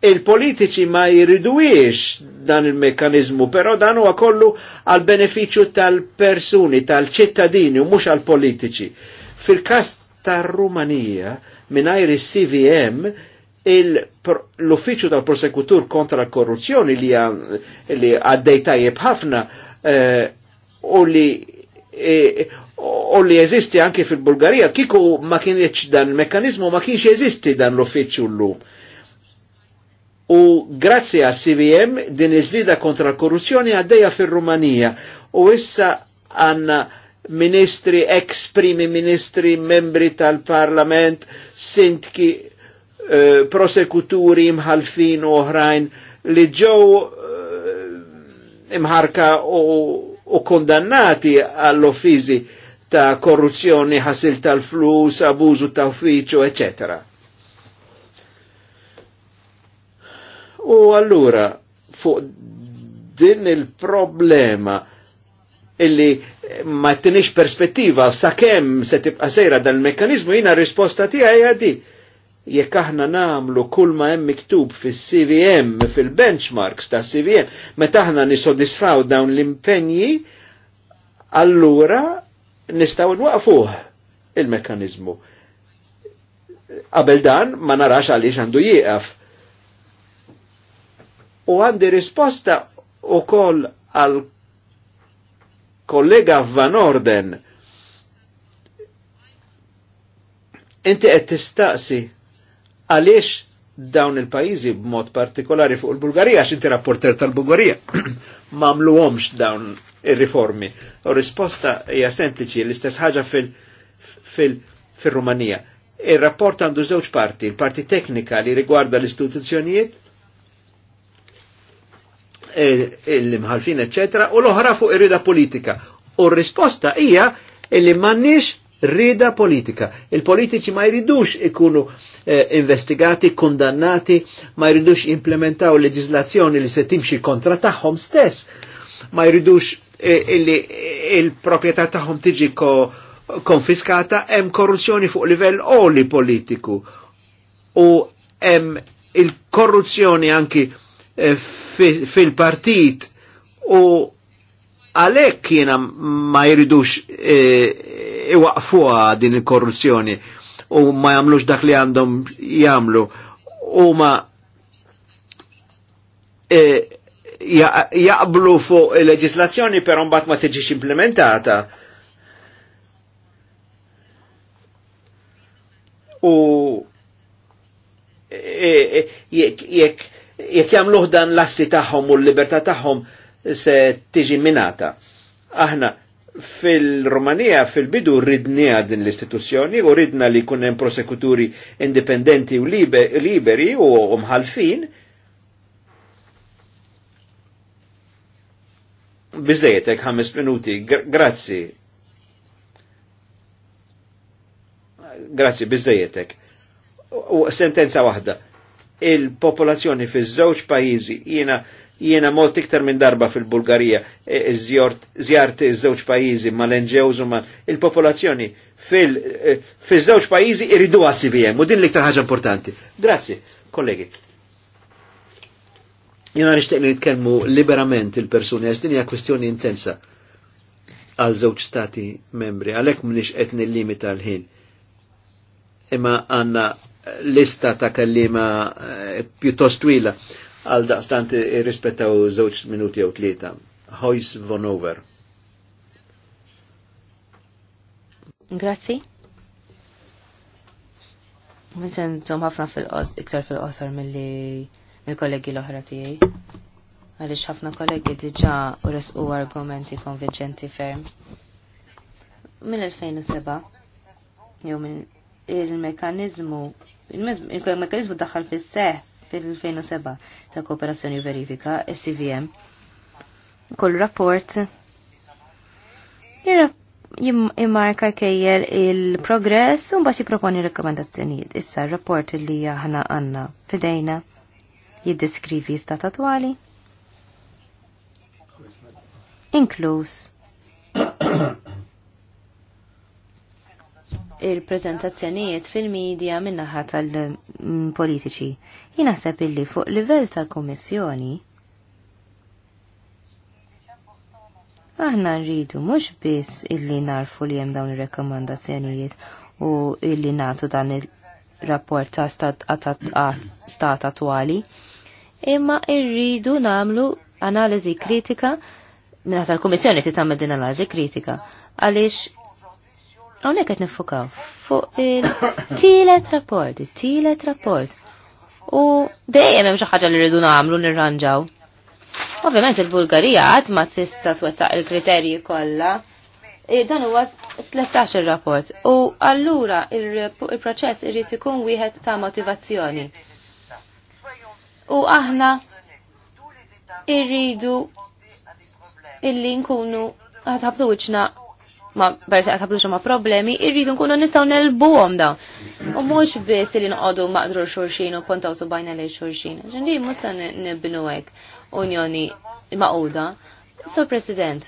Il-politiċi ma jiridwiex dan il-mekkanizmu, però dan huwa kollu għal beneficju tal-persuni, tal-ċittadini u mhux għal politiċi. Fil-każ tar-Rumanija mingħajr cvm l-uffiċu tal-prosekutur kontra l-korruzzjoni li għaddej tajjeb ħafna eh, u li eh, u li jeżisti anke fil-Bulgarija, kiku ma kienieċ dan l-mekanizmu, ma kienx jeżisti dan l-uffiċu l-lum. U grazzi għal CVM din il-ġlida kontra l-korruzzjoni għaddeja fil-Rumanija u issa għanna ministri, ex primi ministri, membri tal-parlament, sindki, Eh, prosekuturi mħalfin oħrajn li ġew eh, imħarka u kondannati għall-offizi ta' korruzzjoni, ħasil tal-flus, abużu ta' uffiċu, etc. U allura, fuq din il-problema illi ma tenix perspettiva sa' kem se tibqa sejra dal-mekkanizmu jina risposta tija hija jekk aħna namlu kull ma hemm miktub fis-CVM, fil-benchmarks ta' CVM, meta aħna nisodisfaw dawn l-impenji, allura nistgħu nwaqfuh il-mekkaniżmu. Qabel dan ma narax għaliex għandu jieqaf. U għandi risposta ukoll għal kollega Van Orden. Inti qed tistaqsi għaliex dawn il-pajizi b'mod partikolari fuq il-Bulgarija, għax inti rapporter tal-Bulgarija, għomx dawn ir-riformi. U risposta hija sempliċi, l-istess ħaġa fil-Rumanija. Il-rapport għandu żewġ parti, il-parti teknika li rigwarda l-istituzzjonijiet, l-imħalfin, eccetera, u l-oħra fuq irrida politika. U r-risposta hija li m'għandniex rida politika. Il-politiċi ma jridux ikunu eh, investigati, kondannati, ma jridux implementaw leġislazzjoni li se timxi kontra tagħhom stess, ma jridux eh, eh il-propieta tagħhom tiġi ko konfiskata, hemm korruzzjoni fuq livell oli politiku. U hemm il-korruzzjoni anki eh, fil-partit u Għalhekk jiena ma jridux e, iwaqfuha din il-korruzzjoni u ma jagħmlux dak li għandhom jagħmlu e, ja, jaqblu fuq il-leġislazzjoni però mbagħad ma tiġix implementata. u e, jekk jekk jagħmluh dan l-assi tagħhom u l-libertà tagħhom se tiġi minata. Aħna fil rumanija fil-bidu ridnija din l-istituzzjoni u ridna li kunem prosekuturi indipendenti u liberi u mħalfin bizzejtek ħames minuti, grazzi. Grazzi, bizzejtek. U sentenza wahda il-popolazzjoni fi żewġ pajjiżi jiena jiena molt iktar minn darba fil-Bulgarija e, e, zjart iż-żewġ pajjiżi mal-NGOs ma il-popolazzjoni e, fi żewġ pajjiżi iridu għas-CVM u din l-iktar ħaġa importanti. Grazzi, kollegi. Jena nishtiq li nitkellmu liberament il-persuni għax din hija kwestjoni intensa għal żewġ stati membri, għalhekk m'iniex qed nillimita l-ħin. Imma għandna lista ta' kellima eh, pjuttost twila għal daqstant irrispettaw żewġ minuti jew tlieta. Hoys von over. Grazzi. Vincent, zom ħafna fil-qos, iktar fil qosar mill-li mill-kollegi l-oħra tiegħi. Għaliex ħafna kollegi diġà u resqu argumenti konvinċenti ferm. Mill-2007 jew minn il-mekanizmu il-mekanizmu daħal fis seħ fil-2007 ta' kooperazzjoni verifika, SCVM, kol rapport jimmarka kejjer il-progress un basi proponi rekomendazzjoniet. Issa rapport li aħna għanna fidejna jiddeskrivi stat attwali. Inkluż il-prezentazzjonijiet fil-medja minnaħa tal-politiċi. Jinaħseb illi fuq livell ta' komissjoni. aħna rridu mhux biss illi narfu li hemm dawn ir-rekomandazzjonijiet u illi nagħtu dan il-rapport ta' stat attuali. imma rridu namlu analiżi kritika minna tal ti tagħmel din analiżi kritika għaliex Għonek għet nifukaw fuq il-tielet rapport, il-tielet rapport. U dejjem hemm xi ħaġa li rridu nagħmlu nirranġaw. Ovvjament il-Bulgarija għad ma tista' twettaq il-kriterji kollha. Eh, dan huwa 13 rapport. U allura il-proċess irrid ikun wieħed ta' motivazzjoni. U aħna irridu illi nkunu ħatħabtu wiċna ma bersa għat ħabduġu ma problemi, irridu nkunu nistaw nelbuhom dawn. U mux biss li nqodu maqdru xurxin u pontaw subajna li xurxin. Ġendi, musta nibnu għek unjoni maquda. So, President,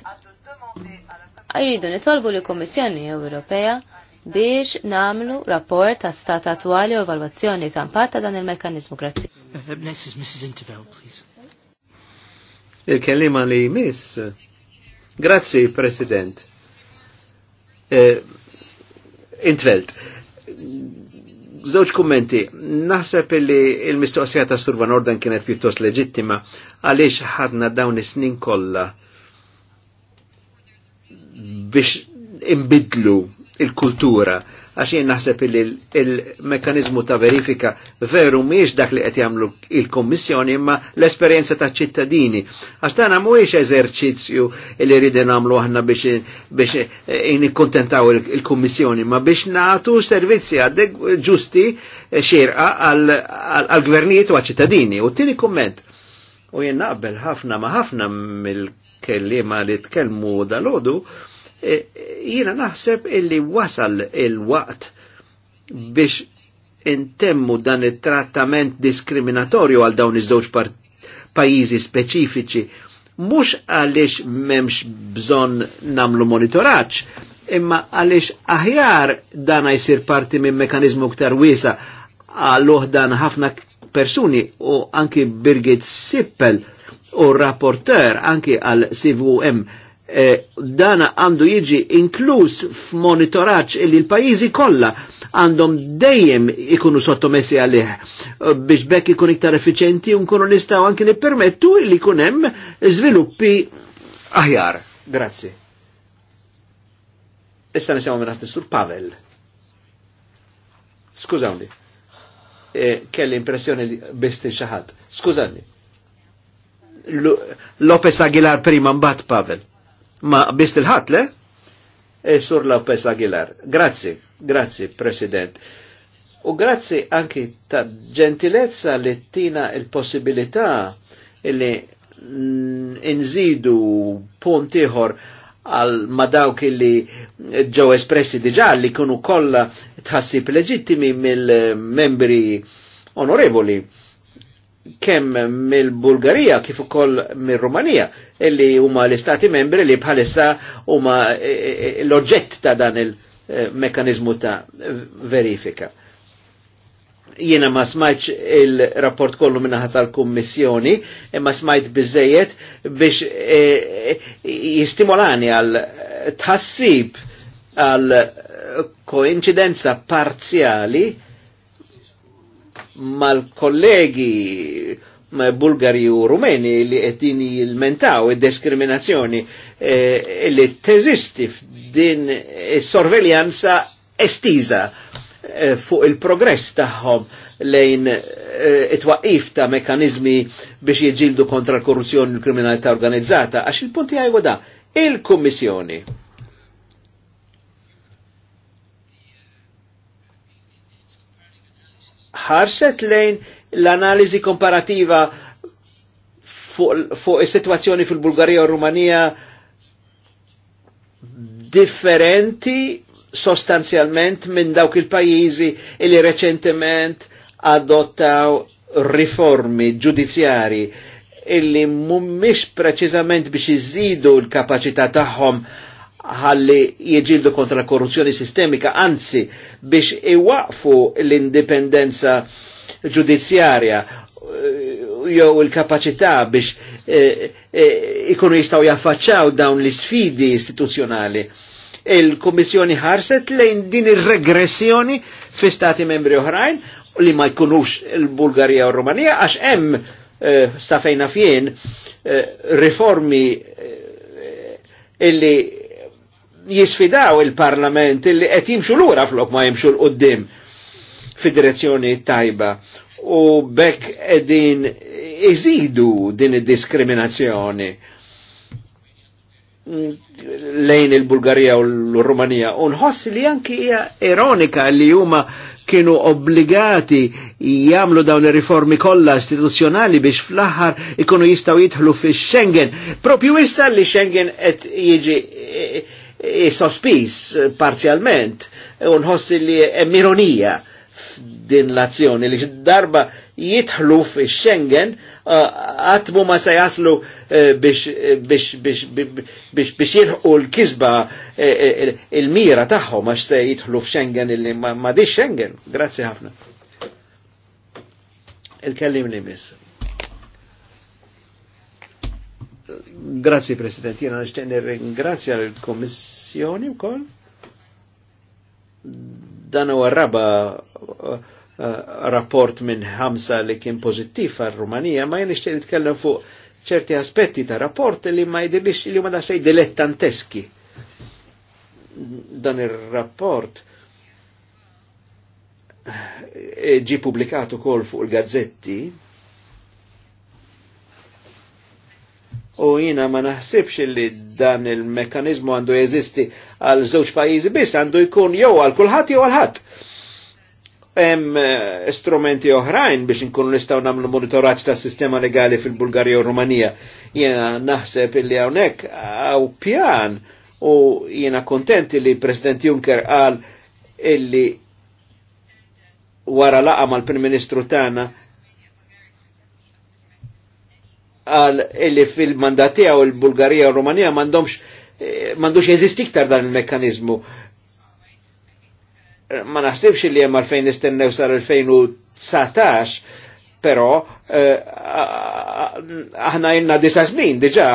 irridu nitolbu li Komissjoni Ewropea biex namlu rapport ta' stat attuali u evalwazzjoni ta' impatt dan il-mekkanizmu. Grazzi. Mrs. Uh, Intervell, please. Il-kellima li miss. Grazzi, President. Eh, Intvelt. Żewġ kummenti, naħseb li il-mistoqsija ta' Survan Ordan kienet pjuttost leġittima għaliex ħadna dawn is-snin kollha biex imbidlu il-kultura għax jien naħseb il mekanizmu ta' verifika veru miex dak li qed jagħmlu il-Kommissjoni imma l-esperjenza ta' ċittadini. Għax tagħna mhuwiex eżerċizzju li rridu nagħmlu aħna biex eh, nikkuntentaw il-Kummissjoni, ma biex nagħtu servizzi ġusti eh, xirqa għal-gvernijiet u għal-ċittadini. U tieni kumment. U jien naqbel ħafna ma ħafna mill-kellima li tkellmu dal E, Jiena naħseb illi wasal il-waqt biex intemmu dan it-trattament diskriminatorju għal dawn iż-żewġ pajjiżi speċifiċi mhux għaliex m'hemmx bżonn namlu monitoraġġ, imma għaliex aħjar dan jisir parti minn mekanizmu ktar wiesa għal dan ħafna persuni u anki Birgit Sippel u rapporter anki għal CVM Eh, dana għandu jiġi inkluż f'monitoraġġ illi l-pajjiżi kollha għandhom dejjem ikunu sottomessi għalih eh, biex bekk ikun iktar effiċenti u nkunu nistgħu anke nippermettu li jkun hemm żviluppi aħjar. Grazzi. Issa nisimgħu minn Sur Pavel. Skużawni. Eh, kelli impressjoni li bisti xi Lopez Aguilar prima mbagħad Pavel. Ma bist il-ħat le? E sur Lopez Aguilar. Grazzi, grazzi President. U grazzi anki ta' gentilezza li tina il-possibilità li nżidu puntiħor għal madaw li ġew espressi diġà li kunu kollha tħassib leġittimi mill-membri onorevoli kemm mill-Bulgarija kif ukoll mir-Rumanija illi huma l-istati membri li bħalissa huma eh, eh, eh, l-oġġett ta' dan il-mekanizmu ta' verifika. Jiena ma smajtx il-rapport kollu minnaħa tal-Kummissjoni, imma smajt biżejjed biex jistimolani għal tħassib għal koincidenza parzjali mal-kollegi Bulgari u Rumeni li il-mentaw id-diskriminazzjoni e, li teżisti f'din sorveljanza estiża e, fuq il-progress tagħhom lejn e, it-twaqif ta' mekanizmi biex jiġildu kontra l-korruzzjoni u l-kriminalità organizzata, għax il-punti għajwa da, il-Kommissjoni ħarset lejn l-analiżi komparativa fuq fu is-sitwazzjoni fil-Bulgarija u Rumanija differenti sostanzjalment minn dawk il-pajjiżi li reċentement adottaw riformi ġudizzjari illi mumiex preċiżament biex iżidu l-kapacità tagħhom ħalli jieġildu kontra korruzzjoni sistemika, anzi biex iwaqfu l-indipendenza ġudizzjarja eh, jew il-kapacità biex eh, eh, ikunu jistaw jaffaċċaw dawn l-sfidi istituzzjonali. Il-Kommissjoni ħarset lejn din ir-regressjoni fi stati membri oħrajn li ma jkunux il-Bulgarija u Rumanija għax hemm safejna sa fejna fien riformi illi jisfidaw il-parlament illi qed jimxu lura flok ma jimxu l-qoddim fid-direzzjoni tajba u bekk edin iżidu din id-diskriminazzjoni lejn il-Bulgarija u l-Rumanija. Unħoss li anki hija ironika li huma kienu obbligati jagħmlu dawn il riformi kollha istituzzjonali biex fl-aħħar ikunu jistgħu jidħlu fix-Schengen. Propju issa li Schengen qed jiġi E sospis eh, parzialment e u nħossi li emironija din l-azzjoni li darba jitħlu fi Schengen eh, għatmu ma se jaslu eh, biex jirħu l-kizba il-mira taħħu għax se jitħlu f'Schengen illi ma di Schengen. Grazie ħafna. Il-kellim li miss. Grazzi President, jena nishtiq ringrazzja l-Kommissjoni wkoll. Dan huwa raba eh, eh, rapport minn ħamsa li kien pożittiv għar-Rumanija, ma jien nixtieq nitkellem fuq ċerti aspetti ta' rapport li ma jidibix li ma da xej dilettanteski. Dan ir-rapport eh, ġi publikatu kol fuq il-gazzetti u jina ma naħsibx li dan il-mekanizmu għandu jeżisti għal żewġ pajjiżi biss għandu jkun jew għal kulħadd jew għal ħadd. Hemm eh, strumenti oħrajn biex inkunu nistgħu nagħmlu monitoraġġ tas-sistema legali fil-Bulgarija u Rumanija. Jiena naħseb illi hawnhekk għaw pjan u jiena kontenti li President Juncker qal illi wara laqa mal-Prim Ministru tagħna għal illi fil-mandatija u l-Bulgarija u Rumanija mandomx eh, mandux jeżisti iktar dan il-mekkanizmu. Ma naħsibx li hemm għalfejn nistennew sar-2019, pero eh, aħna jenna disa snin diġa,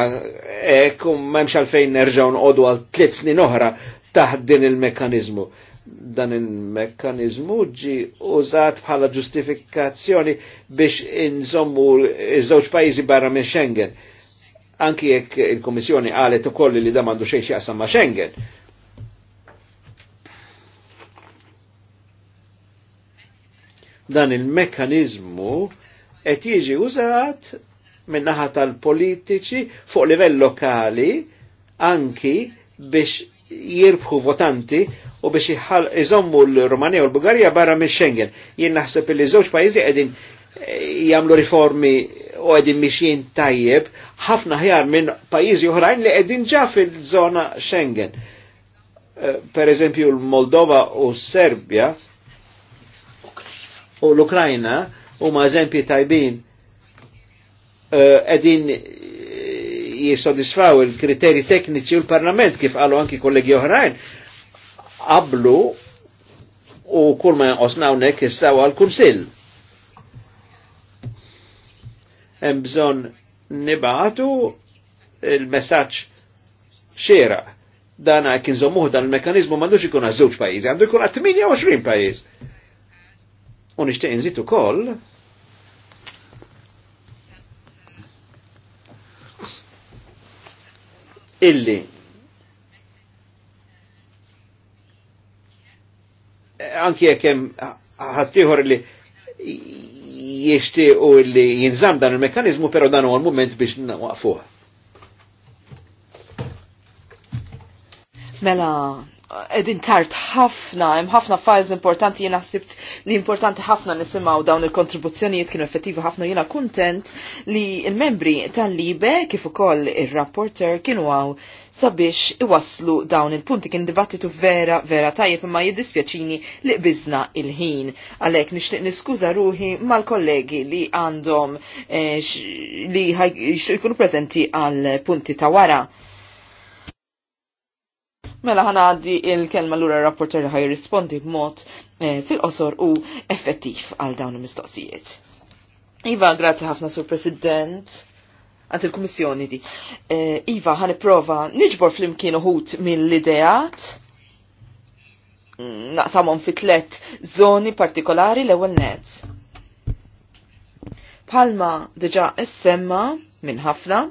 kum memx għalfejn nerġaw nqodu għal tliet snin oħra taħt din il-mekkanizmu dan il-mekkanizmu ġi użat bħala ġustifikazzjoni biex inżommu iż-żewġ pajjiżi barra minn Schengen. Anki jekk il-Komissjoni qalet ukoll li da m'għandu xejn x'jaqsam ma' Schengen. Dan il-mekkanizmu qed jiġi użat min-naħa tal-politiċi fuq livell lokali anki biex jirbħu votanti u biex iżommu l-Romanija u l-Bulgarija barra minn Schengen. Jien naħseb li żewġ pajjiżi qegħdin eh, jagħmlu riformi u qegħdin mixjin tajjeb ħafna ħjar minn pajjiżi oħrajn li qegħdin ġa fil-żona Schengen. Eh, per eżempju l-Moldova u Serbja u l-Ukrajna huma eżempji tajbin eh, qegħdin jisodisfaw il-kriteri tekniċi u l-Parlament kif għallu anki kollegi oħrajn qablu u kull ma jonqosna nek jissaw għal kunsill Hemm bżonn il messagġ xiera dana kien żommuh dan il-mekanizmu m'għandux ikun għazzuċ pajiz, pajjiżi, għandu ikun għat 28 pajiz. U nixtieq zitu koll, illi anki jekem hemm ħaddieħor li u li jinżamm dan il mekanizmu però dan huwa l-mument biex waqfuh. Mela edin tart ħafna, hemm ħafna files importanti jiena sibt li importanti ħafna nisimgħu dawn il-kontribuzzjonijiet kienu effettivi ħafna jiena kuntent li il-membri tal-libe kif ukoll ir-rapporter kienu għaw sabiex iwaslu dawn il-punti kien dibattitu vera vera tajjeb imma jiddispjaċini li qbiżna il-ħin. Għalhekk nixtieq niskuża ruħi mal-kollegi li għandhom eh, li jkunu preżenti għal punti ta' wara Mela għaddi il-kelma l-ura rapporter ħaj rispondi b'mod eh, fil-qosor u effettiv għal dawn il-mistoqsijiet. Iva, grazzi ħafna sur President għant il-Kummissjoni di. Eh, iva, ħan prova niġbor fl-imkien uħut mill-ideat mm, naqsamon fi tlet zoni partikolari l ewwel net. Palma deġa essemma minn ħafna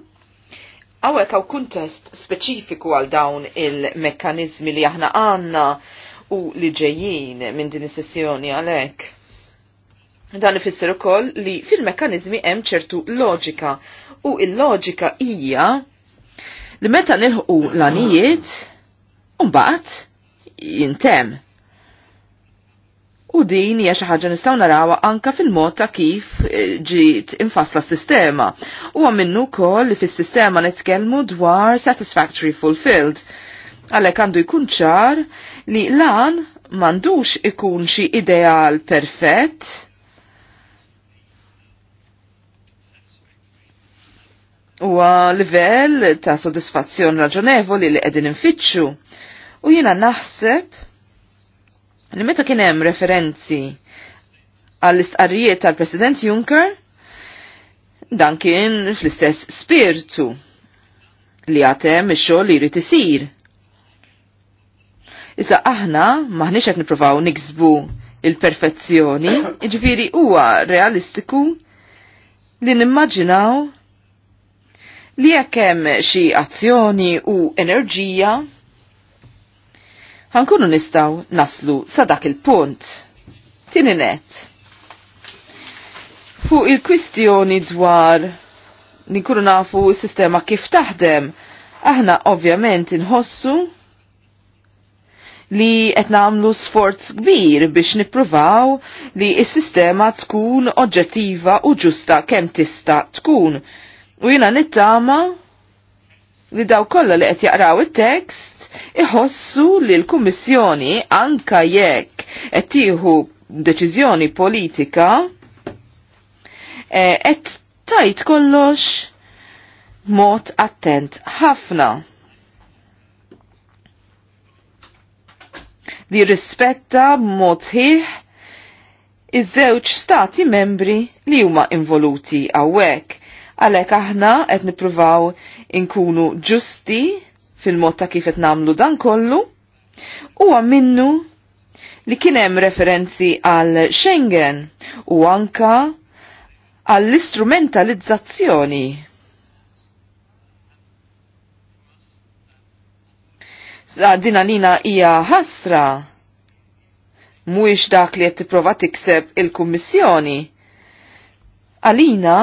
Għawek għaw kuntest speċifiku għal dawn il-mekkanizmi li aħna għanna u li ġejjin minn din is-sessjoni għalek. Dan ifisser ukoll li fil-mekkanizmi hemm ċertu loġika u il-loġika hija li meta nilħu l-anijiet, mbagħad jintem. U din hija xi ħaġa nistgħu narawha anke fil-mod ta' kif eh, ġiet infasla s-sistema. U minnu wkoll li fis-sistema nitkellmu dwar satisfactory fulfilled. Għalhekk għandu jkun ċar li lan m'għandux ikun xi ideal perfett, huwa livell ta' sodisfazzjon raġonevoli li qegħdin infittxu. U jiena naħseb li meta kien hemm referenzi għall-istqarrijiet tal-President Juncker, dan kien fl-istess spirtu li għatem ix-xogħol li jrid isir. Issa aħna maħniex qed nippruvaw niksbu il-perfezzjoni, jiġifieri huwa realistiku li nimmaġinaw li jekk hemm xi azzjoni u enerġija ħankunu nistaw naslu sa dak il-punt. Tieni net. Fuq il-kwistjoni dwar ninkunu nafu s-sistema kif taħdem, aħna ovvjament inħossu li qed nagħmlu sforz kbir biex nippruvaw li s-sistema tkun oġġettiva u ġusta kemm tista' tkun. U jiena nittama li daw kollha li qed jaqraw it-tekst iħossu li l-Kummissjoni anka jekk qed tieħu deċiżjoni politika eh, qed tajt kollox mod attent ħafna. Li rispetta b'mod ħieħ iż-żewġ stati membri li huma involuti hawnhekk Għalhekk aħna qed nippruvaw inkunu ġusti fil-mod ta' kif qed nagħmlu dan kollu huwa minnu li kien hemm referenzi għal Schengen u anka għall-istrumentalizzazzjoni. Dina nina hija ħasra mhuwiex dak li qed tipprova tikseb il-Kummissjoni. Alina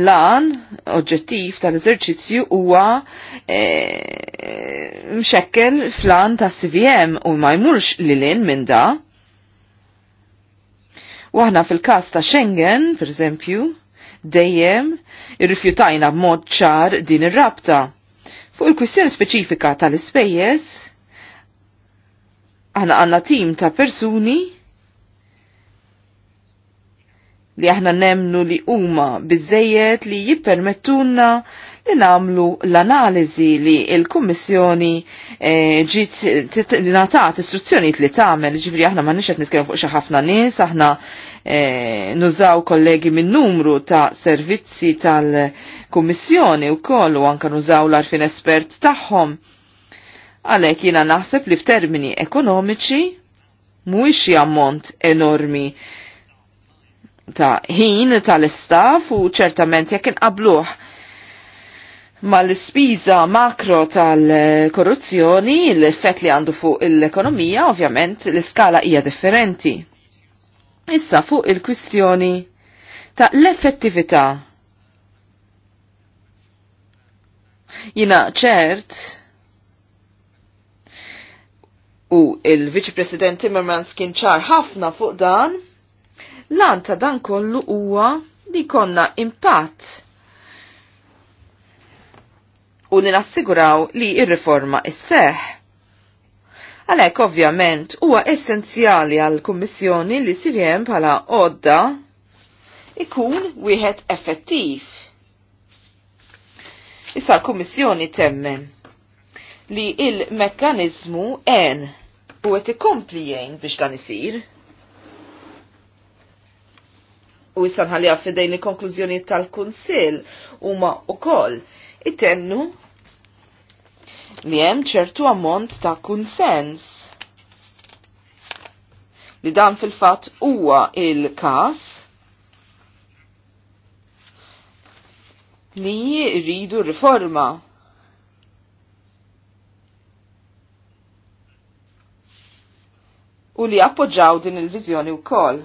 lan oġġettiv tal-eżerċizzju huwa mxekkel eh, mxekkel flan ta' CVM u ma jmurx lilin minn da. U aħna fil-kas ta' Schengen, per eżempju, dejjem irrifjutajna b'mod ċar din ir-rabta. Fuq il-kwistjoni speċifika tal-ispejjeż, aħna għandna tim ta' persuni li aħna nemnu li huma biżejjed li jippermettuna li namlu l-analiżi li l-Kummissjoni eh, ġiet li istruzzjoni istruzzjonijiet li tagħmel, ġifri aħna ma qed nitkellem fuq xi ħafna nies, aħna eh, nużaw kollegi minn numru ta' servizzi tal-Kummissjoni wkoll u anke nużaw l-arfin espert tagħhom. Għalhekk jiena naħseb li f'termini ekonomiċi mhuwiex ammont enormi ta' ħin tal-istaff u ċertament jekk inqabluh mal-spiża makro tal-korruzzjoni, l-effett li għandu fuq l-ekonomija, ovvjament l-iskala hija differenti. Issa fuq il-kwistjoni ta' l-effettività. Jina ċert, u il-Viċi President Timmermans kien ċar ħafna fuq dan, Lan ta' dan kollu huwa li konna impatt u li nassiguraw li ir-riforma isseħ. Għalek ovvjament huwa essenzjali għal kummissjoni li sivjem bħala odda ikun wieħed effettiv. Issa l-Kummissjoni temmen li il-mekkanizmu en u qed ikompli jgħin biex dan isir u jisanħalija fidejn il-konklużjoni tal-Kunsil huma wkoll itennu li hemm ċertu ammont ta' kunsens li dan fil-fatt huwa il-każ li jiridu riforma u li appoġġaw din il u wkoll.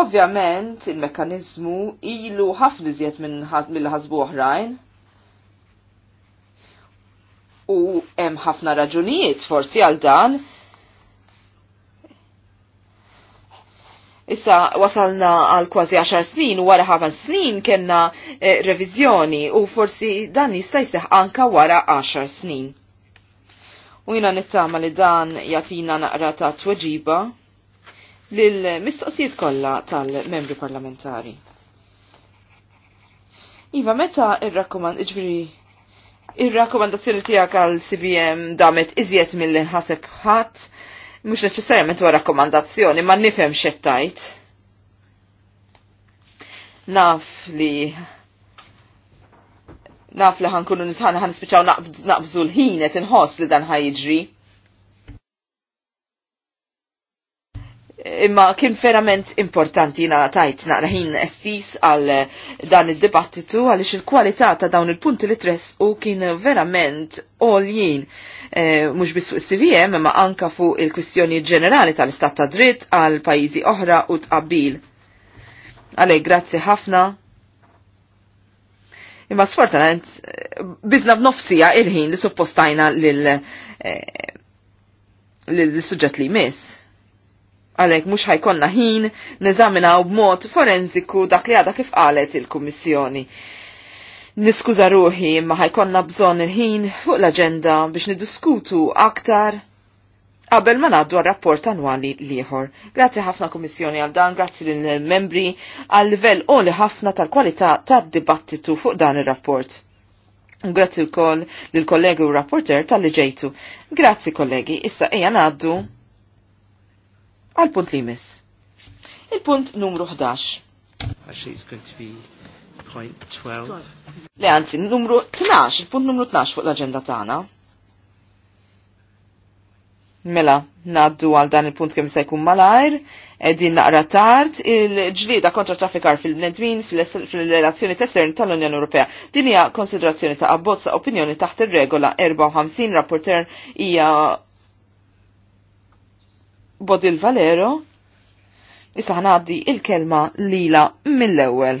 Ovvjament, il mekanizmu ilu ħafna iżjed mill-ħasbu oħrajn. U hemm ħafna raġunijiet forsi għal dan. Issa wasalna għal kważi 10 snin u wara ħafna snin kena eh, revizjoni u forsi dan jista' jseħ anka wara 10 snin. U jina nittama li dan jatina naqra ta' tweġiba lill-mistoqsijiet kollha tal-membri parlamentari. Iva, meta ir-rakkomand ġviri Ir-rakkomandazzjoni tiegħek għal CBM damet iżjed mill ħaseb ħadd, mhux neċessarjament huwa rakkomandazzjoni, ma nifhem xettajt. Naf li naf li ħankunu nisħana ħan nispiċaw naqbżu l-ħin qed inħoss li dan ħajġri. imma kien verament importanti na tajt naqra estis għal dan id-dibattitu il għaliex il-kwalità ta' dawn il-punti li tress u kien verament oljien e, eh, mhux biss fuq CVM imma anka fuq il-kwistjoni ġenerali tal-istat ta' dritt għal pajjiżi oħra u tqabbil. Għalej, grazzi ħafna. Imma sfortunat, bizna b'nofsija il-ħin li suppostajna lil-suġġett eh, li jmiss għalek mux ħajkonna ħin neżaminaw b'mod forensiku dak li għada kif qalet il-Kummissjoni. Niskuża ruħi ma ħajkonna bżon il-ħin fuq l-agenda biex nidiskutu aktar qabel ma naddu għal rapport annwali liħor. Grazzi ħafna Kummissjoni għal dan, grazzi lill membri għal livell oli ħafna tal-kwalità tad-dibattitu fuq dan ir-rapport. Grazzi wkoll lill kollegi u rapporter tal-li ġejtu. Grazzi kollegi, issa ejja naddu għal punt li mis. Il-punt numru 11. Actually, it's going to be point 12. Le anzi, numru 12, il-punt numru 12 fuq l-agenda tagħna. Mela, naddu għal dan il-punt kemm se jkun malajr, edin naqra tard il-ġlida kontra traffikar fil nedmin fil-relazzjoni testern tal-Unjoni Ewropea. Din hija konsiderazzjoni ta' abbozza opinjoni taħt ir-regola 54 rapporter hija Bodil Valero, issa ħanaddi il-kelma lila mill-ewwel.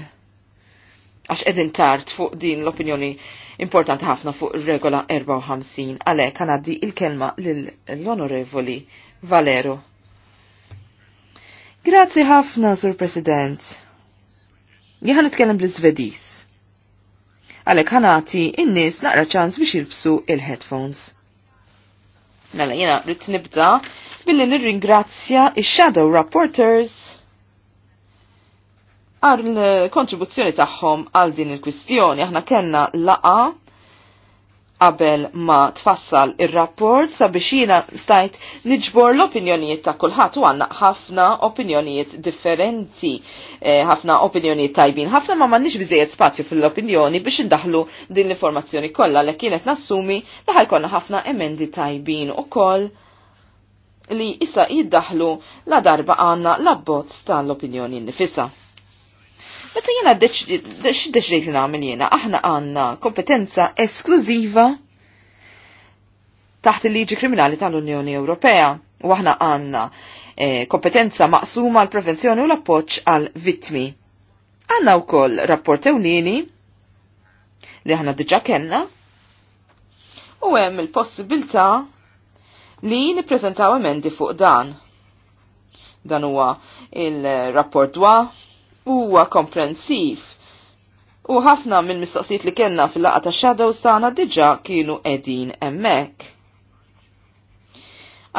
Għax edin tard fuq din l-opinjoni importanti ħafna fuq regola 54, għale ħanaddi il-kelma l-onorevoli Valero. Grazzi ħafna, Sur President. Jħan nitkellem bl-Svedis. Għalek ħanati in-nies naqra ċans biex jilbsu il-headphones. Mela jena rrit nibda billi nirringrazzja ix-Shadow Rapporters għal kontribuzzjoni tagħhom għal din il-kwistjoni. Aħna kellna laqa qabel ma tfassal ir-rapport sabiex jiena stajt niġbor l-opinjonijiet ta' kulħadd u għandna ħafna opinjonijiet differenti, eh, ħafna eh, opinjonijiet tajbin, ħafna ma m'għandniex biżejjed spazju fil-opinjoni biex indaħlu din l-informazzjoni kollha li kienet nassumi li ħajkonna ħafna emendi tajbin ukoll li issa jiddaħlu la darba għanna l-abbozz tal-opinjoni nifissa. Meta jena deċdejt li namil jena, aħna għanna kompetenza esklużiva taħt il-liġi kriminali tal-Unjoni Ewropea u aħna għanna eh, kompetenza maqsuma għal prevenzjoni u l-appoċ għal vittmi. Għanna u koll rapport ewlini li ħana diġa kenna u hemm il-possibilta li nippreżentaw emendi fuq dan. Dan huwa il-rapport dwa huwa komprensiv u ħafna minn mistoqsijiet li kellna fil laqgħa ta' Shadows tagħna diġà kienu qegħdin hemmhekk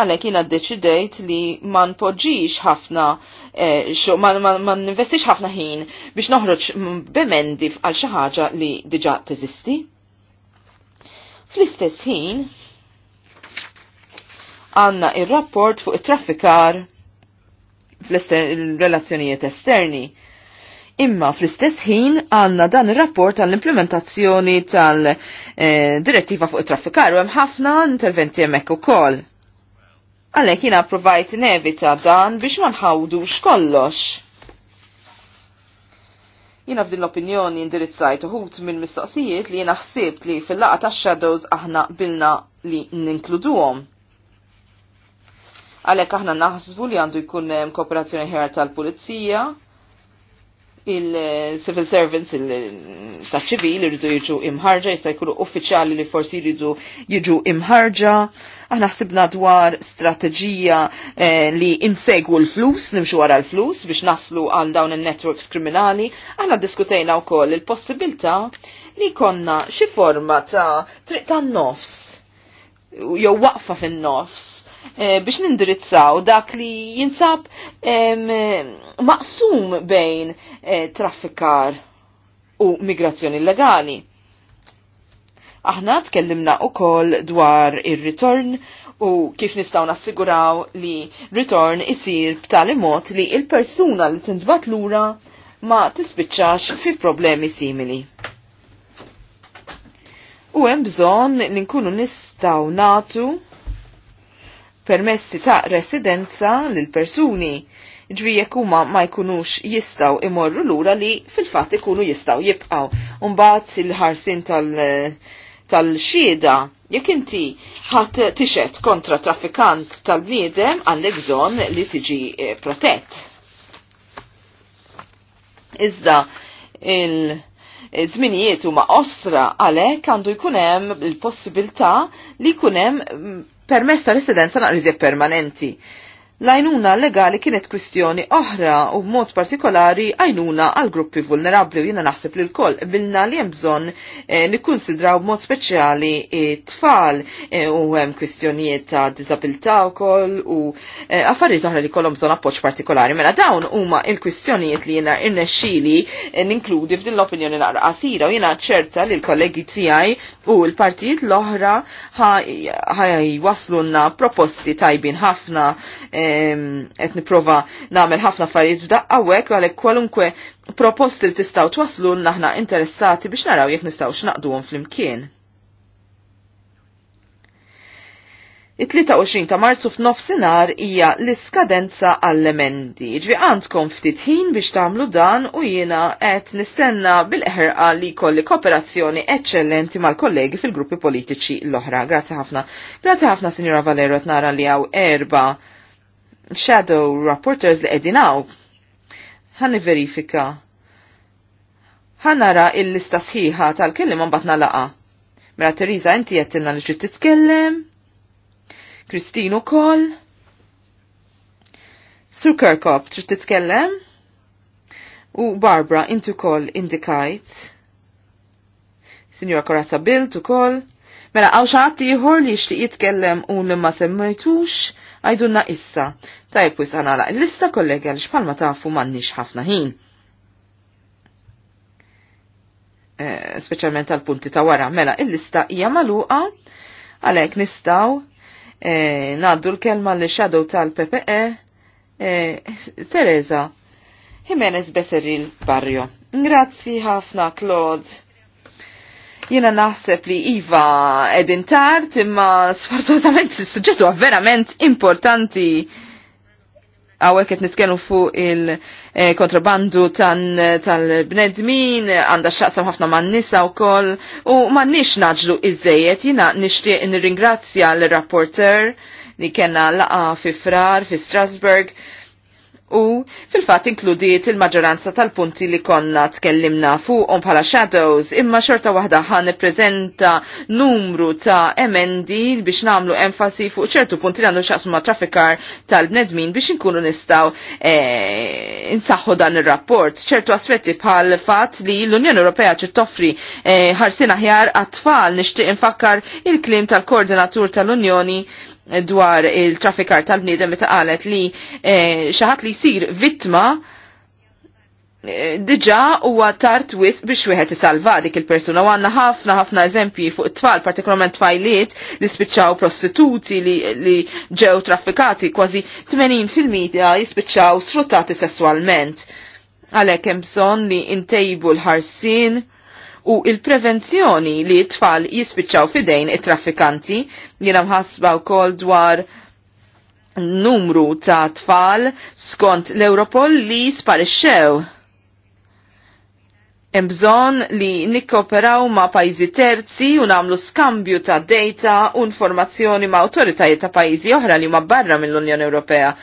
għalek jiena d-deċidejt li ma npoġġix ħafna, eh, ma, ninvestix investix ħafna ħin biex noħroġ bemendi għal xi ħaġa li diġà teżisti. Fl-istess ħin, għanna il-rapport fuq it-traffikar fl-relazzjonijiet esterni. Imma fl-istess ħin għanna dan ir-rapport għall implementazzjoni tal-direttiva eh, fuq it-traffikar u hemm ħafna interventi hemmhekk ukoll. Għalhekk jiena provajt nevita dan biex ma nħawdux kollox. Jiena f'din l-opinjoni indirizzajt uħut minn mistoqsijiet li jiena ħsibt li fil-laqa tax-shadows aħna bilna li ninkluduhom. Għalhekk aħna naħsbu li għandu jkun hemm kooperazzjoni ħjar tal-pulizija, il-civil servants ta' ċivil jridu jiġu imħarġa, jista' jkunu uffiċjali li forsi jridu jiġu imħarġa. Aħna ħsibna dwar strateġija eh, li insegwu l-flus, nimxu wara l-flus biex naslu għal dawn il-networks kriminali. Aħna diskutejna wkoll il-possibilità li konna xi forma ta' triq tan-nofs jew waqfa fin-nofs Eh, biex nindirizzaw dak li jinsab maqsum bejn eh, traffikar u migrazzjoni illegali. Aħna tkellimna u koll dwar ir-ritorn u kif nistaw nassiguraw li ritorn isir b'tali mod li il-persuna li tintbat lura ma tispiċċax fi problemi simili. U hemm bżonn li nkunu nistgħu natu permessi ta' residenza lil persuni ġvi huma ma jkunux jistaw imorru lura li fil-fatt ikunu jistaw jibqaw. Umbagħad il-ħarsin tal- xieda jekk inti ħadd tixet kontra traffikant tal-bniedem għandek bżonn li tiġi eh, protett. Iżda il- Zminijiet eh, huma osra għalhekk għandu jkun hemm il possibilta li jkun hemm mm, permess ta' residenza naqrizi permanenti. L-għajnuna legali kienet kwistjoni oħra u b'mod partikolari għajnuna għal gruppi vulnerabli u jina naħseb li l-koll bilna li jemżon e, eh, nikkonsidraw b'mod speċjali tfal e, eh, u hemm kwistjonijiet ta' disabilta u koll u e, affarijiet oħra li kollhom bżon appoġġ partikolari. Mela dawn huma il-kwistjonijiet li jina e, eh, ninkludi f'din l-opinjoni naqra qasira u jina ċerta li l-kollegi tiegħi u l-partijiet l-oħra ħajwaslunna proposti tajbin ħafna e, qed niprova nagħmel ħafna affarijiet f'daqqa għawek għalhekk kwalunkwe proposti li tistgħu twaslu l-naħna interessati biex naraw jekk nistgħu x'naqduhom flimkien. It-23 ta' Marzu f'nofsinhar hija l-iskadenza għall-emendi. Ġvi għandkom ftit ħin biex tagħmlu dan u jiena qed nistenna bil ħerqa li kolli kooperazzjoni eċċellenti mal-kollegi fil-gruppi politiċi l-oħra. Grazzi ħafna. Grazzi ħafna, Sinjora Valero, nara li hawn erba' shadow rapporters li edinaw. Ħani verifika. Ħanara il-lista sħiħa tal-kellim un batna laqa. Mela Teresa, inti jettinna li ġit titkellem. Kristinu kol. Sur Kirkop, trid titkellem? U Barbara, inti kol indikajt. Signora Corazza Bilt ukoll. Mela għaw xaħat tiħor li xtiq jitkellem u li ma semmajtux għajdunna issa. Tajb wis għanala il-lista kollegi għalix palma tafu mannix ħafna ħin. E, eh, Speċjalment għal punti ta' wara, mela il-lista hija maluqa għalhekk nistgħu eh, naddu l-kelma li shadow tal-PPE Tereza eh, Teresa Jimenez Beseril Barrio. Grazzi ħafna Claude Jena naħseb li Iva edin tard, imma sfortunatament il-sujġetu verament importanti għawek għet nitkellmu fuq il-kontrabandu tal-bnedmin, għanda xaqsam ħafna man nisa u koll, u ma nix naġlu iżejiet, jina nishtiq nirringrazzja l-rapporter li kena laqa fi frar, fi Strasburg, u fil-fat inkludiet il-maġġoranza tal-punti li konna tkellimna fuqhom bħala shadows imma xorta waħda ħan prezenta numru ta' emendi biex namlu enfasi fuq ċertu punti li għandu xaqsma traffikar tal-bnedmin biex inkunu nistaw e, insaħħu dan ir-rapport. ċertu aspetti bħal fat li l-Unjoni Ewropea ċi toffri eh, ħarsina e, ħjar għat-tfal nixtieq infakkar il-klim tal-koordinatur tal-Unjoni dwar il-traffikar tal-bniedem meta qalet li eh, xaħat li jsir vittma eh, diġa huwa tard twis biex wieħed isalva dik il-persuna u għandna ħafna ħafna eżempji fuq it-tfal, partikolarment tfajliet li spiċċaw prostituti li, li ġew traffikati kważi 80% jispiċċaw sfruttati sessualment. Għalhekk hemm bżonn li ntejbu l-ħarsin u il-prevenzjoni li t-tfal jispiċċaw fidejn it-traffikanti jiena u wkoll dwar numru ta' tfal skont l-Europol li sparixxew. Hemm bżonn li nikkoperaw ma' pajzi terzi u nagħmlu skambju ta' data u informazzjoni ma' autoritajiet ta' pajjiżi oħra li ma' barra mill-Unjoni Ewropea.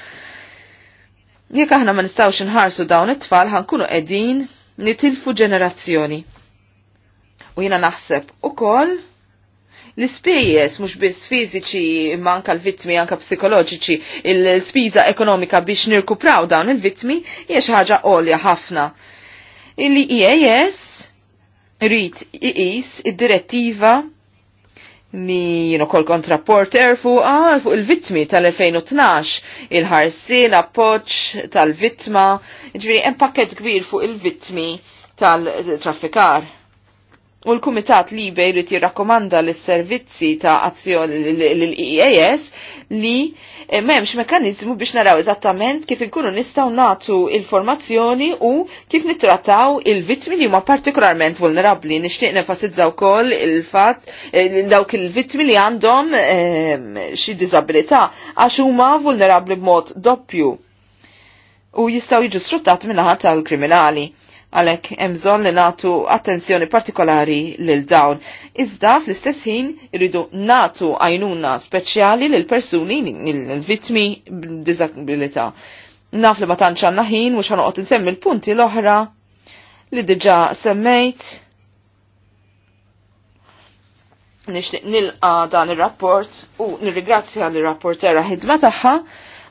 Jekk aħna ma nistgħux inħarsu dawn it-tfal ħankunu qegħdin nitilfu ġenerazzjoni. U jina naħseb u kol l-spejjes mhux biss fiżiċi imma anka l-vittmi anka psikoloġiċi l-spiża ekonomika biex nirkupraw dawn il-vittmi hija xi ħaġa għolja ħafna. Illi IAS e rrit iqis id-direttiva li jien ukoll kontrapporter fuqa ah, fuq il-vittmi tal-2012 il-ħarsien appoġġ tal-vittma, ġifieri hemm pakkett kbir fuq il-vittmi tal-traffikar U l-Kumitat Libe jrid jirrakkomanda lis servizzi ta' azzjoni l-IAS li m'hemmx mekkaniżmu biex naraw eżattament kif inkunu nistgħu nagħtu informazzjoni u kif nittrattaw il-vittmi li huma partikolarment vulnerabbli. Nixtieq nefasizza kol il-fatt eh, dawk il-vittmi li għandhom eh, xi diżabilità għax huma vulnerabbli b'mod doppju u jistgħu jiġu sfruttat minn naħat tal-kriminali għalek emżon li natu attenzjoni partikolari lil dawn. Iżda fl-istess ħin irridu natu għajnuna speċjali lil persuni l-vitmi b'dizabilità. Naf li ma tantx għandna ħin mhux ħanoqgħod insemmi l-punti l-oħra li diġa' semmejt. Nixtieq nilqa dan ir-rapport u nirrigrazzja l-rapportera ħidma tagħha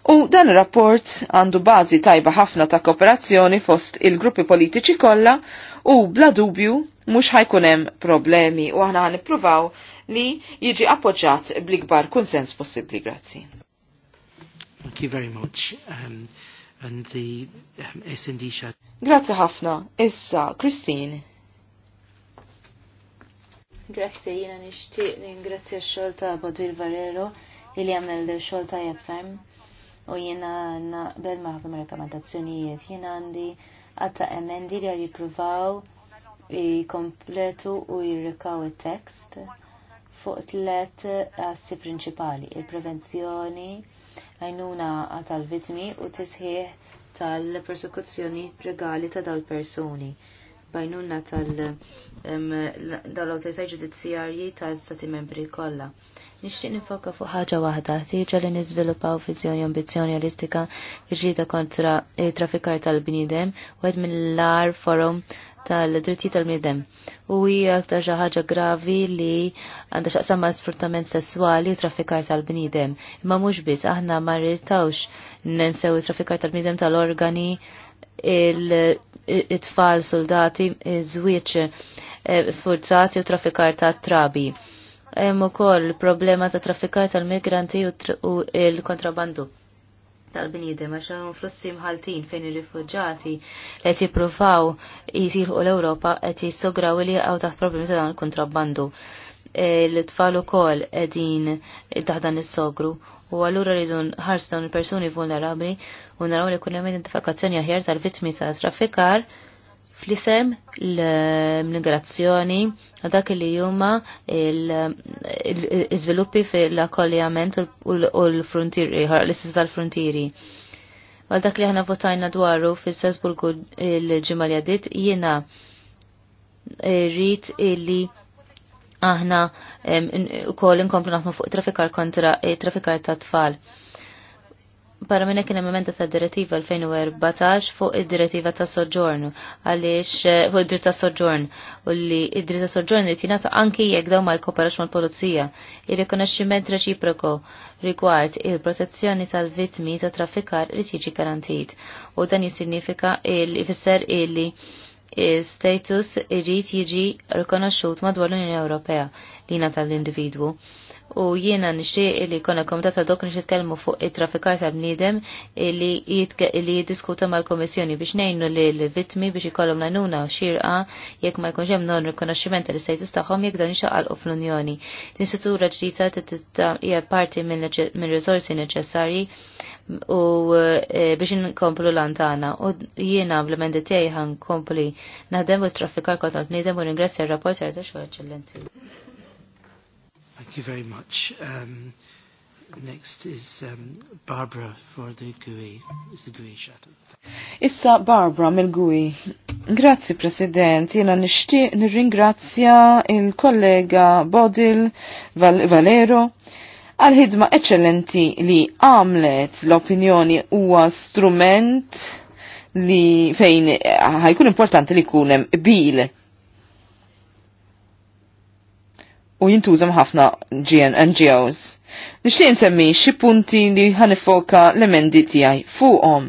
U dan ir-rapport għandu bażi tajba ħafna ta' kooperazzjoni fost il-gruppi politiċi kollha u bla dubju mhux ħajkun hemm problemi u aħna ħanippruvaw li jiġi appoġġat bl-ikbar kunsens possibbli. Grazzi. Thank you very much. Um, and the um, S&D shad. Grazzi ħafna. Issa, Christine. Grazzi, jina nishtiq ningrazzja x-xol ta' Badwil Varero li għamel xol ta' jabfem u jiena naqbel maħdum ħafna rekomendazzjonijiet. Jiena għandi għatta emendi li għalli provaw jikompletu u jirrikaw il-tekst fuq tlet assi prinċipali, il-prevenzjoni, għajnuna tal-vitmi u tisħiħ tal-persekuzzjoni regali ta' dal-personi. Bajnuna tal-autorità ġudizzjarji ta' stati membri kollha. Nixtieq nifoka fuq ħaġa waħda, tieġa li niżviluppaw viżjoni ambizjoni realistika ġrida kontra traffikar tal-bniedem u għed mill-lar forum tal-dritti tal-bniedem. U hija aktar xi ħaġa gravi li għandha x'aqsam ma' sfruttament sesswali u traffikar tal-bniedem. Imma mhux biss aħna ma rritawx ninsew traffikar tal bnidem tal-organi il-tfal soldati, żwieċ eh, forzati u traffikar tat trabi hemm ukoll problema ta' traffikar tal-migranti u l kontrabandu tal-bniedem għax hemm flussi mħaltin fejn ir-rifuġġati li qed jippruvaw jisieħu l-Ewropa qed jissograw li għaw taħt problemi ta' dan il-kontrabbandu. L-tfal ukoll qegħdin taħt dan is-sogru u allura rridu nħarsu dawn il-persuni vulnerabbli u naraw li kun hemm identifikazzjoni aħjar tal-vittmi ta' traffikar fl-isem l immigrazzjoni dak li huma l-iżviluppi fil-akkoljament u l-frontieri, l-istess tal-frontieri. Għal dak li ħana votajna dwaru fil u l ġimali li għadit jiena rrit li aħna u kol inkomplu naħmu fuq trafikar kontra eh, trafikar ta' tfal. Para minna kien emenda ta' direttiva 2014 fuq id-direttiva ta' soġġorn, għaliex eh, fuq id-dritt ta' soġġorn, u li id-dritt ta' soġġorn li tinata anki jekk daw ma ma' mal-polizija. Ir-rikonoxximent reċiproko rigward il-protezzjoni tal-vittmi ta' traffikar li tiġi garantit. U dan jissinifika il-ifisser illi status irrid jiġi rikonoxxut madwar l-Unjoni Ewropea li tal individwu u jiena nixtieq li jkollna komitat ad hoc jitkellmu fuq it-traffikar ta' bniedem li jiddiskuta mal-Komissjoni biex ngħinu li l-vittmi biex ikollhom lajnuna xirqa jekk ma jkunx hemm non rikonoxximent tal-istatus tagħhom jekk dan ixaqalqu fl-Unjoni. L-istruttura ġdida hija parti minn risorsi neċessarji u e, biex nkomplu lantana. U jiena bl-mendi tiegħi ħankompli naħdem u traffikar kontra bniedem u ringrazzja r-rapporter ta' xogħol eċċellenti. Thank you very much. Um, next is um, Barbara for the GUI. E. Is the GUI e shadow. Issa Barbara mill-GUI. E. Grazzi President, jena nishtiq nirringrazzja il-kollega Bodil Val Valero għal-ħidma eccellenti li għamlet l-opinjoni huwa strument li fejn ħajkun importanti li kunem bil u jintużam ħafna NGOs. Nixtieq nsemmi xi punti li ħanifoka l-emendi tiegħi fuqhom.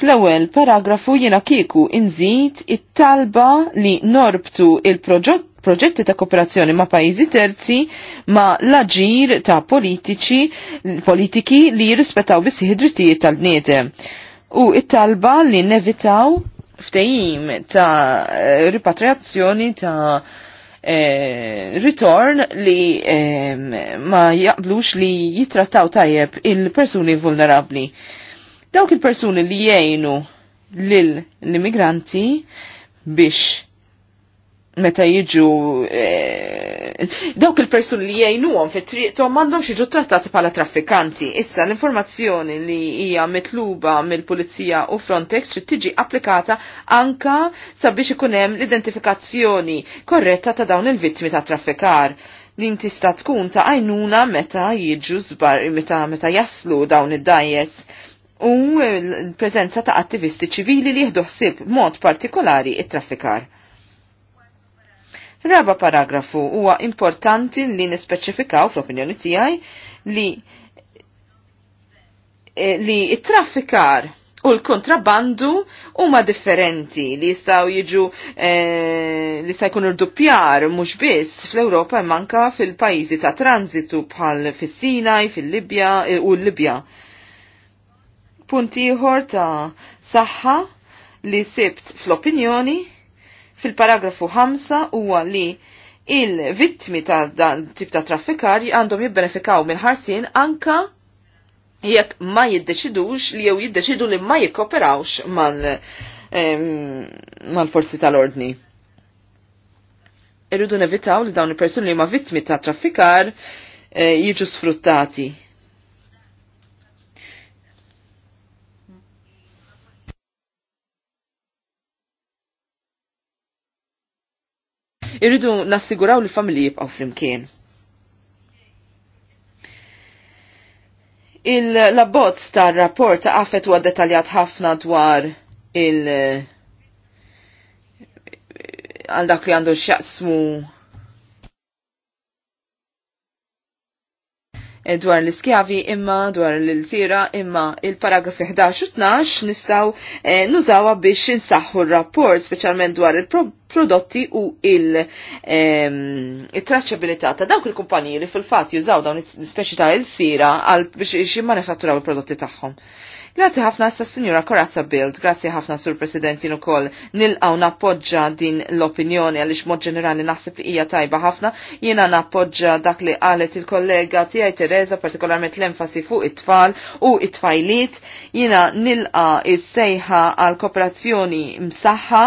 Fl-ewwel paragrafu jiena kieku inżid it-talba li norbtu il-proġetti ta' kooperazzjoni ma' pajjiżi terzi ma' l-aġir ta' politiċi politiki li jirrispettaw bis id-drittijiet tal-bniedem. U it-talba li nevitaw ftehim ta' ripatriazzjoni ta' E, return li e, ma jaqblux li jitrattaw tajjeb il-persuni vulnerabli. Dawk il-persuni li jgħinu lill-immigranti biex meta jiġu e, dawk il-persuni li jgħinuhom fit tom għandhom jiġu trattati bħala traffikanti. Issa l-informazzjoni li hija mitluba mill-Pulizija u Frontex trid tiġi applikata anka sabiex ikun hemm l-identifikazzjoni korretta ta' dawn il-vittmi ta' traffikar din tista' tkun ta' għajnuna meta jiġu żbar meta meta jaslu dawn id-dajes u l-preżenza ta' attivisti ċivili li jihdu ħsieb mod partikolari it-traffikar. Raba paragrafu huwa importanti li nispeċifikaw fl-opinjoni tiegħi li eh, li traffikar u l kontrabandu huma differenti li jistgħu jiġu eh, li sa jkunu rduppjar mhux biss fl-Ewropa manka fil-pajjiżi ta' tranzitu bħal fis-Sinaj, fil-Libja eh, u l-Libja. Punt ieħor ta' saħħa li sibt fl-opinjoni fil-paragrafu 5 huwa li il-vittmi ta' dan tip ta' traffikar għandhom jibbenefikaw minn ħarsien anka jekk ma jiddeċidux li jew jiddeċidu li ma jikkoperawx mal-forzi mal tal-ordni. Irridu nevitaw li dawn il-persuni li ma vittmi ta' traffikar eh, jiġu sfruttati. Irridu nassiguraw li familji jibqaw flimkien. Il-labbozz tar-rapport ta' għafet huwa dettaljat ħafna dwar il- għal dak li għandu xaqsmu Eh, dwar l-iskjavi imma dwar l sira imma il-paragrafi 11 u 12 nistaw eh, nużawa biex insaħħu r-rapport speċjalment dwar il-prodotti u ehm, il-traċabilità ta' dawk il-kumpaniji li fil-fat jużaw dawn l-speċi ta' il-sira biex jimmanifatturaw il-prodotti tagħhom. Grazzi ħafna sa' Signora Korazza Bild, grazzi ħafna Sur President jien ukoll Nilqaw nappoġġa din l-opinjoni għaliex mod ġenerali naħseb li hija tajba ħafna. Jiena nappoġġa dak li qalet il-kollega tiegħi Tereza partikolarment l-enfasi fuq it-tfal u it-tfajliet. Jiena nilqa is-sejħa għal kooperazzjoni msaħħa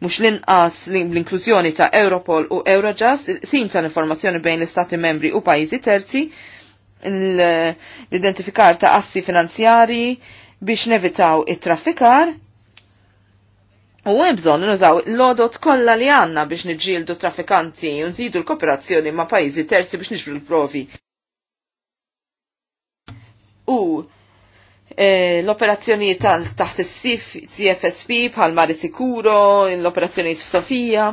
mux l-inqas l-inklużjoni ta' Europol u Eurojust, sin tal-informazzjoni bejn l-Stati membri u pajizi terzi, l-identifikar ta' assi finanzjari biex nevitaw it-traffikar u hemm bżonn nużaw l-odot kollha li għandna biex niġġieldu traffikanti u nżidu l-kooperazzjoni ma' pajjiżi terzi biex niġbru l-provi. U Eh, l-operazzjonijiet taħt is-CFSP bħal Mari Sikuro, l-operazzjonijiet f'Sofija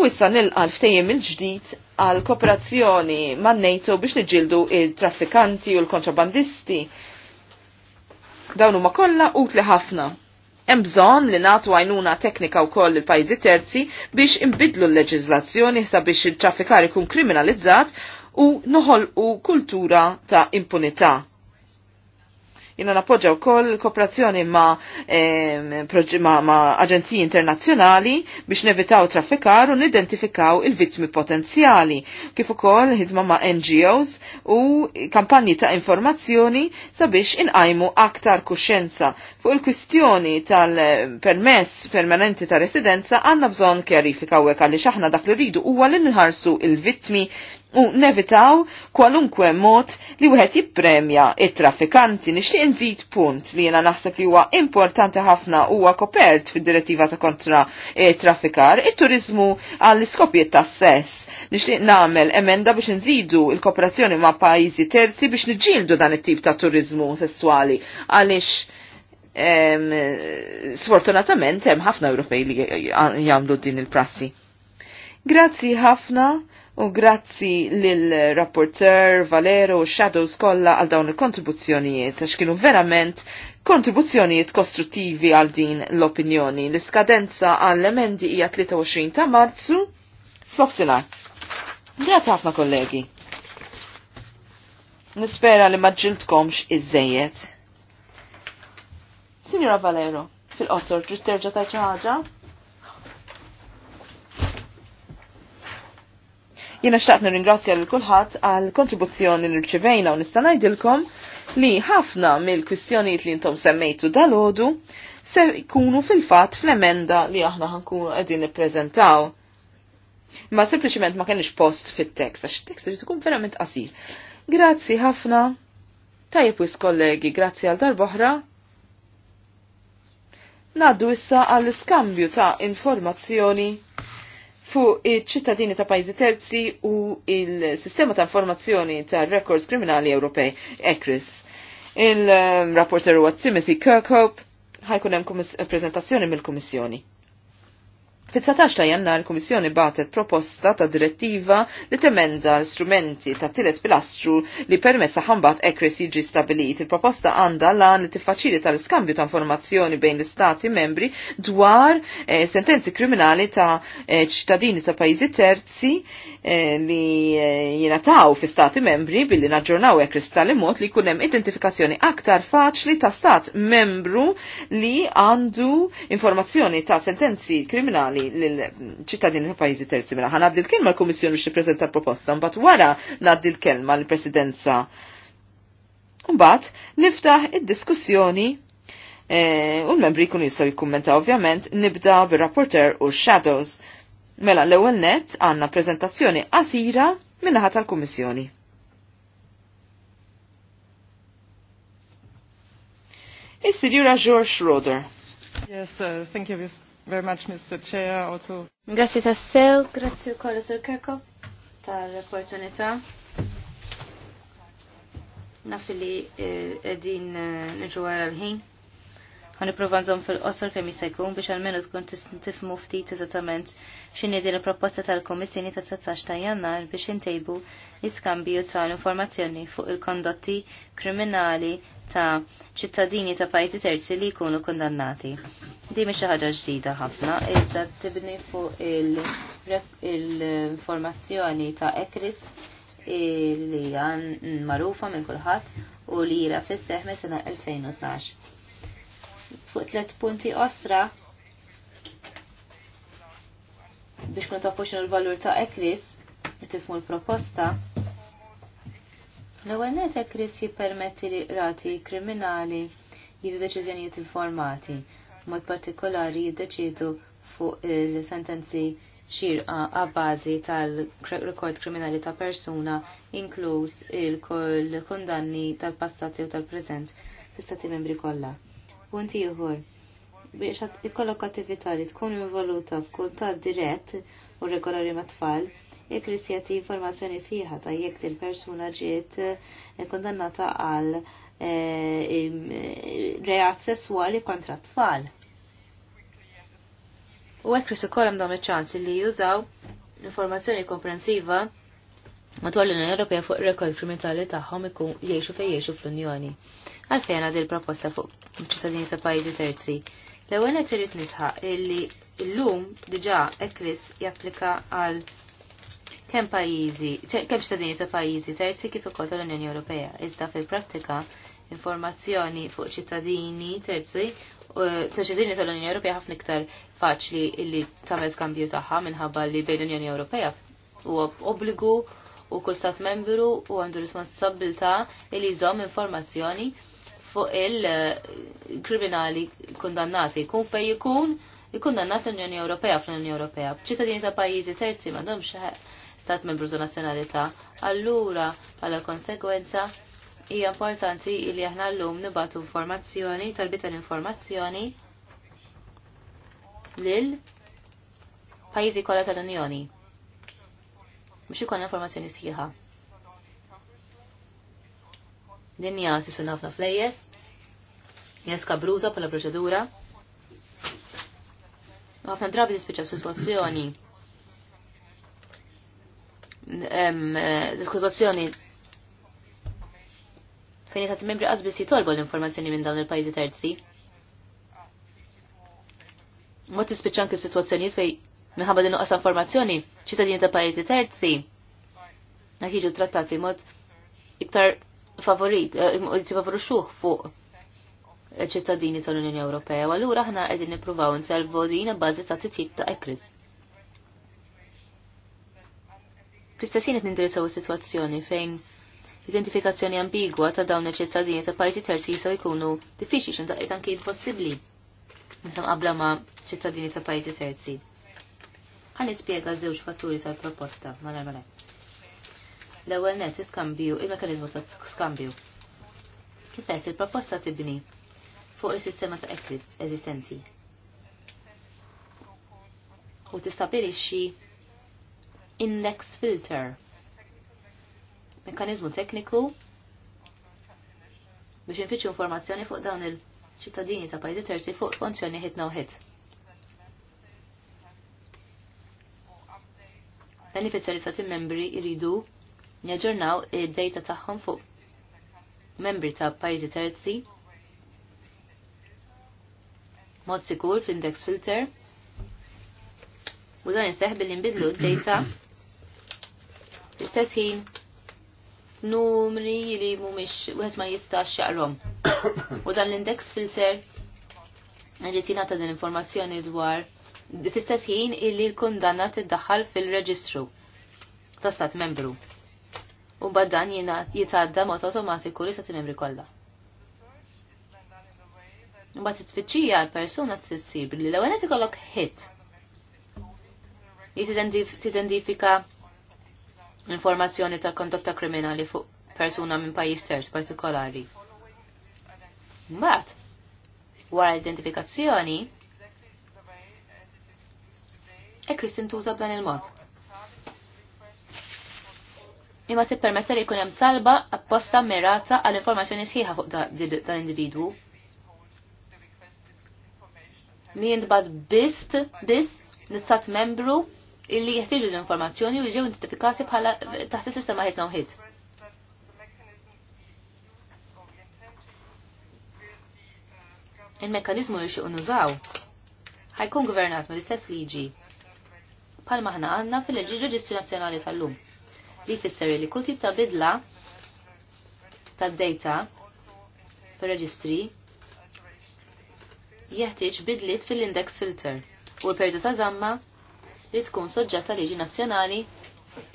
u issa nilqa' ftejjem il-ġdid għal kooperazzjoni man NATO biex niġildu il-traffikanti u l-kontrabandisti. Dawn huma kollha utli ħafna. Hemm bżonn li nagħtu għajnuna teknika wkoll il-pajjiżi terzi biex inbidlu l-leġiżlazzjoni sabiex il-traffikar ikun kriminalizzat u noħolqu kultura ta' impunità Jina u wkoll kooperazzjoni ma, ma, ma aġenziji internazzjonali biex nevitaw traffikar u nidentifikaw il-vittmi potenzjali, kif ukoll ħidma ma' NGOs u kampanji ta' informazzjoni sabiex inqajmu aktar kuxenza fuq il-kwistjoni tal-permess permanenti ta' residenza għandna bżonn kjarifika u għalli aħna dak li rridu huwa li nħarsu il-vittmi u nevitaw kwalunkwe mod li wieħed jippremja it-traffikanti. Nixtieq nżid punt li jiena naħseb li huwa importanti ħafna huwa kopert fid-direttiva ta' kontra traffikar it-turizmu għall iskopijiet ta' sess. Nixtieq nagħmel emenda biex nżidu l-kooperazzjoni ma' pajjiżi terzi biex niġġieldu dan it-tip ta' turizmu sessuali għaliex sfortunatament hemm ħafna Ewropej li jagħmlu din il-prassi. Grazzi ħafna u grazzi lil rapporteur Valero u Shadows kolla għal dawn il-kontribuzzjonijiet, għax kienu verament kontribuzzjonijiet kostruttivi għal din l-opinjoni. L-iskadenza għall-emendi hija 23 ta' marzu f'nofsinhar. Grazzi ħafna kollegi. Nispera li maġġiltkomx iż-żejjed. Signora Valero, fil-qosor trid terġa' tajċa ħaġa? Jina xtaqt nirringrazzja l kulħadd għal kontribuzzjoni li rċivejna u nista' ngħidilkom li ħafna mill-kwistjonijiet li intom semmejtu dal-ħodu se jkunu fil-fatt fl-emenda li aħna ħankunu qegħdin nippreżentaw. Ma sempliciment ma kenix post fit-tekst, għax il tekst irid ikun verament qasir. Grazzi ħafna. Tajjeb wis kollegi, grazzi għal darboħra. Naddu issa għall-iskambju ta' informazzjoni fuq iċ-ċittadini ta' pajzi terzi u il-sistema ta' informazzjoni ta' records kriminali Ewropej, ECRIS. Il-rapporter huwa Timothy Kirkhope, ħajkun hemm prezentazzjoni mill-Kummissjoni. Fit-19 ta' jannar il-Kummissjoni batet proposta ta' direttiva li temenda strumenti ta' tilet pilastru li permessa ħambat ekres jiġi stabilit. Il-proposta għanda lan li tiffaċili tal-skambju ta' informazzjoni bejn l-Stati membri dwar eh, sentenzi kriminali ta' eh, ċittadini ta' pajjiżi terzi eh, li eh, jinataw fi Stati membri billi naġġornaw ekres tal mod li kunem identifikazzjoni aktar faċli ta' Stat membru li għandu informazzjoni ta' sentenzi kriminali legali l-ċittadini ta' pajjiżi terzi mela ħanaddi l-kelma l-Kummissjoni biex tippreżenta proposta mbagħad wara ngħaddi l-kelma l-Presidenza. Mbagħad niftaħ id-diskussjoni eh, u l-membri kun jistaw jikkummenta ovvjament nibda bir-rapporter u shadows. Mela l-ewwel net għandna preżentazzjoni qasira min-naħa tal-Kummissjoni. Is-Sirjura George Schroeder. Yes, uh, thank you, very much, Mr. Chair, also. Grazie tassew, grazie u koll Sir Kirkop tal-opportunità. Naf li eh, edin eh, nġu għara l-ħin. Għan iprofa nżom fil-qosor kemm jista' jkun biex għalmenu tkun tifmu ftit eżattament x'inhi din il-proposta tal-Komissjoni ta' 16 ta' Jannar biex intejbu l-iskambju ta' informazzjoni fuq il-kondotti kriminali ta' ċittadini ta' pajjiżi terzi li jkunu kondannati. Di mhix xi ħaġa ġdida ħafna, iżda tibni fuq il-informazzjoni ta' ECRIS li għan marufa minn kulħadd u li jira fis-seħme sena 2012 fuq tliet punti osra biex kun tafu xinu l-valur ta' ekris, tifmu l-proposta. L-ewwel net ekris jippermetti li rati kriminali jizu deċiżjonijiet informati, mod partikolari jiddeċidu fuq il-sentenzi xirqa għabbażi tal-rekord kriminali ta' persuna, inkluż il-kundanni tal-passati u tal-preżent fl-istati membri kollha. Punt ieħor biex ikollok attività li tkun involuta f'kuntatt dirett u regolari ma' tfal, jekk li informazzjoni sieħa ta' jekk il-persuna ġiet eh, kondannata għal eh, eh, reat sessuali kontra tfal. U għek li sukolem dawn iċ-ċans li jużaw informazzjoni komprensiva Matwar l-Unjoni Ewropea fuq rekord kriminali tagħhom ikun jgħixu fejn jgħixu fl-Unjoni. Għalfejn l proposta fuq ċittadini ta' pajjiżi terzi. L-ewwel qed irid nisħaq illi llum diġà ekris japplika għal kemm pajjiżi, kemm ċittadini ta' pajjiżi terzi kif ukoll tal-Unjoni Ewropea. Iżda fil-prattika informazzjoni fuq ċittadini terzi ta' ċittadini tal-Unjoni Ewropea ħafna iktar faċli illi tagħmel skambju tagħha minħabba li bejn l-Unjoni Ewropea u obbligu u kull stat membru u għandu responsabilta li jżomm informazzjoni fuq il-kriminali eh, kundannati jkun fej jkun ikkundannat l-Unjoni Ewropea fl-Unjoni Ewropea. Ċittadini ta' pajjiżi terzi m'għandhomx eh, stat membru ta' nazzjonalità. Allura pala konsegwenza hija importanti li aħna llum nibatu informazzjoni, talbita l-informazzjoni lil pajjiżi kollha tal-Unjoni biex ikun informazzjoni sħiħa. Dinja sisun ħafna flejjes, jeska bruza pala proċedura. Ħafna drabi tispiċċa situazzjoni. Eh, situazzjoni fejn jisat membri si jitolbu l-informazzjoni minn dawn il-pajzi terzi. Ma tispiċan kif situazzjonijiet fej minħabba din nuqqas informazzjoni ċittadini ta' pajjiżi terzi ma jiġu trattati mod iktar favorit, tifavorixxuh eh, fuq ċittadini tal-Unjoni Ewropea, allura aħna qegħdin nippruvaw inselvu din bażi ta' titjib ta' ekris. Fl-istessin qed nindirizzaw is-sitwazzjoni fejn identifikazzjoni ambigwa ta' dawn il-ċittadini ta' pajjiżi terzi jistgħu jkunu diffiċli x'imdaqqiet anke impossibbli Nisam qabla ma' ċittadini ta' pajjiżi terzi. Għan ispiega żewġ fatturi tal-proposta mal malek. L-ewwel net iskambju il-mekanizmu ta' skambju. Kif il-proposta tibni fuq is-sistema ta' ECRIS eżistenti. U tistabilixxi index filter mekanizmu tekniku biex infittxu informazzjoni fuq dawn il-ċittadini ta' pajzi terzi fuq funzjoni hit no hit Dan li membri jridu jaġġornaw id-data tagħhom fuq membri ta' pajjiżi terzi mod sikur f'index filter u dan jseħ billi nbidlu d-data l-istess ħin numri li mumiex wieħed ma jistax jaqrom. U dan l-index filter li tina ta' din informazzjoni dwar fl-istess ħin illi l-kundanna tiddaħħal fil-reġistru ta' stat membru. U baddan jina jitadda mot automatiku li stati membri kollha. Mbagħad titfittxija l-persuna tissir li l-ewwel qed ikollok hit. Li tidentifika informazzjoni ta' kondotta kriminali fuq persuna minn pajjiż terz partikolari. Mbagħad wara l-identifikazzjoni e Kristin tuża b'dan il-mod. Imma tippermetta li jkun hemm talba apposta mirata għal informazzjoni sħiħa fuq dan individwu. Li jintbad bist, biss, nistat membru illi jeħtieġu l-informazzjoni u jiġu identifikati bħala taħt is-sistema ħid hit. Il-mekkanizmu li xieq nużaw ħajkun gvernat mill istess liġi pal maħna għanna fil reġistri nazzjonali tal-lum. Li fisser li kull tip ta' bidla ta' data fil reġistri jeħtieġ bidlit fil-index filter u l-perdu ta' zamma li tkun soġġetta liġi nazzjonali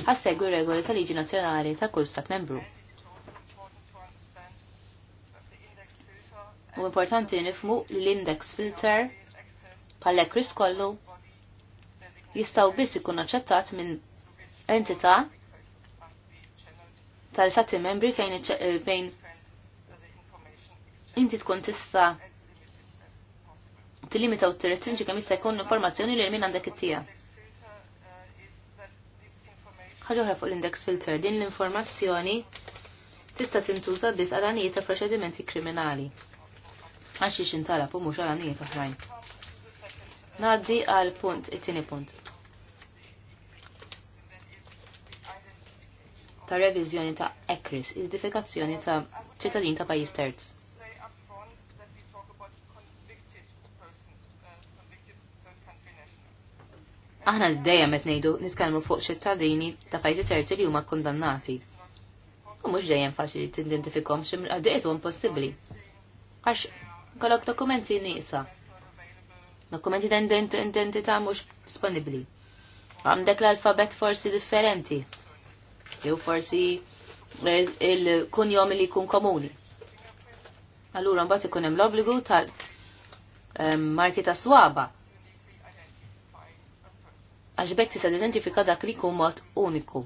ħassegwi regoli ta' liġi nazzjonali ta' kull stat membru. U importanti nifmu l-index filter pal-ekris kollu jistaw biss ikun aċċettat minn entità tal-sati membri fejn eh, fejn inti tkun tista' tilimita u tirrestrinġi kem jista' jkun informazzjoni li min għandek it-tija. Ħaġa fuq l-index filter din l-informazzjoni tista' tintuża biss għal ta' proċedimenti kriminali. Għaxi xintala u mhux għanijiet oħrajn. Naddi għal punt, it-tieni punt. Ta' reviżjoni ta' ekris, identifikazzjoni ta' ċittadin ta' pajjiż terz. Aħna dejjem qed ngħidu niskalmu fuq ċittadini ta' pajjiżi terzi li huma kondannati. U mhux dejjem faċli tidentifikhom xi għaddejtu impossibbli. Għax kollok dokumenti nieqsa Dokumenti ta' identità mhux disponibbli. Għandek l-alfabet forsi differenti. Jew forsi il-kunjom li kun komuni. Allura mbati ikun hemm l obligu tal marki ta' swaba. Għaxbek bekk identifika dak li kun mod uniku.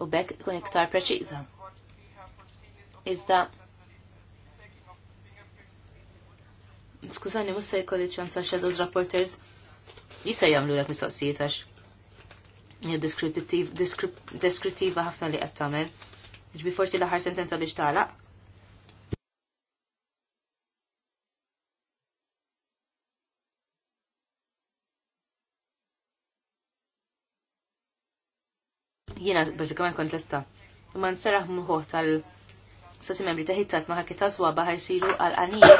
U bekk kun iktar preċiża. Iżda Skużani, musa jkolli ċansa shadows rapporters jisa jamlu l mistoqsijiet għax deskrittiva ħafna li qed tagħmel. Ġbi forsi l-aħħar sentenza biex tagħlaq. Jiena bażikament kont lesta. Imma nseraħ mħuħ tal sasi membri taħittat maħakitas wa baħar siru għal-għanija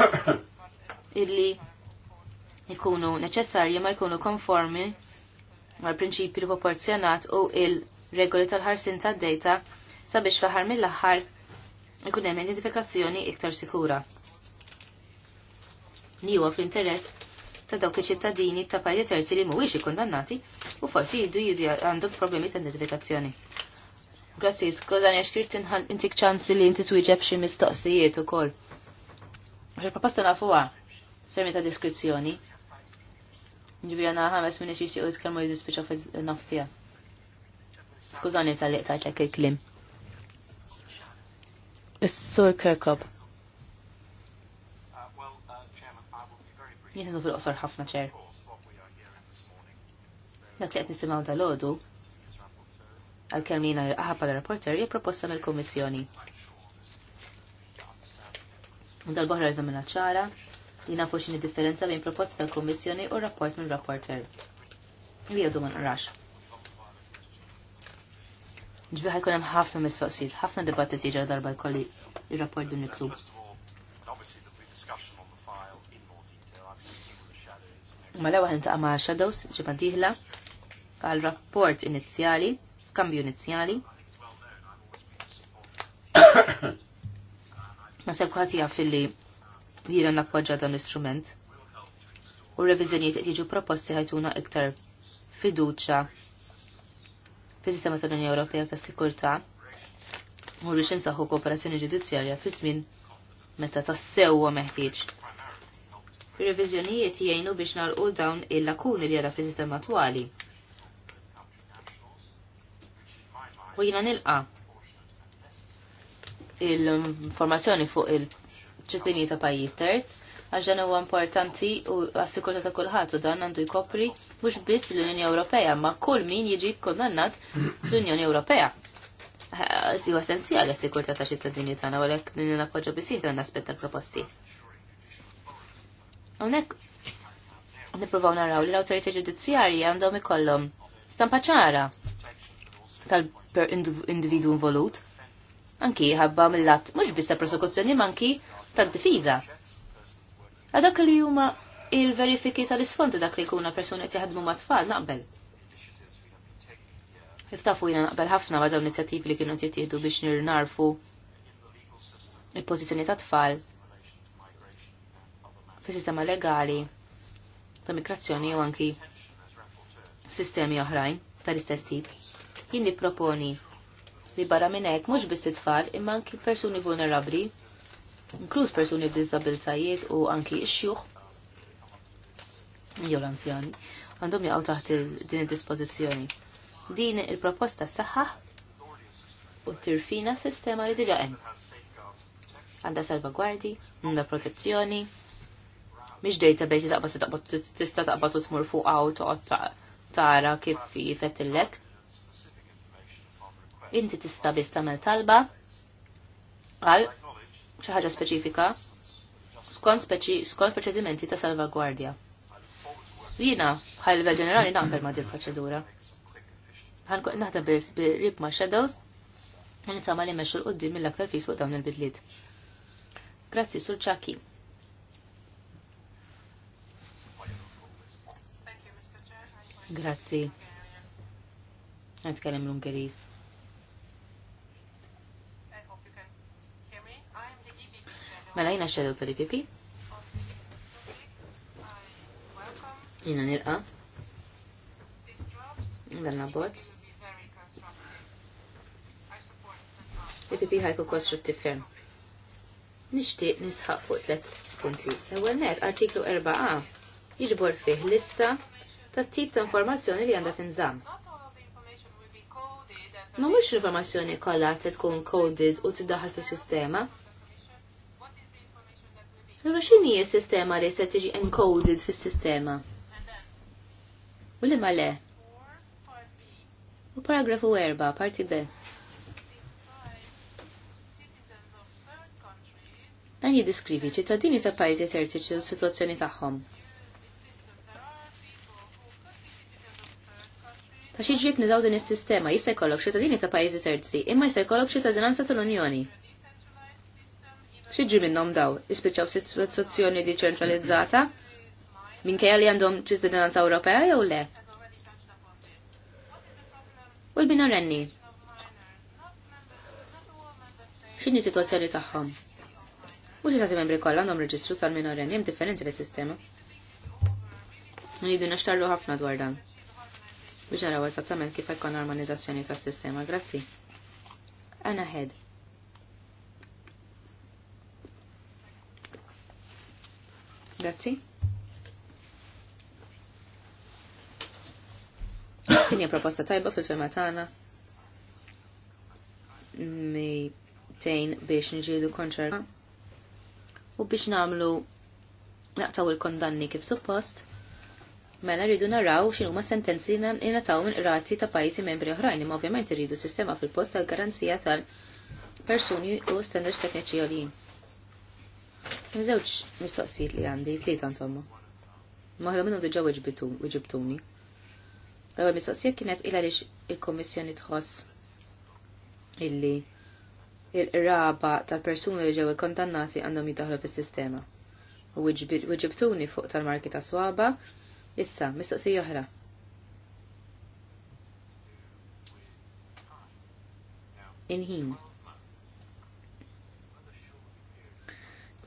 illi ikunu neċessarji ma jkunu konformi mal prinċipju proporzjonat u il-regoli tal-ħarsin tad-data sabiex faħar mill-aħħar ikun hemm identifikazzjoni iktar sikura. Li huwa fl-interess ta' dawk iċ-ċittadini ta' pajjiż terzi li mhuwiex ikkundannati u forsi jiddu jiddu għandhom problemi ta' identifikazzjoni. Grazzi, skolani għax tinħal intik ċansi li inti twieġeb xi mistoqsijiet ukoll. Għax papa nafuha semmi ta' diskrizzjoni. Ġivi għana ħames minni xiex u jitkelmu jidispiċa fil-nafsija. Skużani ta' liqta ċek il-klim. Is-sur Kirkob. Jihdu fil-qosor ħafna ċer. Dak li għet nisimaw dal-għodu għal kelmina jiena l reporter jiproposta proposta mill-Kummissjoni. Dal-boħra rridu ċara li nafu xini differenza bejn proposta tal-Kommissjoni u rapport minn rapporter. Li għadu man rrax. Ġbiħa jkunem hemm ħafna mistoqsijiet, ħafna dibattiti ġara darba jkolli il rapport din miktub. Ma l-ewwel intaqa' ma' shadows ġiban tieħla għal rapport inizjali, skambju inizjali. Ma se kulħadd fil-li jiena nappoġġa dan l-istrument. U reviżjonijiet qed jiġu proposti ħajtuna iktar fiduċja fis-sistema tal-Unja Ewropea ta' Sikurtà u biex insaħħu kooperazzjoni ġudizzjarja fi żmien meta tassewwa meħtieġ. Ir-reviżjonijiet jgħinu biex nagħlqu dawn il-lakuni li għadha fi sistema attwali. U jiena nilqa' il-informazzjoni fuq il- ċittadini ta' pajjiż terz għax dan huwa importanti u għas-sikurtà ta' kulħadd u dan għandu jkopri mhux biss l-Unjoni Ewropea, ma kull min jiġi kondannat l-Unjoni Ewropea. Siwa essenzjali għas-sikurtà ta' ċittadini tagħna u għalhekk li nappoġġa bisih dan l-aspett tal-proposti. Hawnhekk nippruvaw naraw li l-awtorità ġudizzjarji għandhom ikollhom stampa ċara tal-individu involut anki ħabba mill-lat mhux biss ta' prosekuzzjoni ma anki tad difiza Għadak li huma il-verifiki tal-isfonti dak li kuna persuni qed jaħdmu ma' tfal naqbel. Iftafu jina naqbel ħafna ma' dawn inizjattivi li kienu jittieħdu biex nirnarfu il-pożizzjoni ta' tfal fis-sistema legali ta' migrazzjoni u anki sistemi oħrajn tal-istess tip. Jien proponi li barra minn hekk mhux biss it-tfal imma anki persuni vulnerabbli inkluż persuni b'dizabilitajiet u anki xjuħ jew l-anzjani għandhom jaqgħu taħt din id-dispożizzjoni. Din il-proposta saħħa u tirfina s-sistema li diġa hemm. Għandha salvagwardi, għandha protezzjoni, mhix database taqba se taqbad tista' taqbad u tmur fuq u toqgħod tara kif jifettillek. Inti tista' biss tagħmel talba għal xi ħaġa speċifika skont skont proċedimenti ta' salvagwardja. Jiena bħal level ġenerali naqbel ma' din proċedura. Ħankun naħdem bi rib ma' shadows u nitama li mexxu l-qudiem mill-aktar fis fuq dawn il-bidliet. Grazzi sur ċaki. Grazzi. Nitkellem l-Ungeris. Mela jina xedew tal pipi? Jina nilqa. Dan bots. Pipi ħajku kostruttiv ferm. Nishtiq nisħaq fuq tlet punti. Ewwel net artiklu 4a jiġbor fih lista ta' tip ta' informazzjoni li għandha tinżamm. Ma mhux l-informazzjoni kollha se tkun coded u tiddaħħal fis-sistema, Sura xini s-sistema li se tiġi encoded fis-sistema? U li ma le? U paragrafu erba, parti B. dan jiddiskrivi ċittadini ta' pajzi terzi situazzjoni tagħhom. Ta' xi ġiet niżaw din is-sistema jista' jkollok ċittadini ta' pajzi terzi, imma jista' jkollok ċittadinanza tal-Unjoni xieġi minnom daw, ispiċaw situazzjoni deċentralizzata, kaj li għandhom ċittadinanza Ewropea jew le. U l bina renni? xini situazzjoni taħħom? U Mhux ta' membri kolla għandhom reġistru tal-minorenni jem differenzi li sistema Nidu naxtarlu ħafna dwar dan. Biex naraw eżattament kif ikun armonizzazzjoni tas-sistema, grazzi. Għana ħed. Grazzi. Tinja proposta tajba fil-fema tagħna mejtejn biex nġidu konċerta u biex namlu naqtaw il-kondanni kif suppost, mela rridu naraw xinu ma sentenzi nataw minn rati ta' pajzi membri oħrajn, imma ovvjament rridu sistema fil-post tal-garanzija tal-persuni u standards tekniċi għalin. Mżewġ mistoqsijiet li għandi, tlieta insomma. Maħda minnu diġà weġibtuni. iġibtuni. ewwel kienet illa għaliex il-Kommissjoni tħoss illi il-raba tal-persuni li ġew ikkondannati għandhom jitaħlu fis-sistema. U weġibtuni fuq tal-marki ta' swaba, issa mistoqsija oħra. Inħin.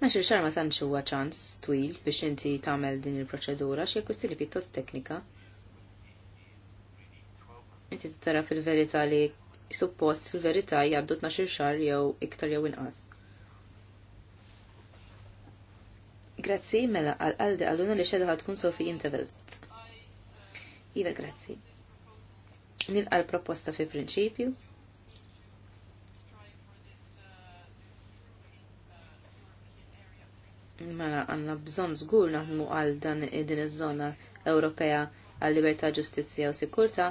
Naxi xar ma tantx huwa ċans twil biex inti tagħmel din il-proċedura xi kusti li pjuttost teknika. Inti tara fil-verità li suppost fil-verità jgħaddu 12 xar jew iktar jew inqas. Grazzi mela għal-qaldi għalluna li xedħu tkun Sofi Intervelt. Iva grazzi. Nil għal proposta fi prinċipju, għanna bżon żgur naħdmu għal dan din iż-żona Ewropea għal libertà ġustizzja u sikurta,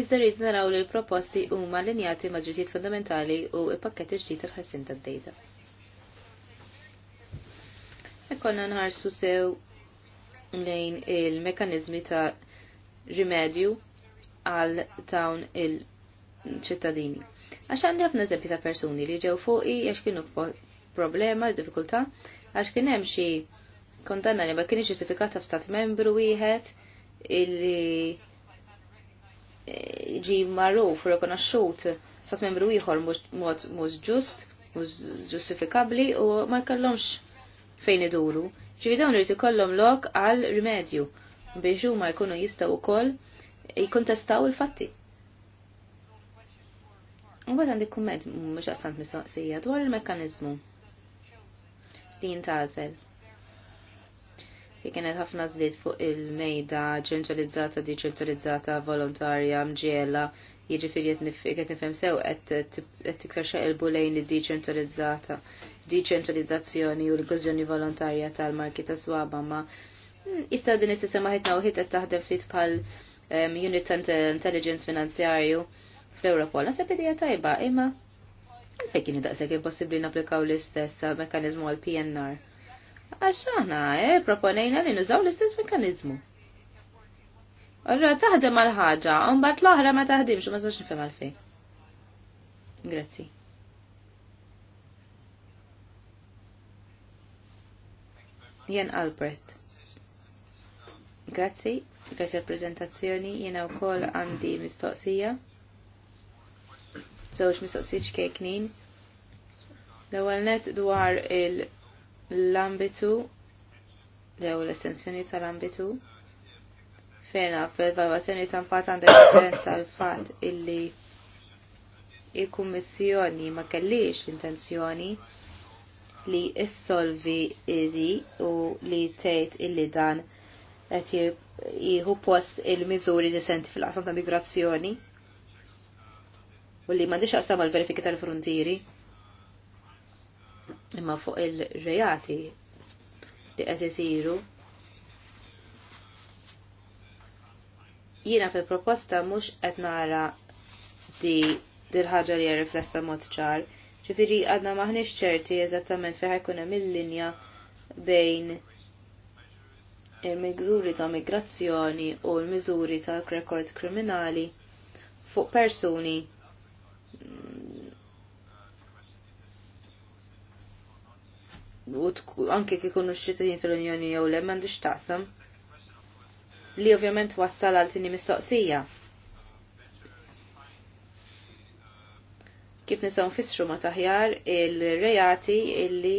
iżda rrid naraw li l-proposti huma linjati ma' ġrittijiet fundamentali u l-pakketti ġdid tal-ħarsin tad-dejta. Ekkonna nħarsu sew lejn il-mekanizmi ta' rimedju għal dawn il-ċittadini. Għaxan għandi ħafna eżempji ta' persuni li ġew fuqi għax kienu problema, diffikultà, għax kien hemm xi kondanna li ma kienx ġustifikata f'stat membru wieħed illi eh, ġi magħruf rikonoxxut stat membru ieħor mod mhux ġust, mhux ġustifikabbli u ma jkollhomx fejn iduru. Ġifi dawn irid ikollhom lok għal rimedju biex huma jkunu jistgħu wkoll jikkontestaw il-fatti. U għad għandi kumment mux għastant mistaqsija dwar il-mekanizmu din tazel. Fi kienet ħafna żliet fuq il-mejda ċentralizzata, diċentralizzata, volontarja, mġiela, jiġifieri qed nifhem sew qed tiktar il-bulejn id-diċentralizzata, diċentralizzazzjoni u l-inklużjoni volontarja tal-marki ta' swaba ma hmm, issa din is-sistema ħitna u ħiet taħdem ftit bħal unit ta' intelligence finanzjarju fl-Europol. Naseb idea tajba imma Fej kien daqseg impossibli naplikaw l-istess mekanizmu għal PNR. Għaxħana, eh, proponejna li nużaw l-istess mekanizmu. Għarra, taħdem għal ħaġa, mbagħad l-oħra ma taħdimx u ma sax għal-fej. Grazzi. Jen Albert. Grazzi, grazzi għal prezentazzjoni, jena u kol għandi mistoqsija żewġ mistoqsijiet kejknin. L-ewwel net dwar l-ambitu jew l-estensjoni tal-ambitu fejna fil-valvazzjoni ta' impatt għandek differenza l fatt illi il-Kummissjoni ma kellix l-intenzjoni li issolvi idi u li tgħid illi dan qed jieħu post il-miżuri ġisenti fil-qasam ta' migrazzjoni u li m'għandix qasam għal verifiki tal-frontieri imma fuq il-rejati li qed isiru jiena fil-proposta mhux qed nara di dil-ħaġa li flesta mod ċar, ċifiri għadna maħniex ċerti eżattament fiħa ħajkun hemm il-linja bejn il-miżuri ta' migrazzjoni u l-miżuri ta' rekord kriminali fuq persuni u anke ikunu x-ċittadini tal-Unjoni jew le m'għandux taqsam li ovvjament wassal għal tini mistoqsija. Kif nisaw nfissru ma taħjar il-rejati illi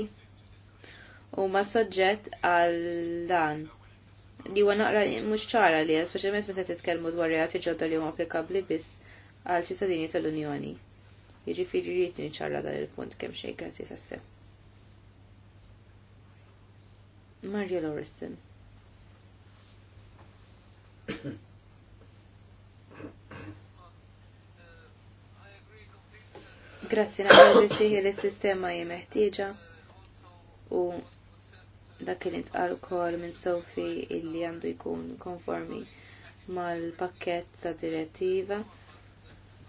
u ma soġġett għal dan. Li huwa naqra mhux ċara li speċjalment meta titkellmu dwar reati ġodda li huma applikabbli biss għal ċittadini tal-Unjoni. Jiġifieri jrid niċċara dan il-punt kemm xejn grazzi tassew. Marja Lauriston. Grazzi naqbel li siħi li s-sistema hija meħtieġa u dak li ntqal ukoll minn Sofi illi għandu jkun konformi mal-pakkett ta' direttiva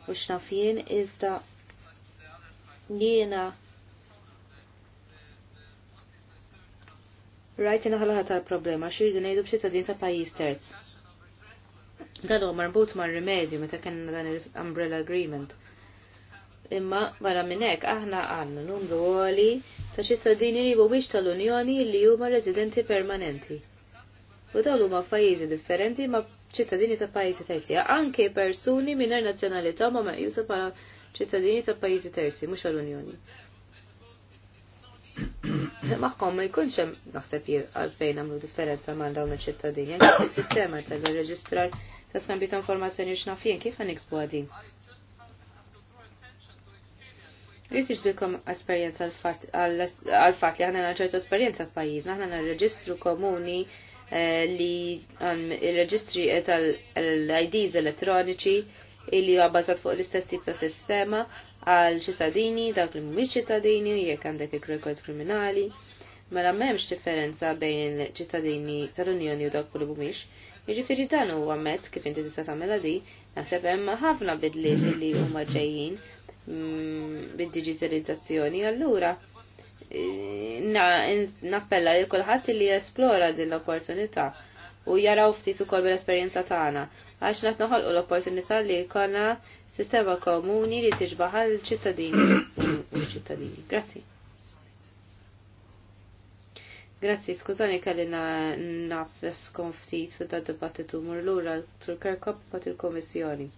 u x'nafjien iżda jiena rajt inaħalħa tal-problema xi jridu ngħidu b'ċittadin ta' pajjiż terz. Dan huwa marbut mar-rimedju meta kena dan il-umbrella agreement. Imma barra minn hekk aħna għandna numru għoli ta' ċittadini li mhuwiex tal-Unjoni li huma residenti permanenti. U dawn huma f'pajjiżi differenti ma' ċittadini ta' pajjiżi terzi, anke persuni mingħajr nazzjonalità ma meqjusa bħala ċittadini ta' pajjiżi terzi, mhux tal-Unjoni. Ma'ħkom ma jkunx hemm naħseb għalfejn għamlu differenza ma' dawn iċ-ċittadini. Għalhekk is-sistema tal-reġistrar ta' skambi ta' informazzjoni x'naf jien kif iksbu għadin. Rrit iġbilkom esperjenza għal-fat li ħana ċertu esperjenza Aħna ħana reġistru komuni eh, li il-reġistri tal-IDs elettroniċi illi huwa bbażat fuq l-istess tip ta' sistema għal ċittadini, dak li mhumiex ċittadini, jekk għandek il-rekord kriminali. Mela m'hemmx differenza bejn ċittadini tal-Unjoni u dak li mhumiex. Jiġifieri dan huwa mezz kif inti tista' tagħmilha di, naħseb hemm ħafna bidliet li huma ġejjin mm, bid-digitalizzazzjoni, allura eh, nappella li kulħadd li jesplora din l-opportunità u jaraw ftit ukoll bil-esperjenza tagħna għax naħt noħolqu l-opportunità li jkollna sistema komuni li tiġbaħ ċittadini u ċittadini. Grazzi. Grazzi, skużani kelli naf skonftit fil da dibattitu mur lura tur kerkop bat il-komissjoni.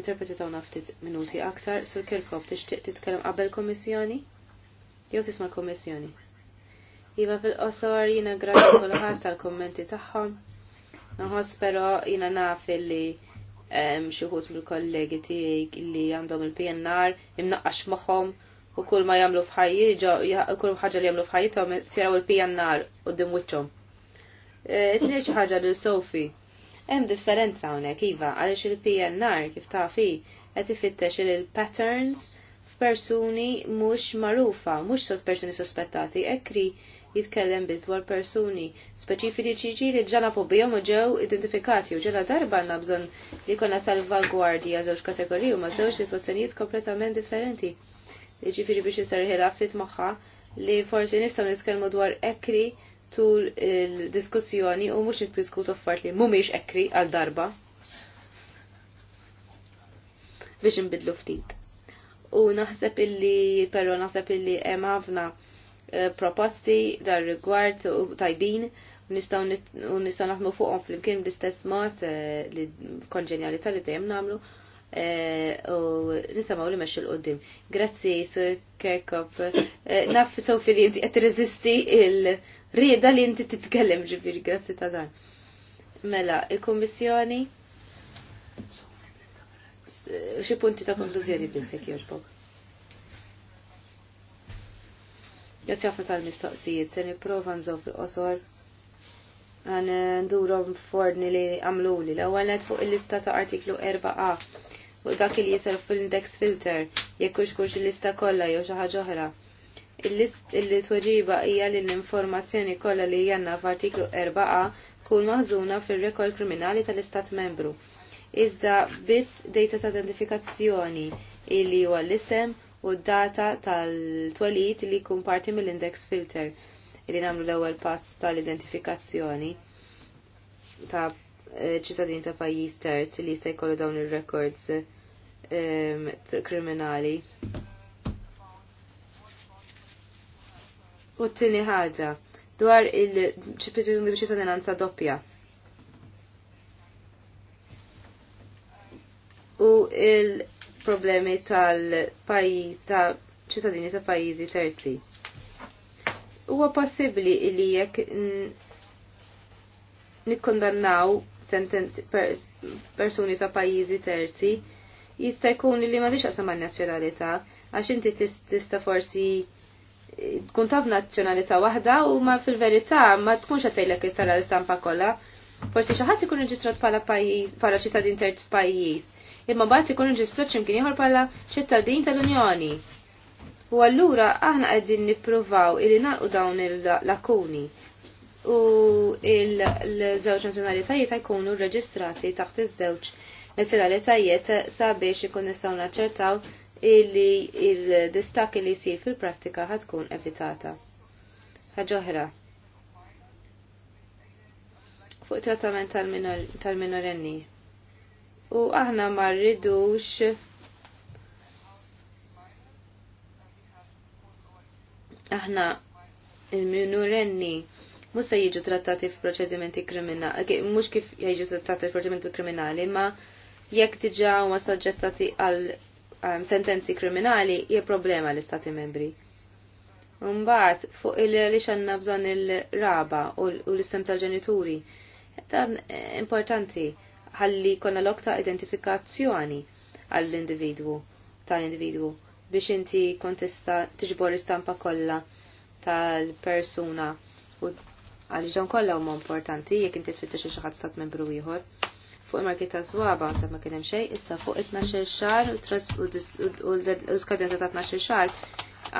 Interpreti ta' ftit minuti aktar, sur kerkop tixtieq titkellem qabel komissjoni? Jew tisma' komissjoni? Iva fil-qosor jina grazzi kulħadd tal-kommenti tagħhom. Nħoss però jina naf illi xieħut mill-kollegi tijek illi għandhom il-PNR imnaqqax maħom u kull ma jamlu fħajja, kull ħagġa li jamlu tom siraw il-PNR u dimwitċom. E, Tnejċ ħagġa li Sofi. Hemm differenza hawnhekk iva għaliex il-PNR kif tafi qed ifittex il-patterns f'persuni mhux magħrufa, mhux persuni sospettati, ekri jitkellem biss dwar persuni speċifiċi li ġana fobijom u ġew identifikati u ġela darba għanna bżonn li konna salvagwardja żewġ kategoriji u ma żewġ sitwazzjonijiet kompletament differenti. Jiġifieri biex isar ħilaftit magħha li forsi nistgħu nitkellmu dwar ekri tul il-diskussjoni u mhux niddiskutu affarijiet li mhumiex ekri għal darba biex nbidlu ftit. U naħseb illi, però naħseb illi hemm ħafna Eh, proposti dar rigward tajbin u nistaw fuqom fuqhom flimkien bl-istess mod eh, li konġenjalità li dejjem nagħmlu eh, u nisamaw li meċċu l-qoddim. Grazzi, Sir Kerkop. Naf sofi li jinti qed rezisti il-rieda li inti titkellem ġifiri, grazzi ta' dan. Mela, il-Kommissjoni? Xi punti ta' konklużjoni bisek jogħġbok? Grazzi ħafna tal-mistoqsijiet, se nipprova nżomm fil-qosor għan eh, ndurom forni li għamluli. L-ewwel fuq il-lista ta' artiklu 4a fuq dak li jisal fil-index filter jekk hux il-lista kollha jew xi ħaġa oħra. Il-tweġiba hija li l-informazzjoni kollha li janna f'artiklu 4a kun maħżuna fir-rekord kriminali tal-Istat membru. Iżda biss data ta' identifikazzjoni illi huwa l-isem u d-data tal-twelid li jkun parti mill-index filter li namlu l-ewwel pass tal-identifikazzjoni ta' ċittadini ta' pajjiż terz li jista' jkollu dawn ir-records ehm, kriminali. U t-tini ħaġa dwar il-ċittadini biex ċittadinanza doppja. U il- problemi tal-pajjiż ta' ċittadini ta' pajjiżi terzi. Huwa possibbli li jekk nikkondannaw persuni ta' pajjiżi terzi jista' jkun li ma m'għandix sama' nazzjonalità għax inti tista' forsi eh, tkun taf nazzjonalità waħda u ma fil-verità ma tkunx qed tgħidlek tara l-istampa kollha. Forsi xi ħadd ikun reġistrat bħala pajjiż bħala ċittadin terz pajjiż imma mbagħad ikun ġistot x'imkien ieħor bħala ċittadin tal-Unjoni. U allura aħna qegħdin nippruvaw illi nagħlqu dawn il-lakuni u l-żewġ nazzjonalitajiet jkunu rreġistrati taħt iż-żewġ nazzjonalitajiet sabiex ikun nistgħu naċċertaw illi il-distak li jsir fil-prattika ħatkun evitata. Ħaġoħra. Fuq trattament tal-minorenni u aħna ma rridux aħna il minurenni mhux se jiġu trattati f'proċedimenti kriminali, mhux kif jiġu trattati f'proċedimenti kriminali, ma jekk diġà huma soġġettati għal sentenzi kriminali hija problema l-istati membri. Mbagħad fuq il li għandna bżonn il-raba u l-istem tal-ġenituri. Dan importanti ħalli konna l-okta identifikazzjoni għall-individwu, tal-individwu, biex inti kontista tiġbor istampa kollha tal-persuna u għal ġdan kollha huma importanti jekk inti tfittex xi ħadd stat membru ieħor. Fuq il-marki ta' żwaba sa ma kienem xej, issa fuq it-12 xahar u l-skadenza ta' 12 xahar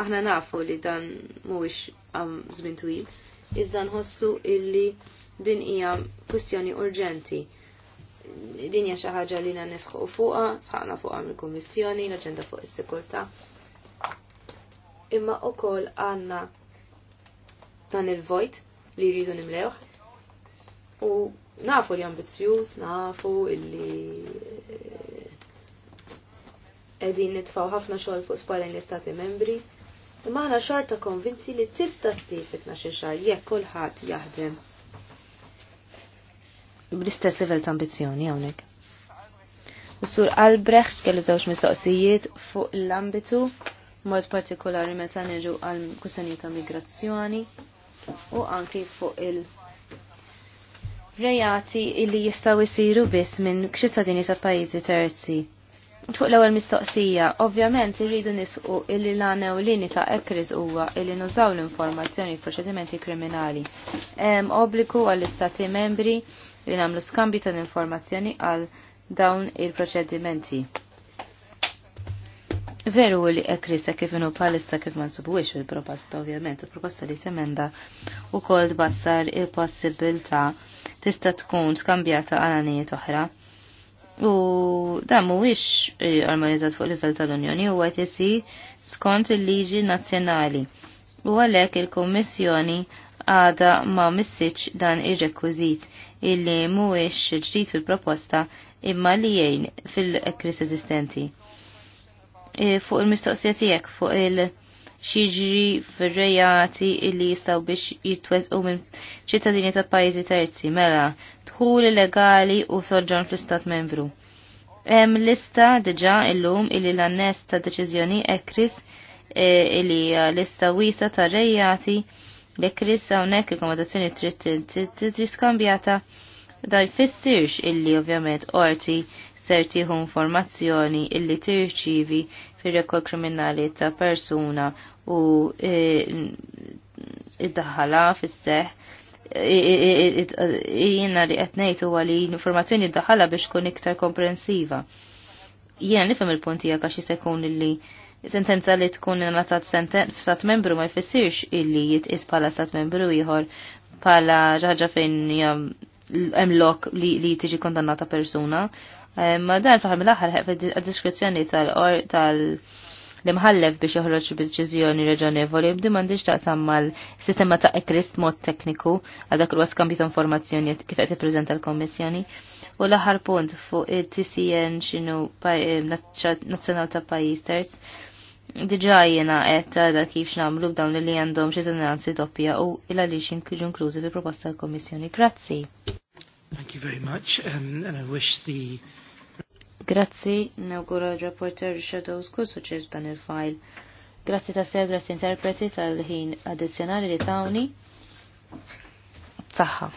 aħna nafu li dan mhuwiex żmien twil, iżda nħossu illi din hija kwistjoni urġenti dinja xi ħaġa li nisħu fuqha, sħaqna fuqha mill-Kummissjoni, l-aġenda fuq is-sikurtà. Imma wkoll għandna dan il-vojt li jridu nimlewh. U nafu li ambizzjuż, nafu illi eh, qegħdin nitfgħu ħafna xogħol fuq spallin l-Istati membri. Imma għana xorta konvinzi li tista' ssir fit-12 xahar jekk kulħadd jaħdem bl-istess level ta' ambizjoni hawnhekk. Sur Albrecht kellu żewġ mistoqsijiet fuq l-ambitu mod partikolari meta neġu għal kustanijiet ta' migrazzjoni u anki fuq il- rejati illi jistaw jisiru biss minn ċittadini ta' pajjiżi terzi. Fuq l-ewwel mistoqsija, ovvjament irridu nisqu illi l-għana u lini ta' ekriz huwa illi nużaw l-informazzjoni f'proċedimenti kriminali. Hemm obbligu għall-istati membri li namlu skambi ta' informazzjoni għal dawn il-proċedimenti. Veru li ekrisa kif inu palissa kif ma subwix il-proposta ovvjament, il-proposta li temenda u kol tbassar il-possibilta tista tkun skambjata għal anijiet oħra. U dan mhuwiex eh, armonizzat fuq livell tal-Unjoni huwa jsir skont il-liġi nazzjonali. U għalhekk il-Kummissjoni għada ma missiċ dan ir-rekwiżit illi mhuwiex ġdid fil-proposta imma li jgħin fil-kris eżistenti. E, fuq il-mistoqsija tiegħek fuq il- xieġri fil-rejati illi jistaw biex jitwetqu minn ċittadini ta' pajjiżi terzi, mela, tħul illegali u soġġorn fl-istat membru. Hemm lista diġà illum illi l annest ta' deċiżjoni ekris e, illi lista wiesa ta' rejati li kris hawnhekk il-komodazzjoni trid skambjata da jfissirx illi ovvjament qorti ser tieħu informazzjoni illi tirċivi fir-rekord kriminali ta' persuna u e, id-daħala fis-seħ jiena li qed ngħid huwa li l-informazzjoni ddaħala biex tkun iktar komprensiva. Jiena nifhem il punti tiegħek għax jista' jkun illi sentenza li tkun ingħatat f'Sat membru ma jfissirx illi jitqis bħala stat membru ieħor bħala ħaġa fejn hemm lok li tiġi kondannata persuna. Eh, ma dan faħam l-aħħar għad-diskrezzjoni tal-or tal l-imħallef biex joħroġ b'deċiżjoni reġonevoli bdi m'għandix taqsam mal-sistema ta' ekrist mod tekniku għal dak huwa skambju ta' informazzjoni kif qed tippreżenta l-Kommissjoni. U l-aħħar punt fuq it-TCN x'inhu eh, nazzjonal ta' pajjiż terz Diġa jena għetta da kif xnamlu b'dawn li għandhom xie senanzi doppja u li xin jinkluġu inklużi fi proposta l-Komissjoni. Grazzi. Thank you very much, um, and I wish the... Grazzi, nawgura rapporter Shadows kull suċċess dan il-fajl. Grazzi ta' sew, grazzi interpreti tal-ħin addizjonali li tawni. Saħħa.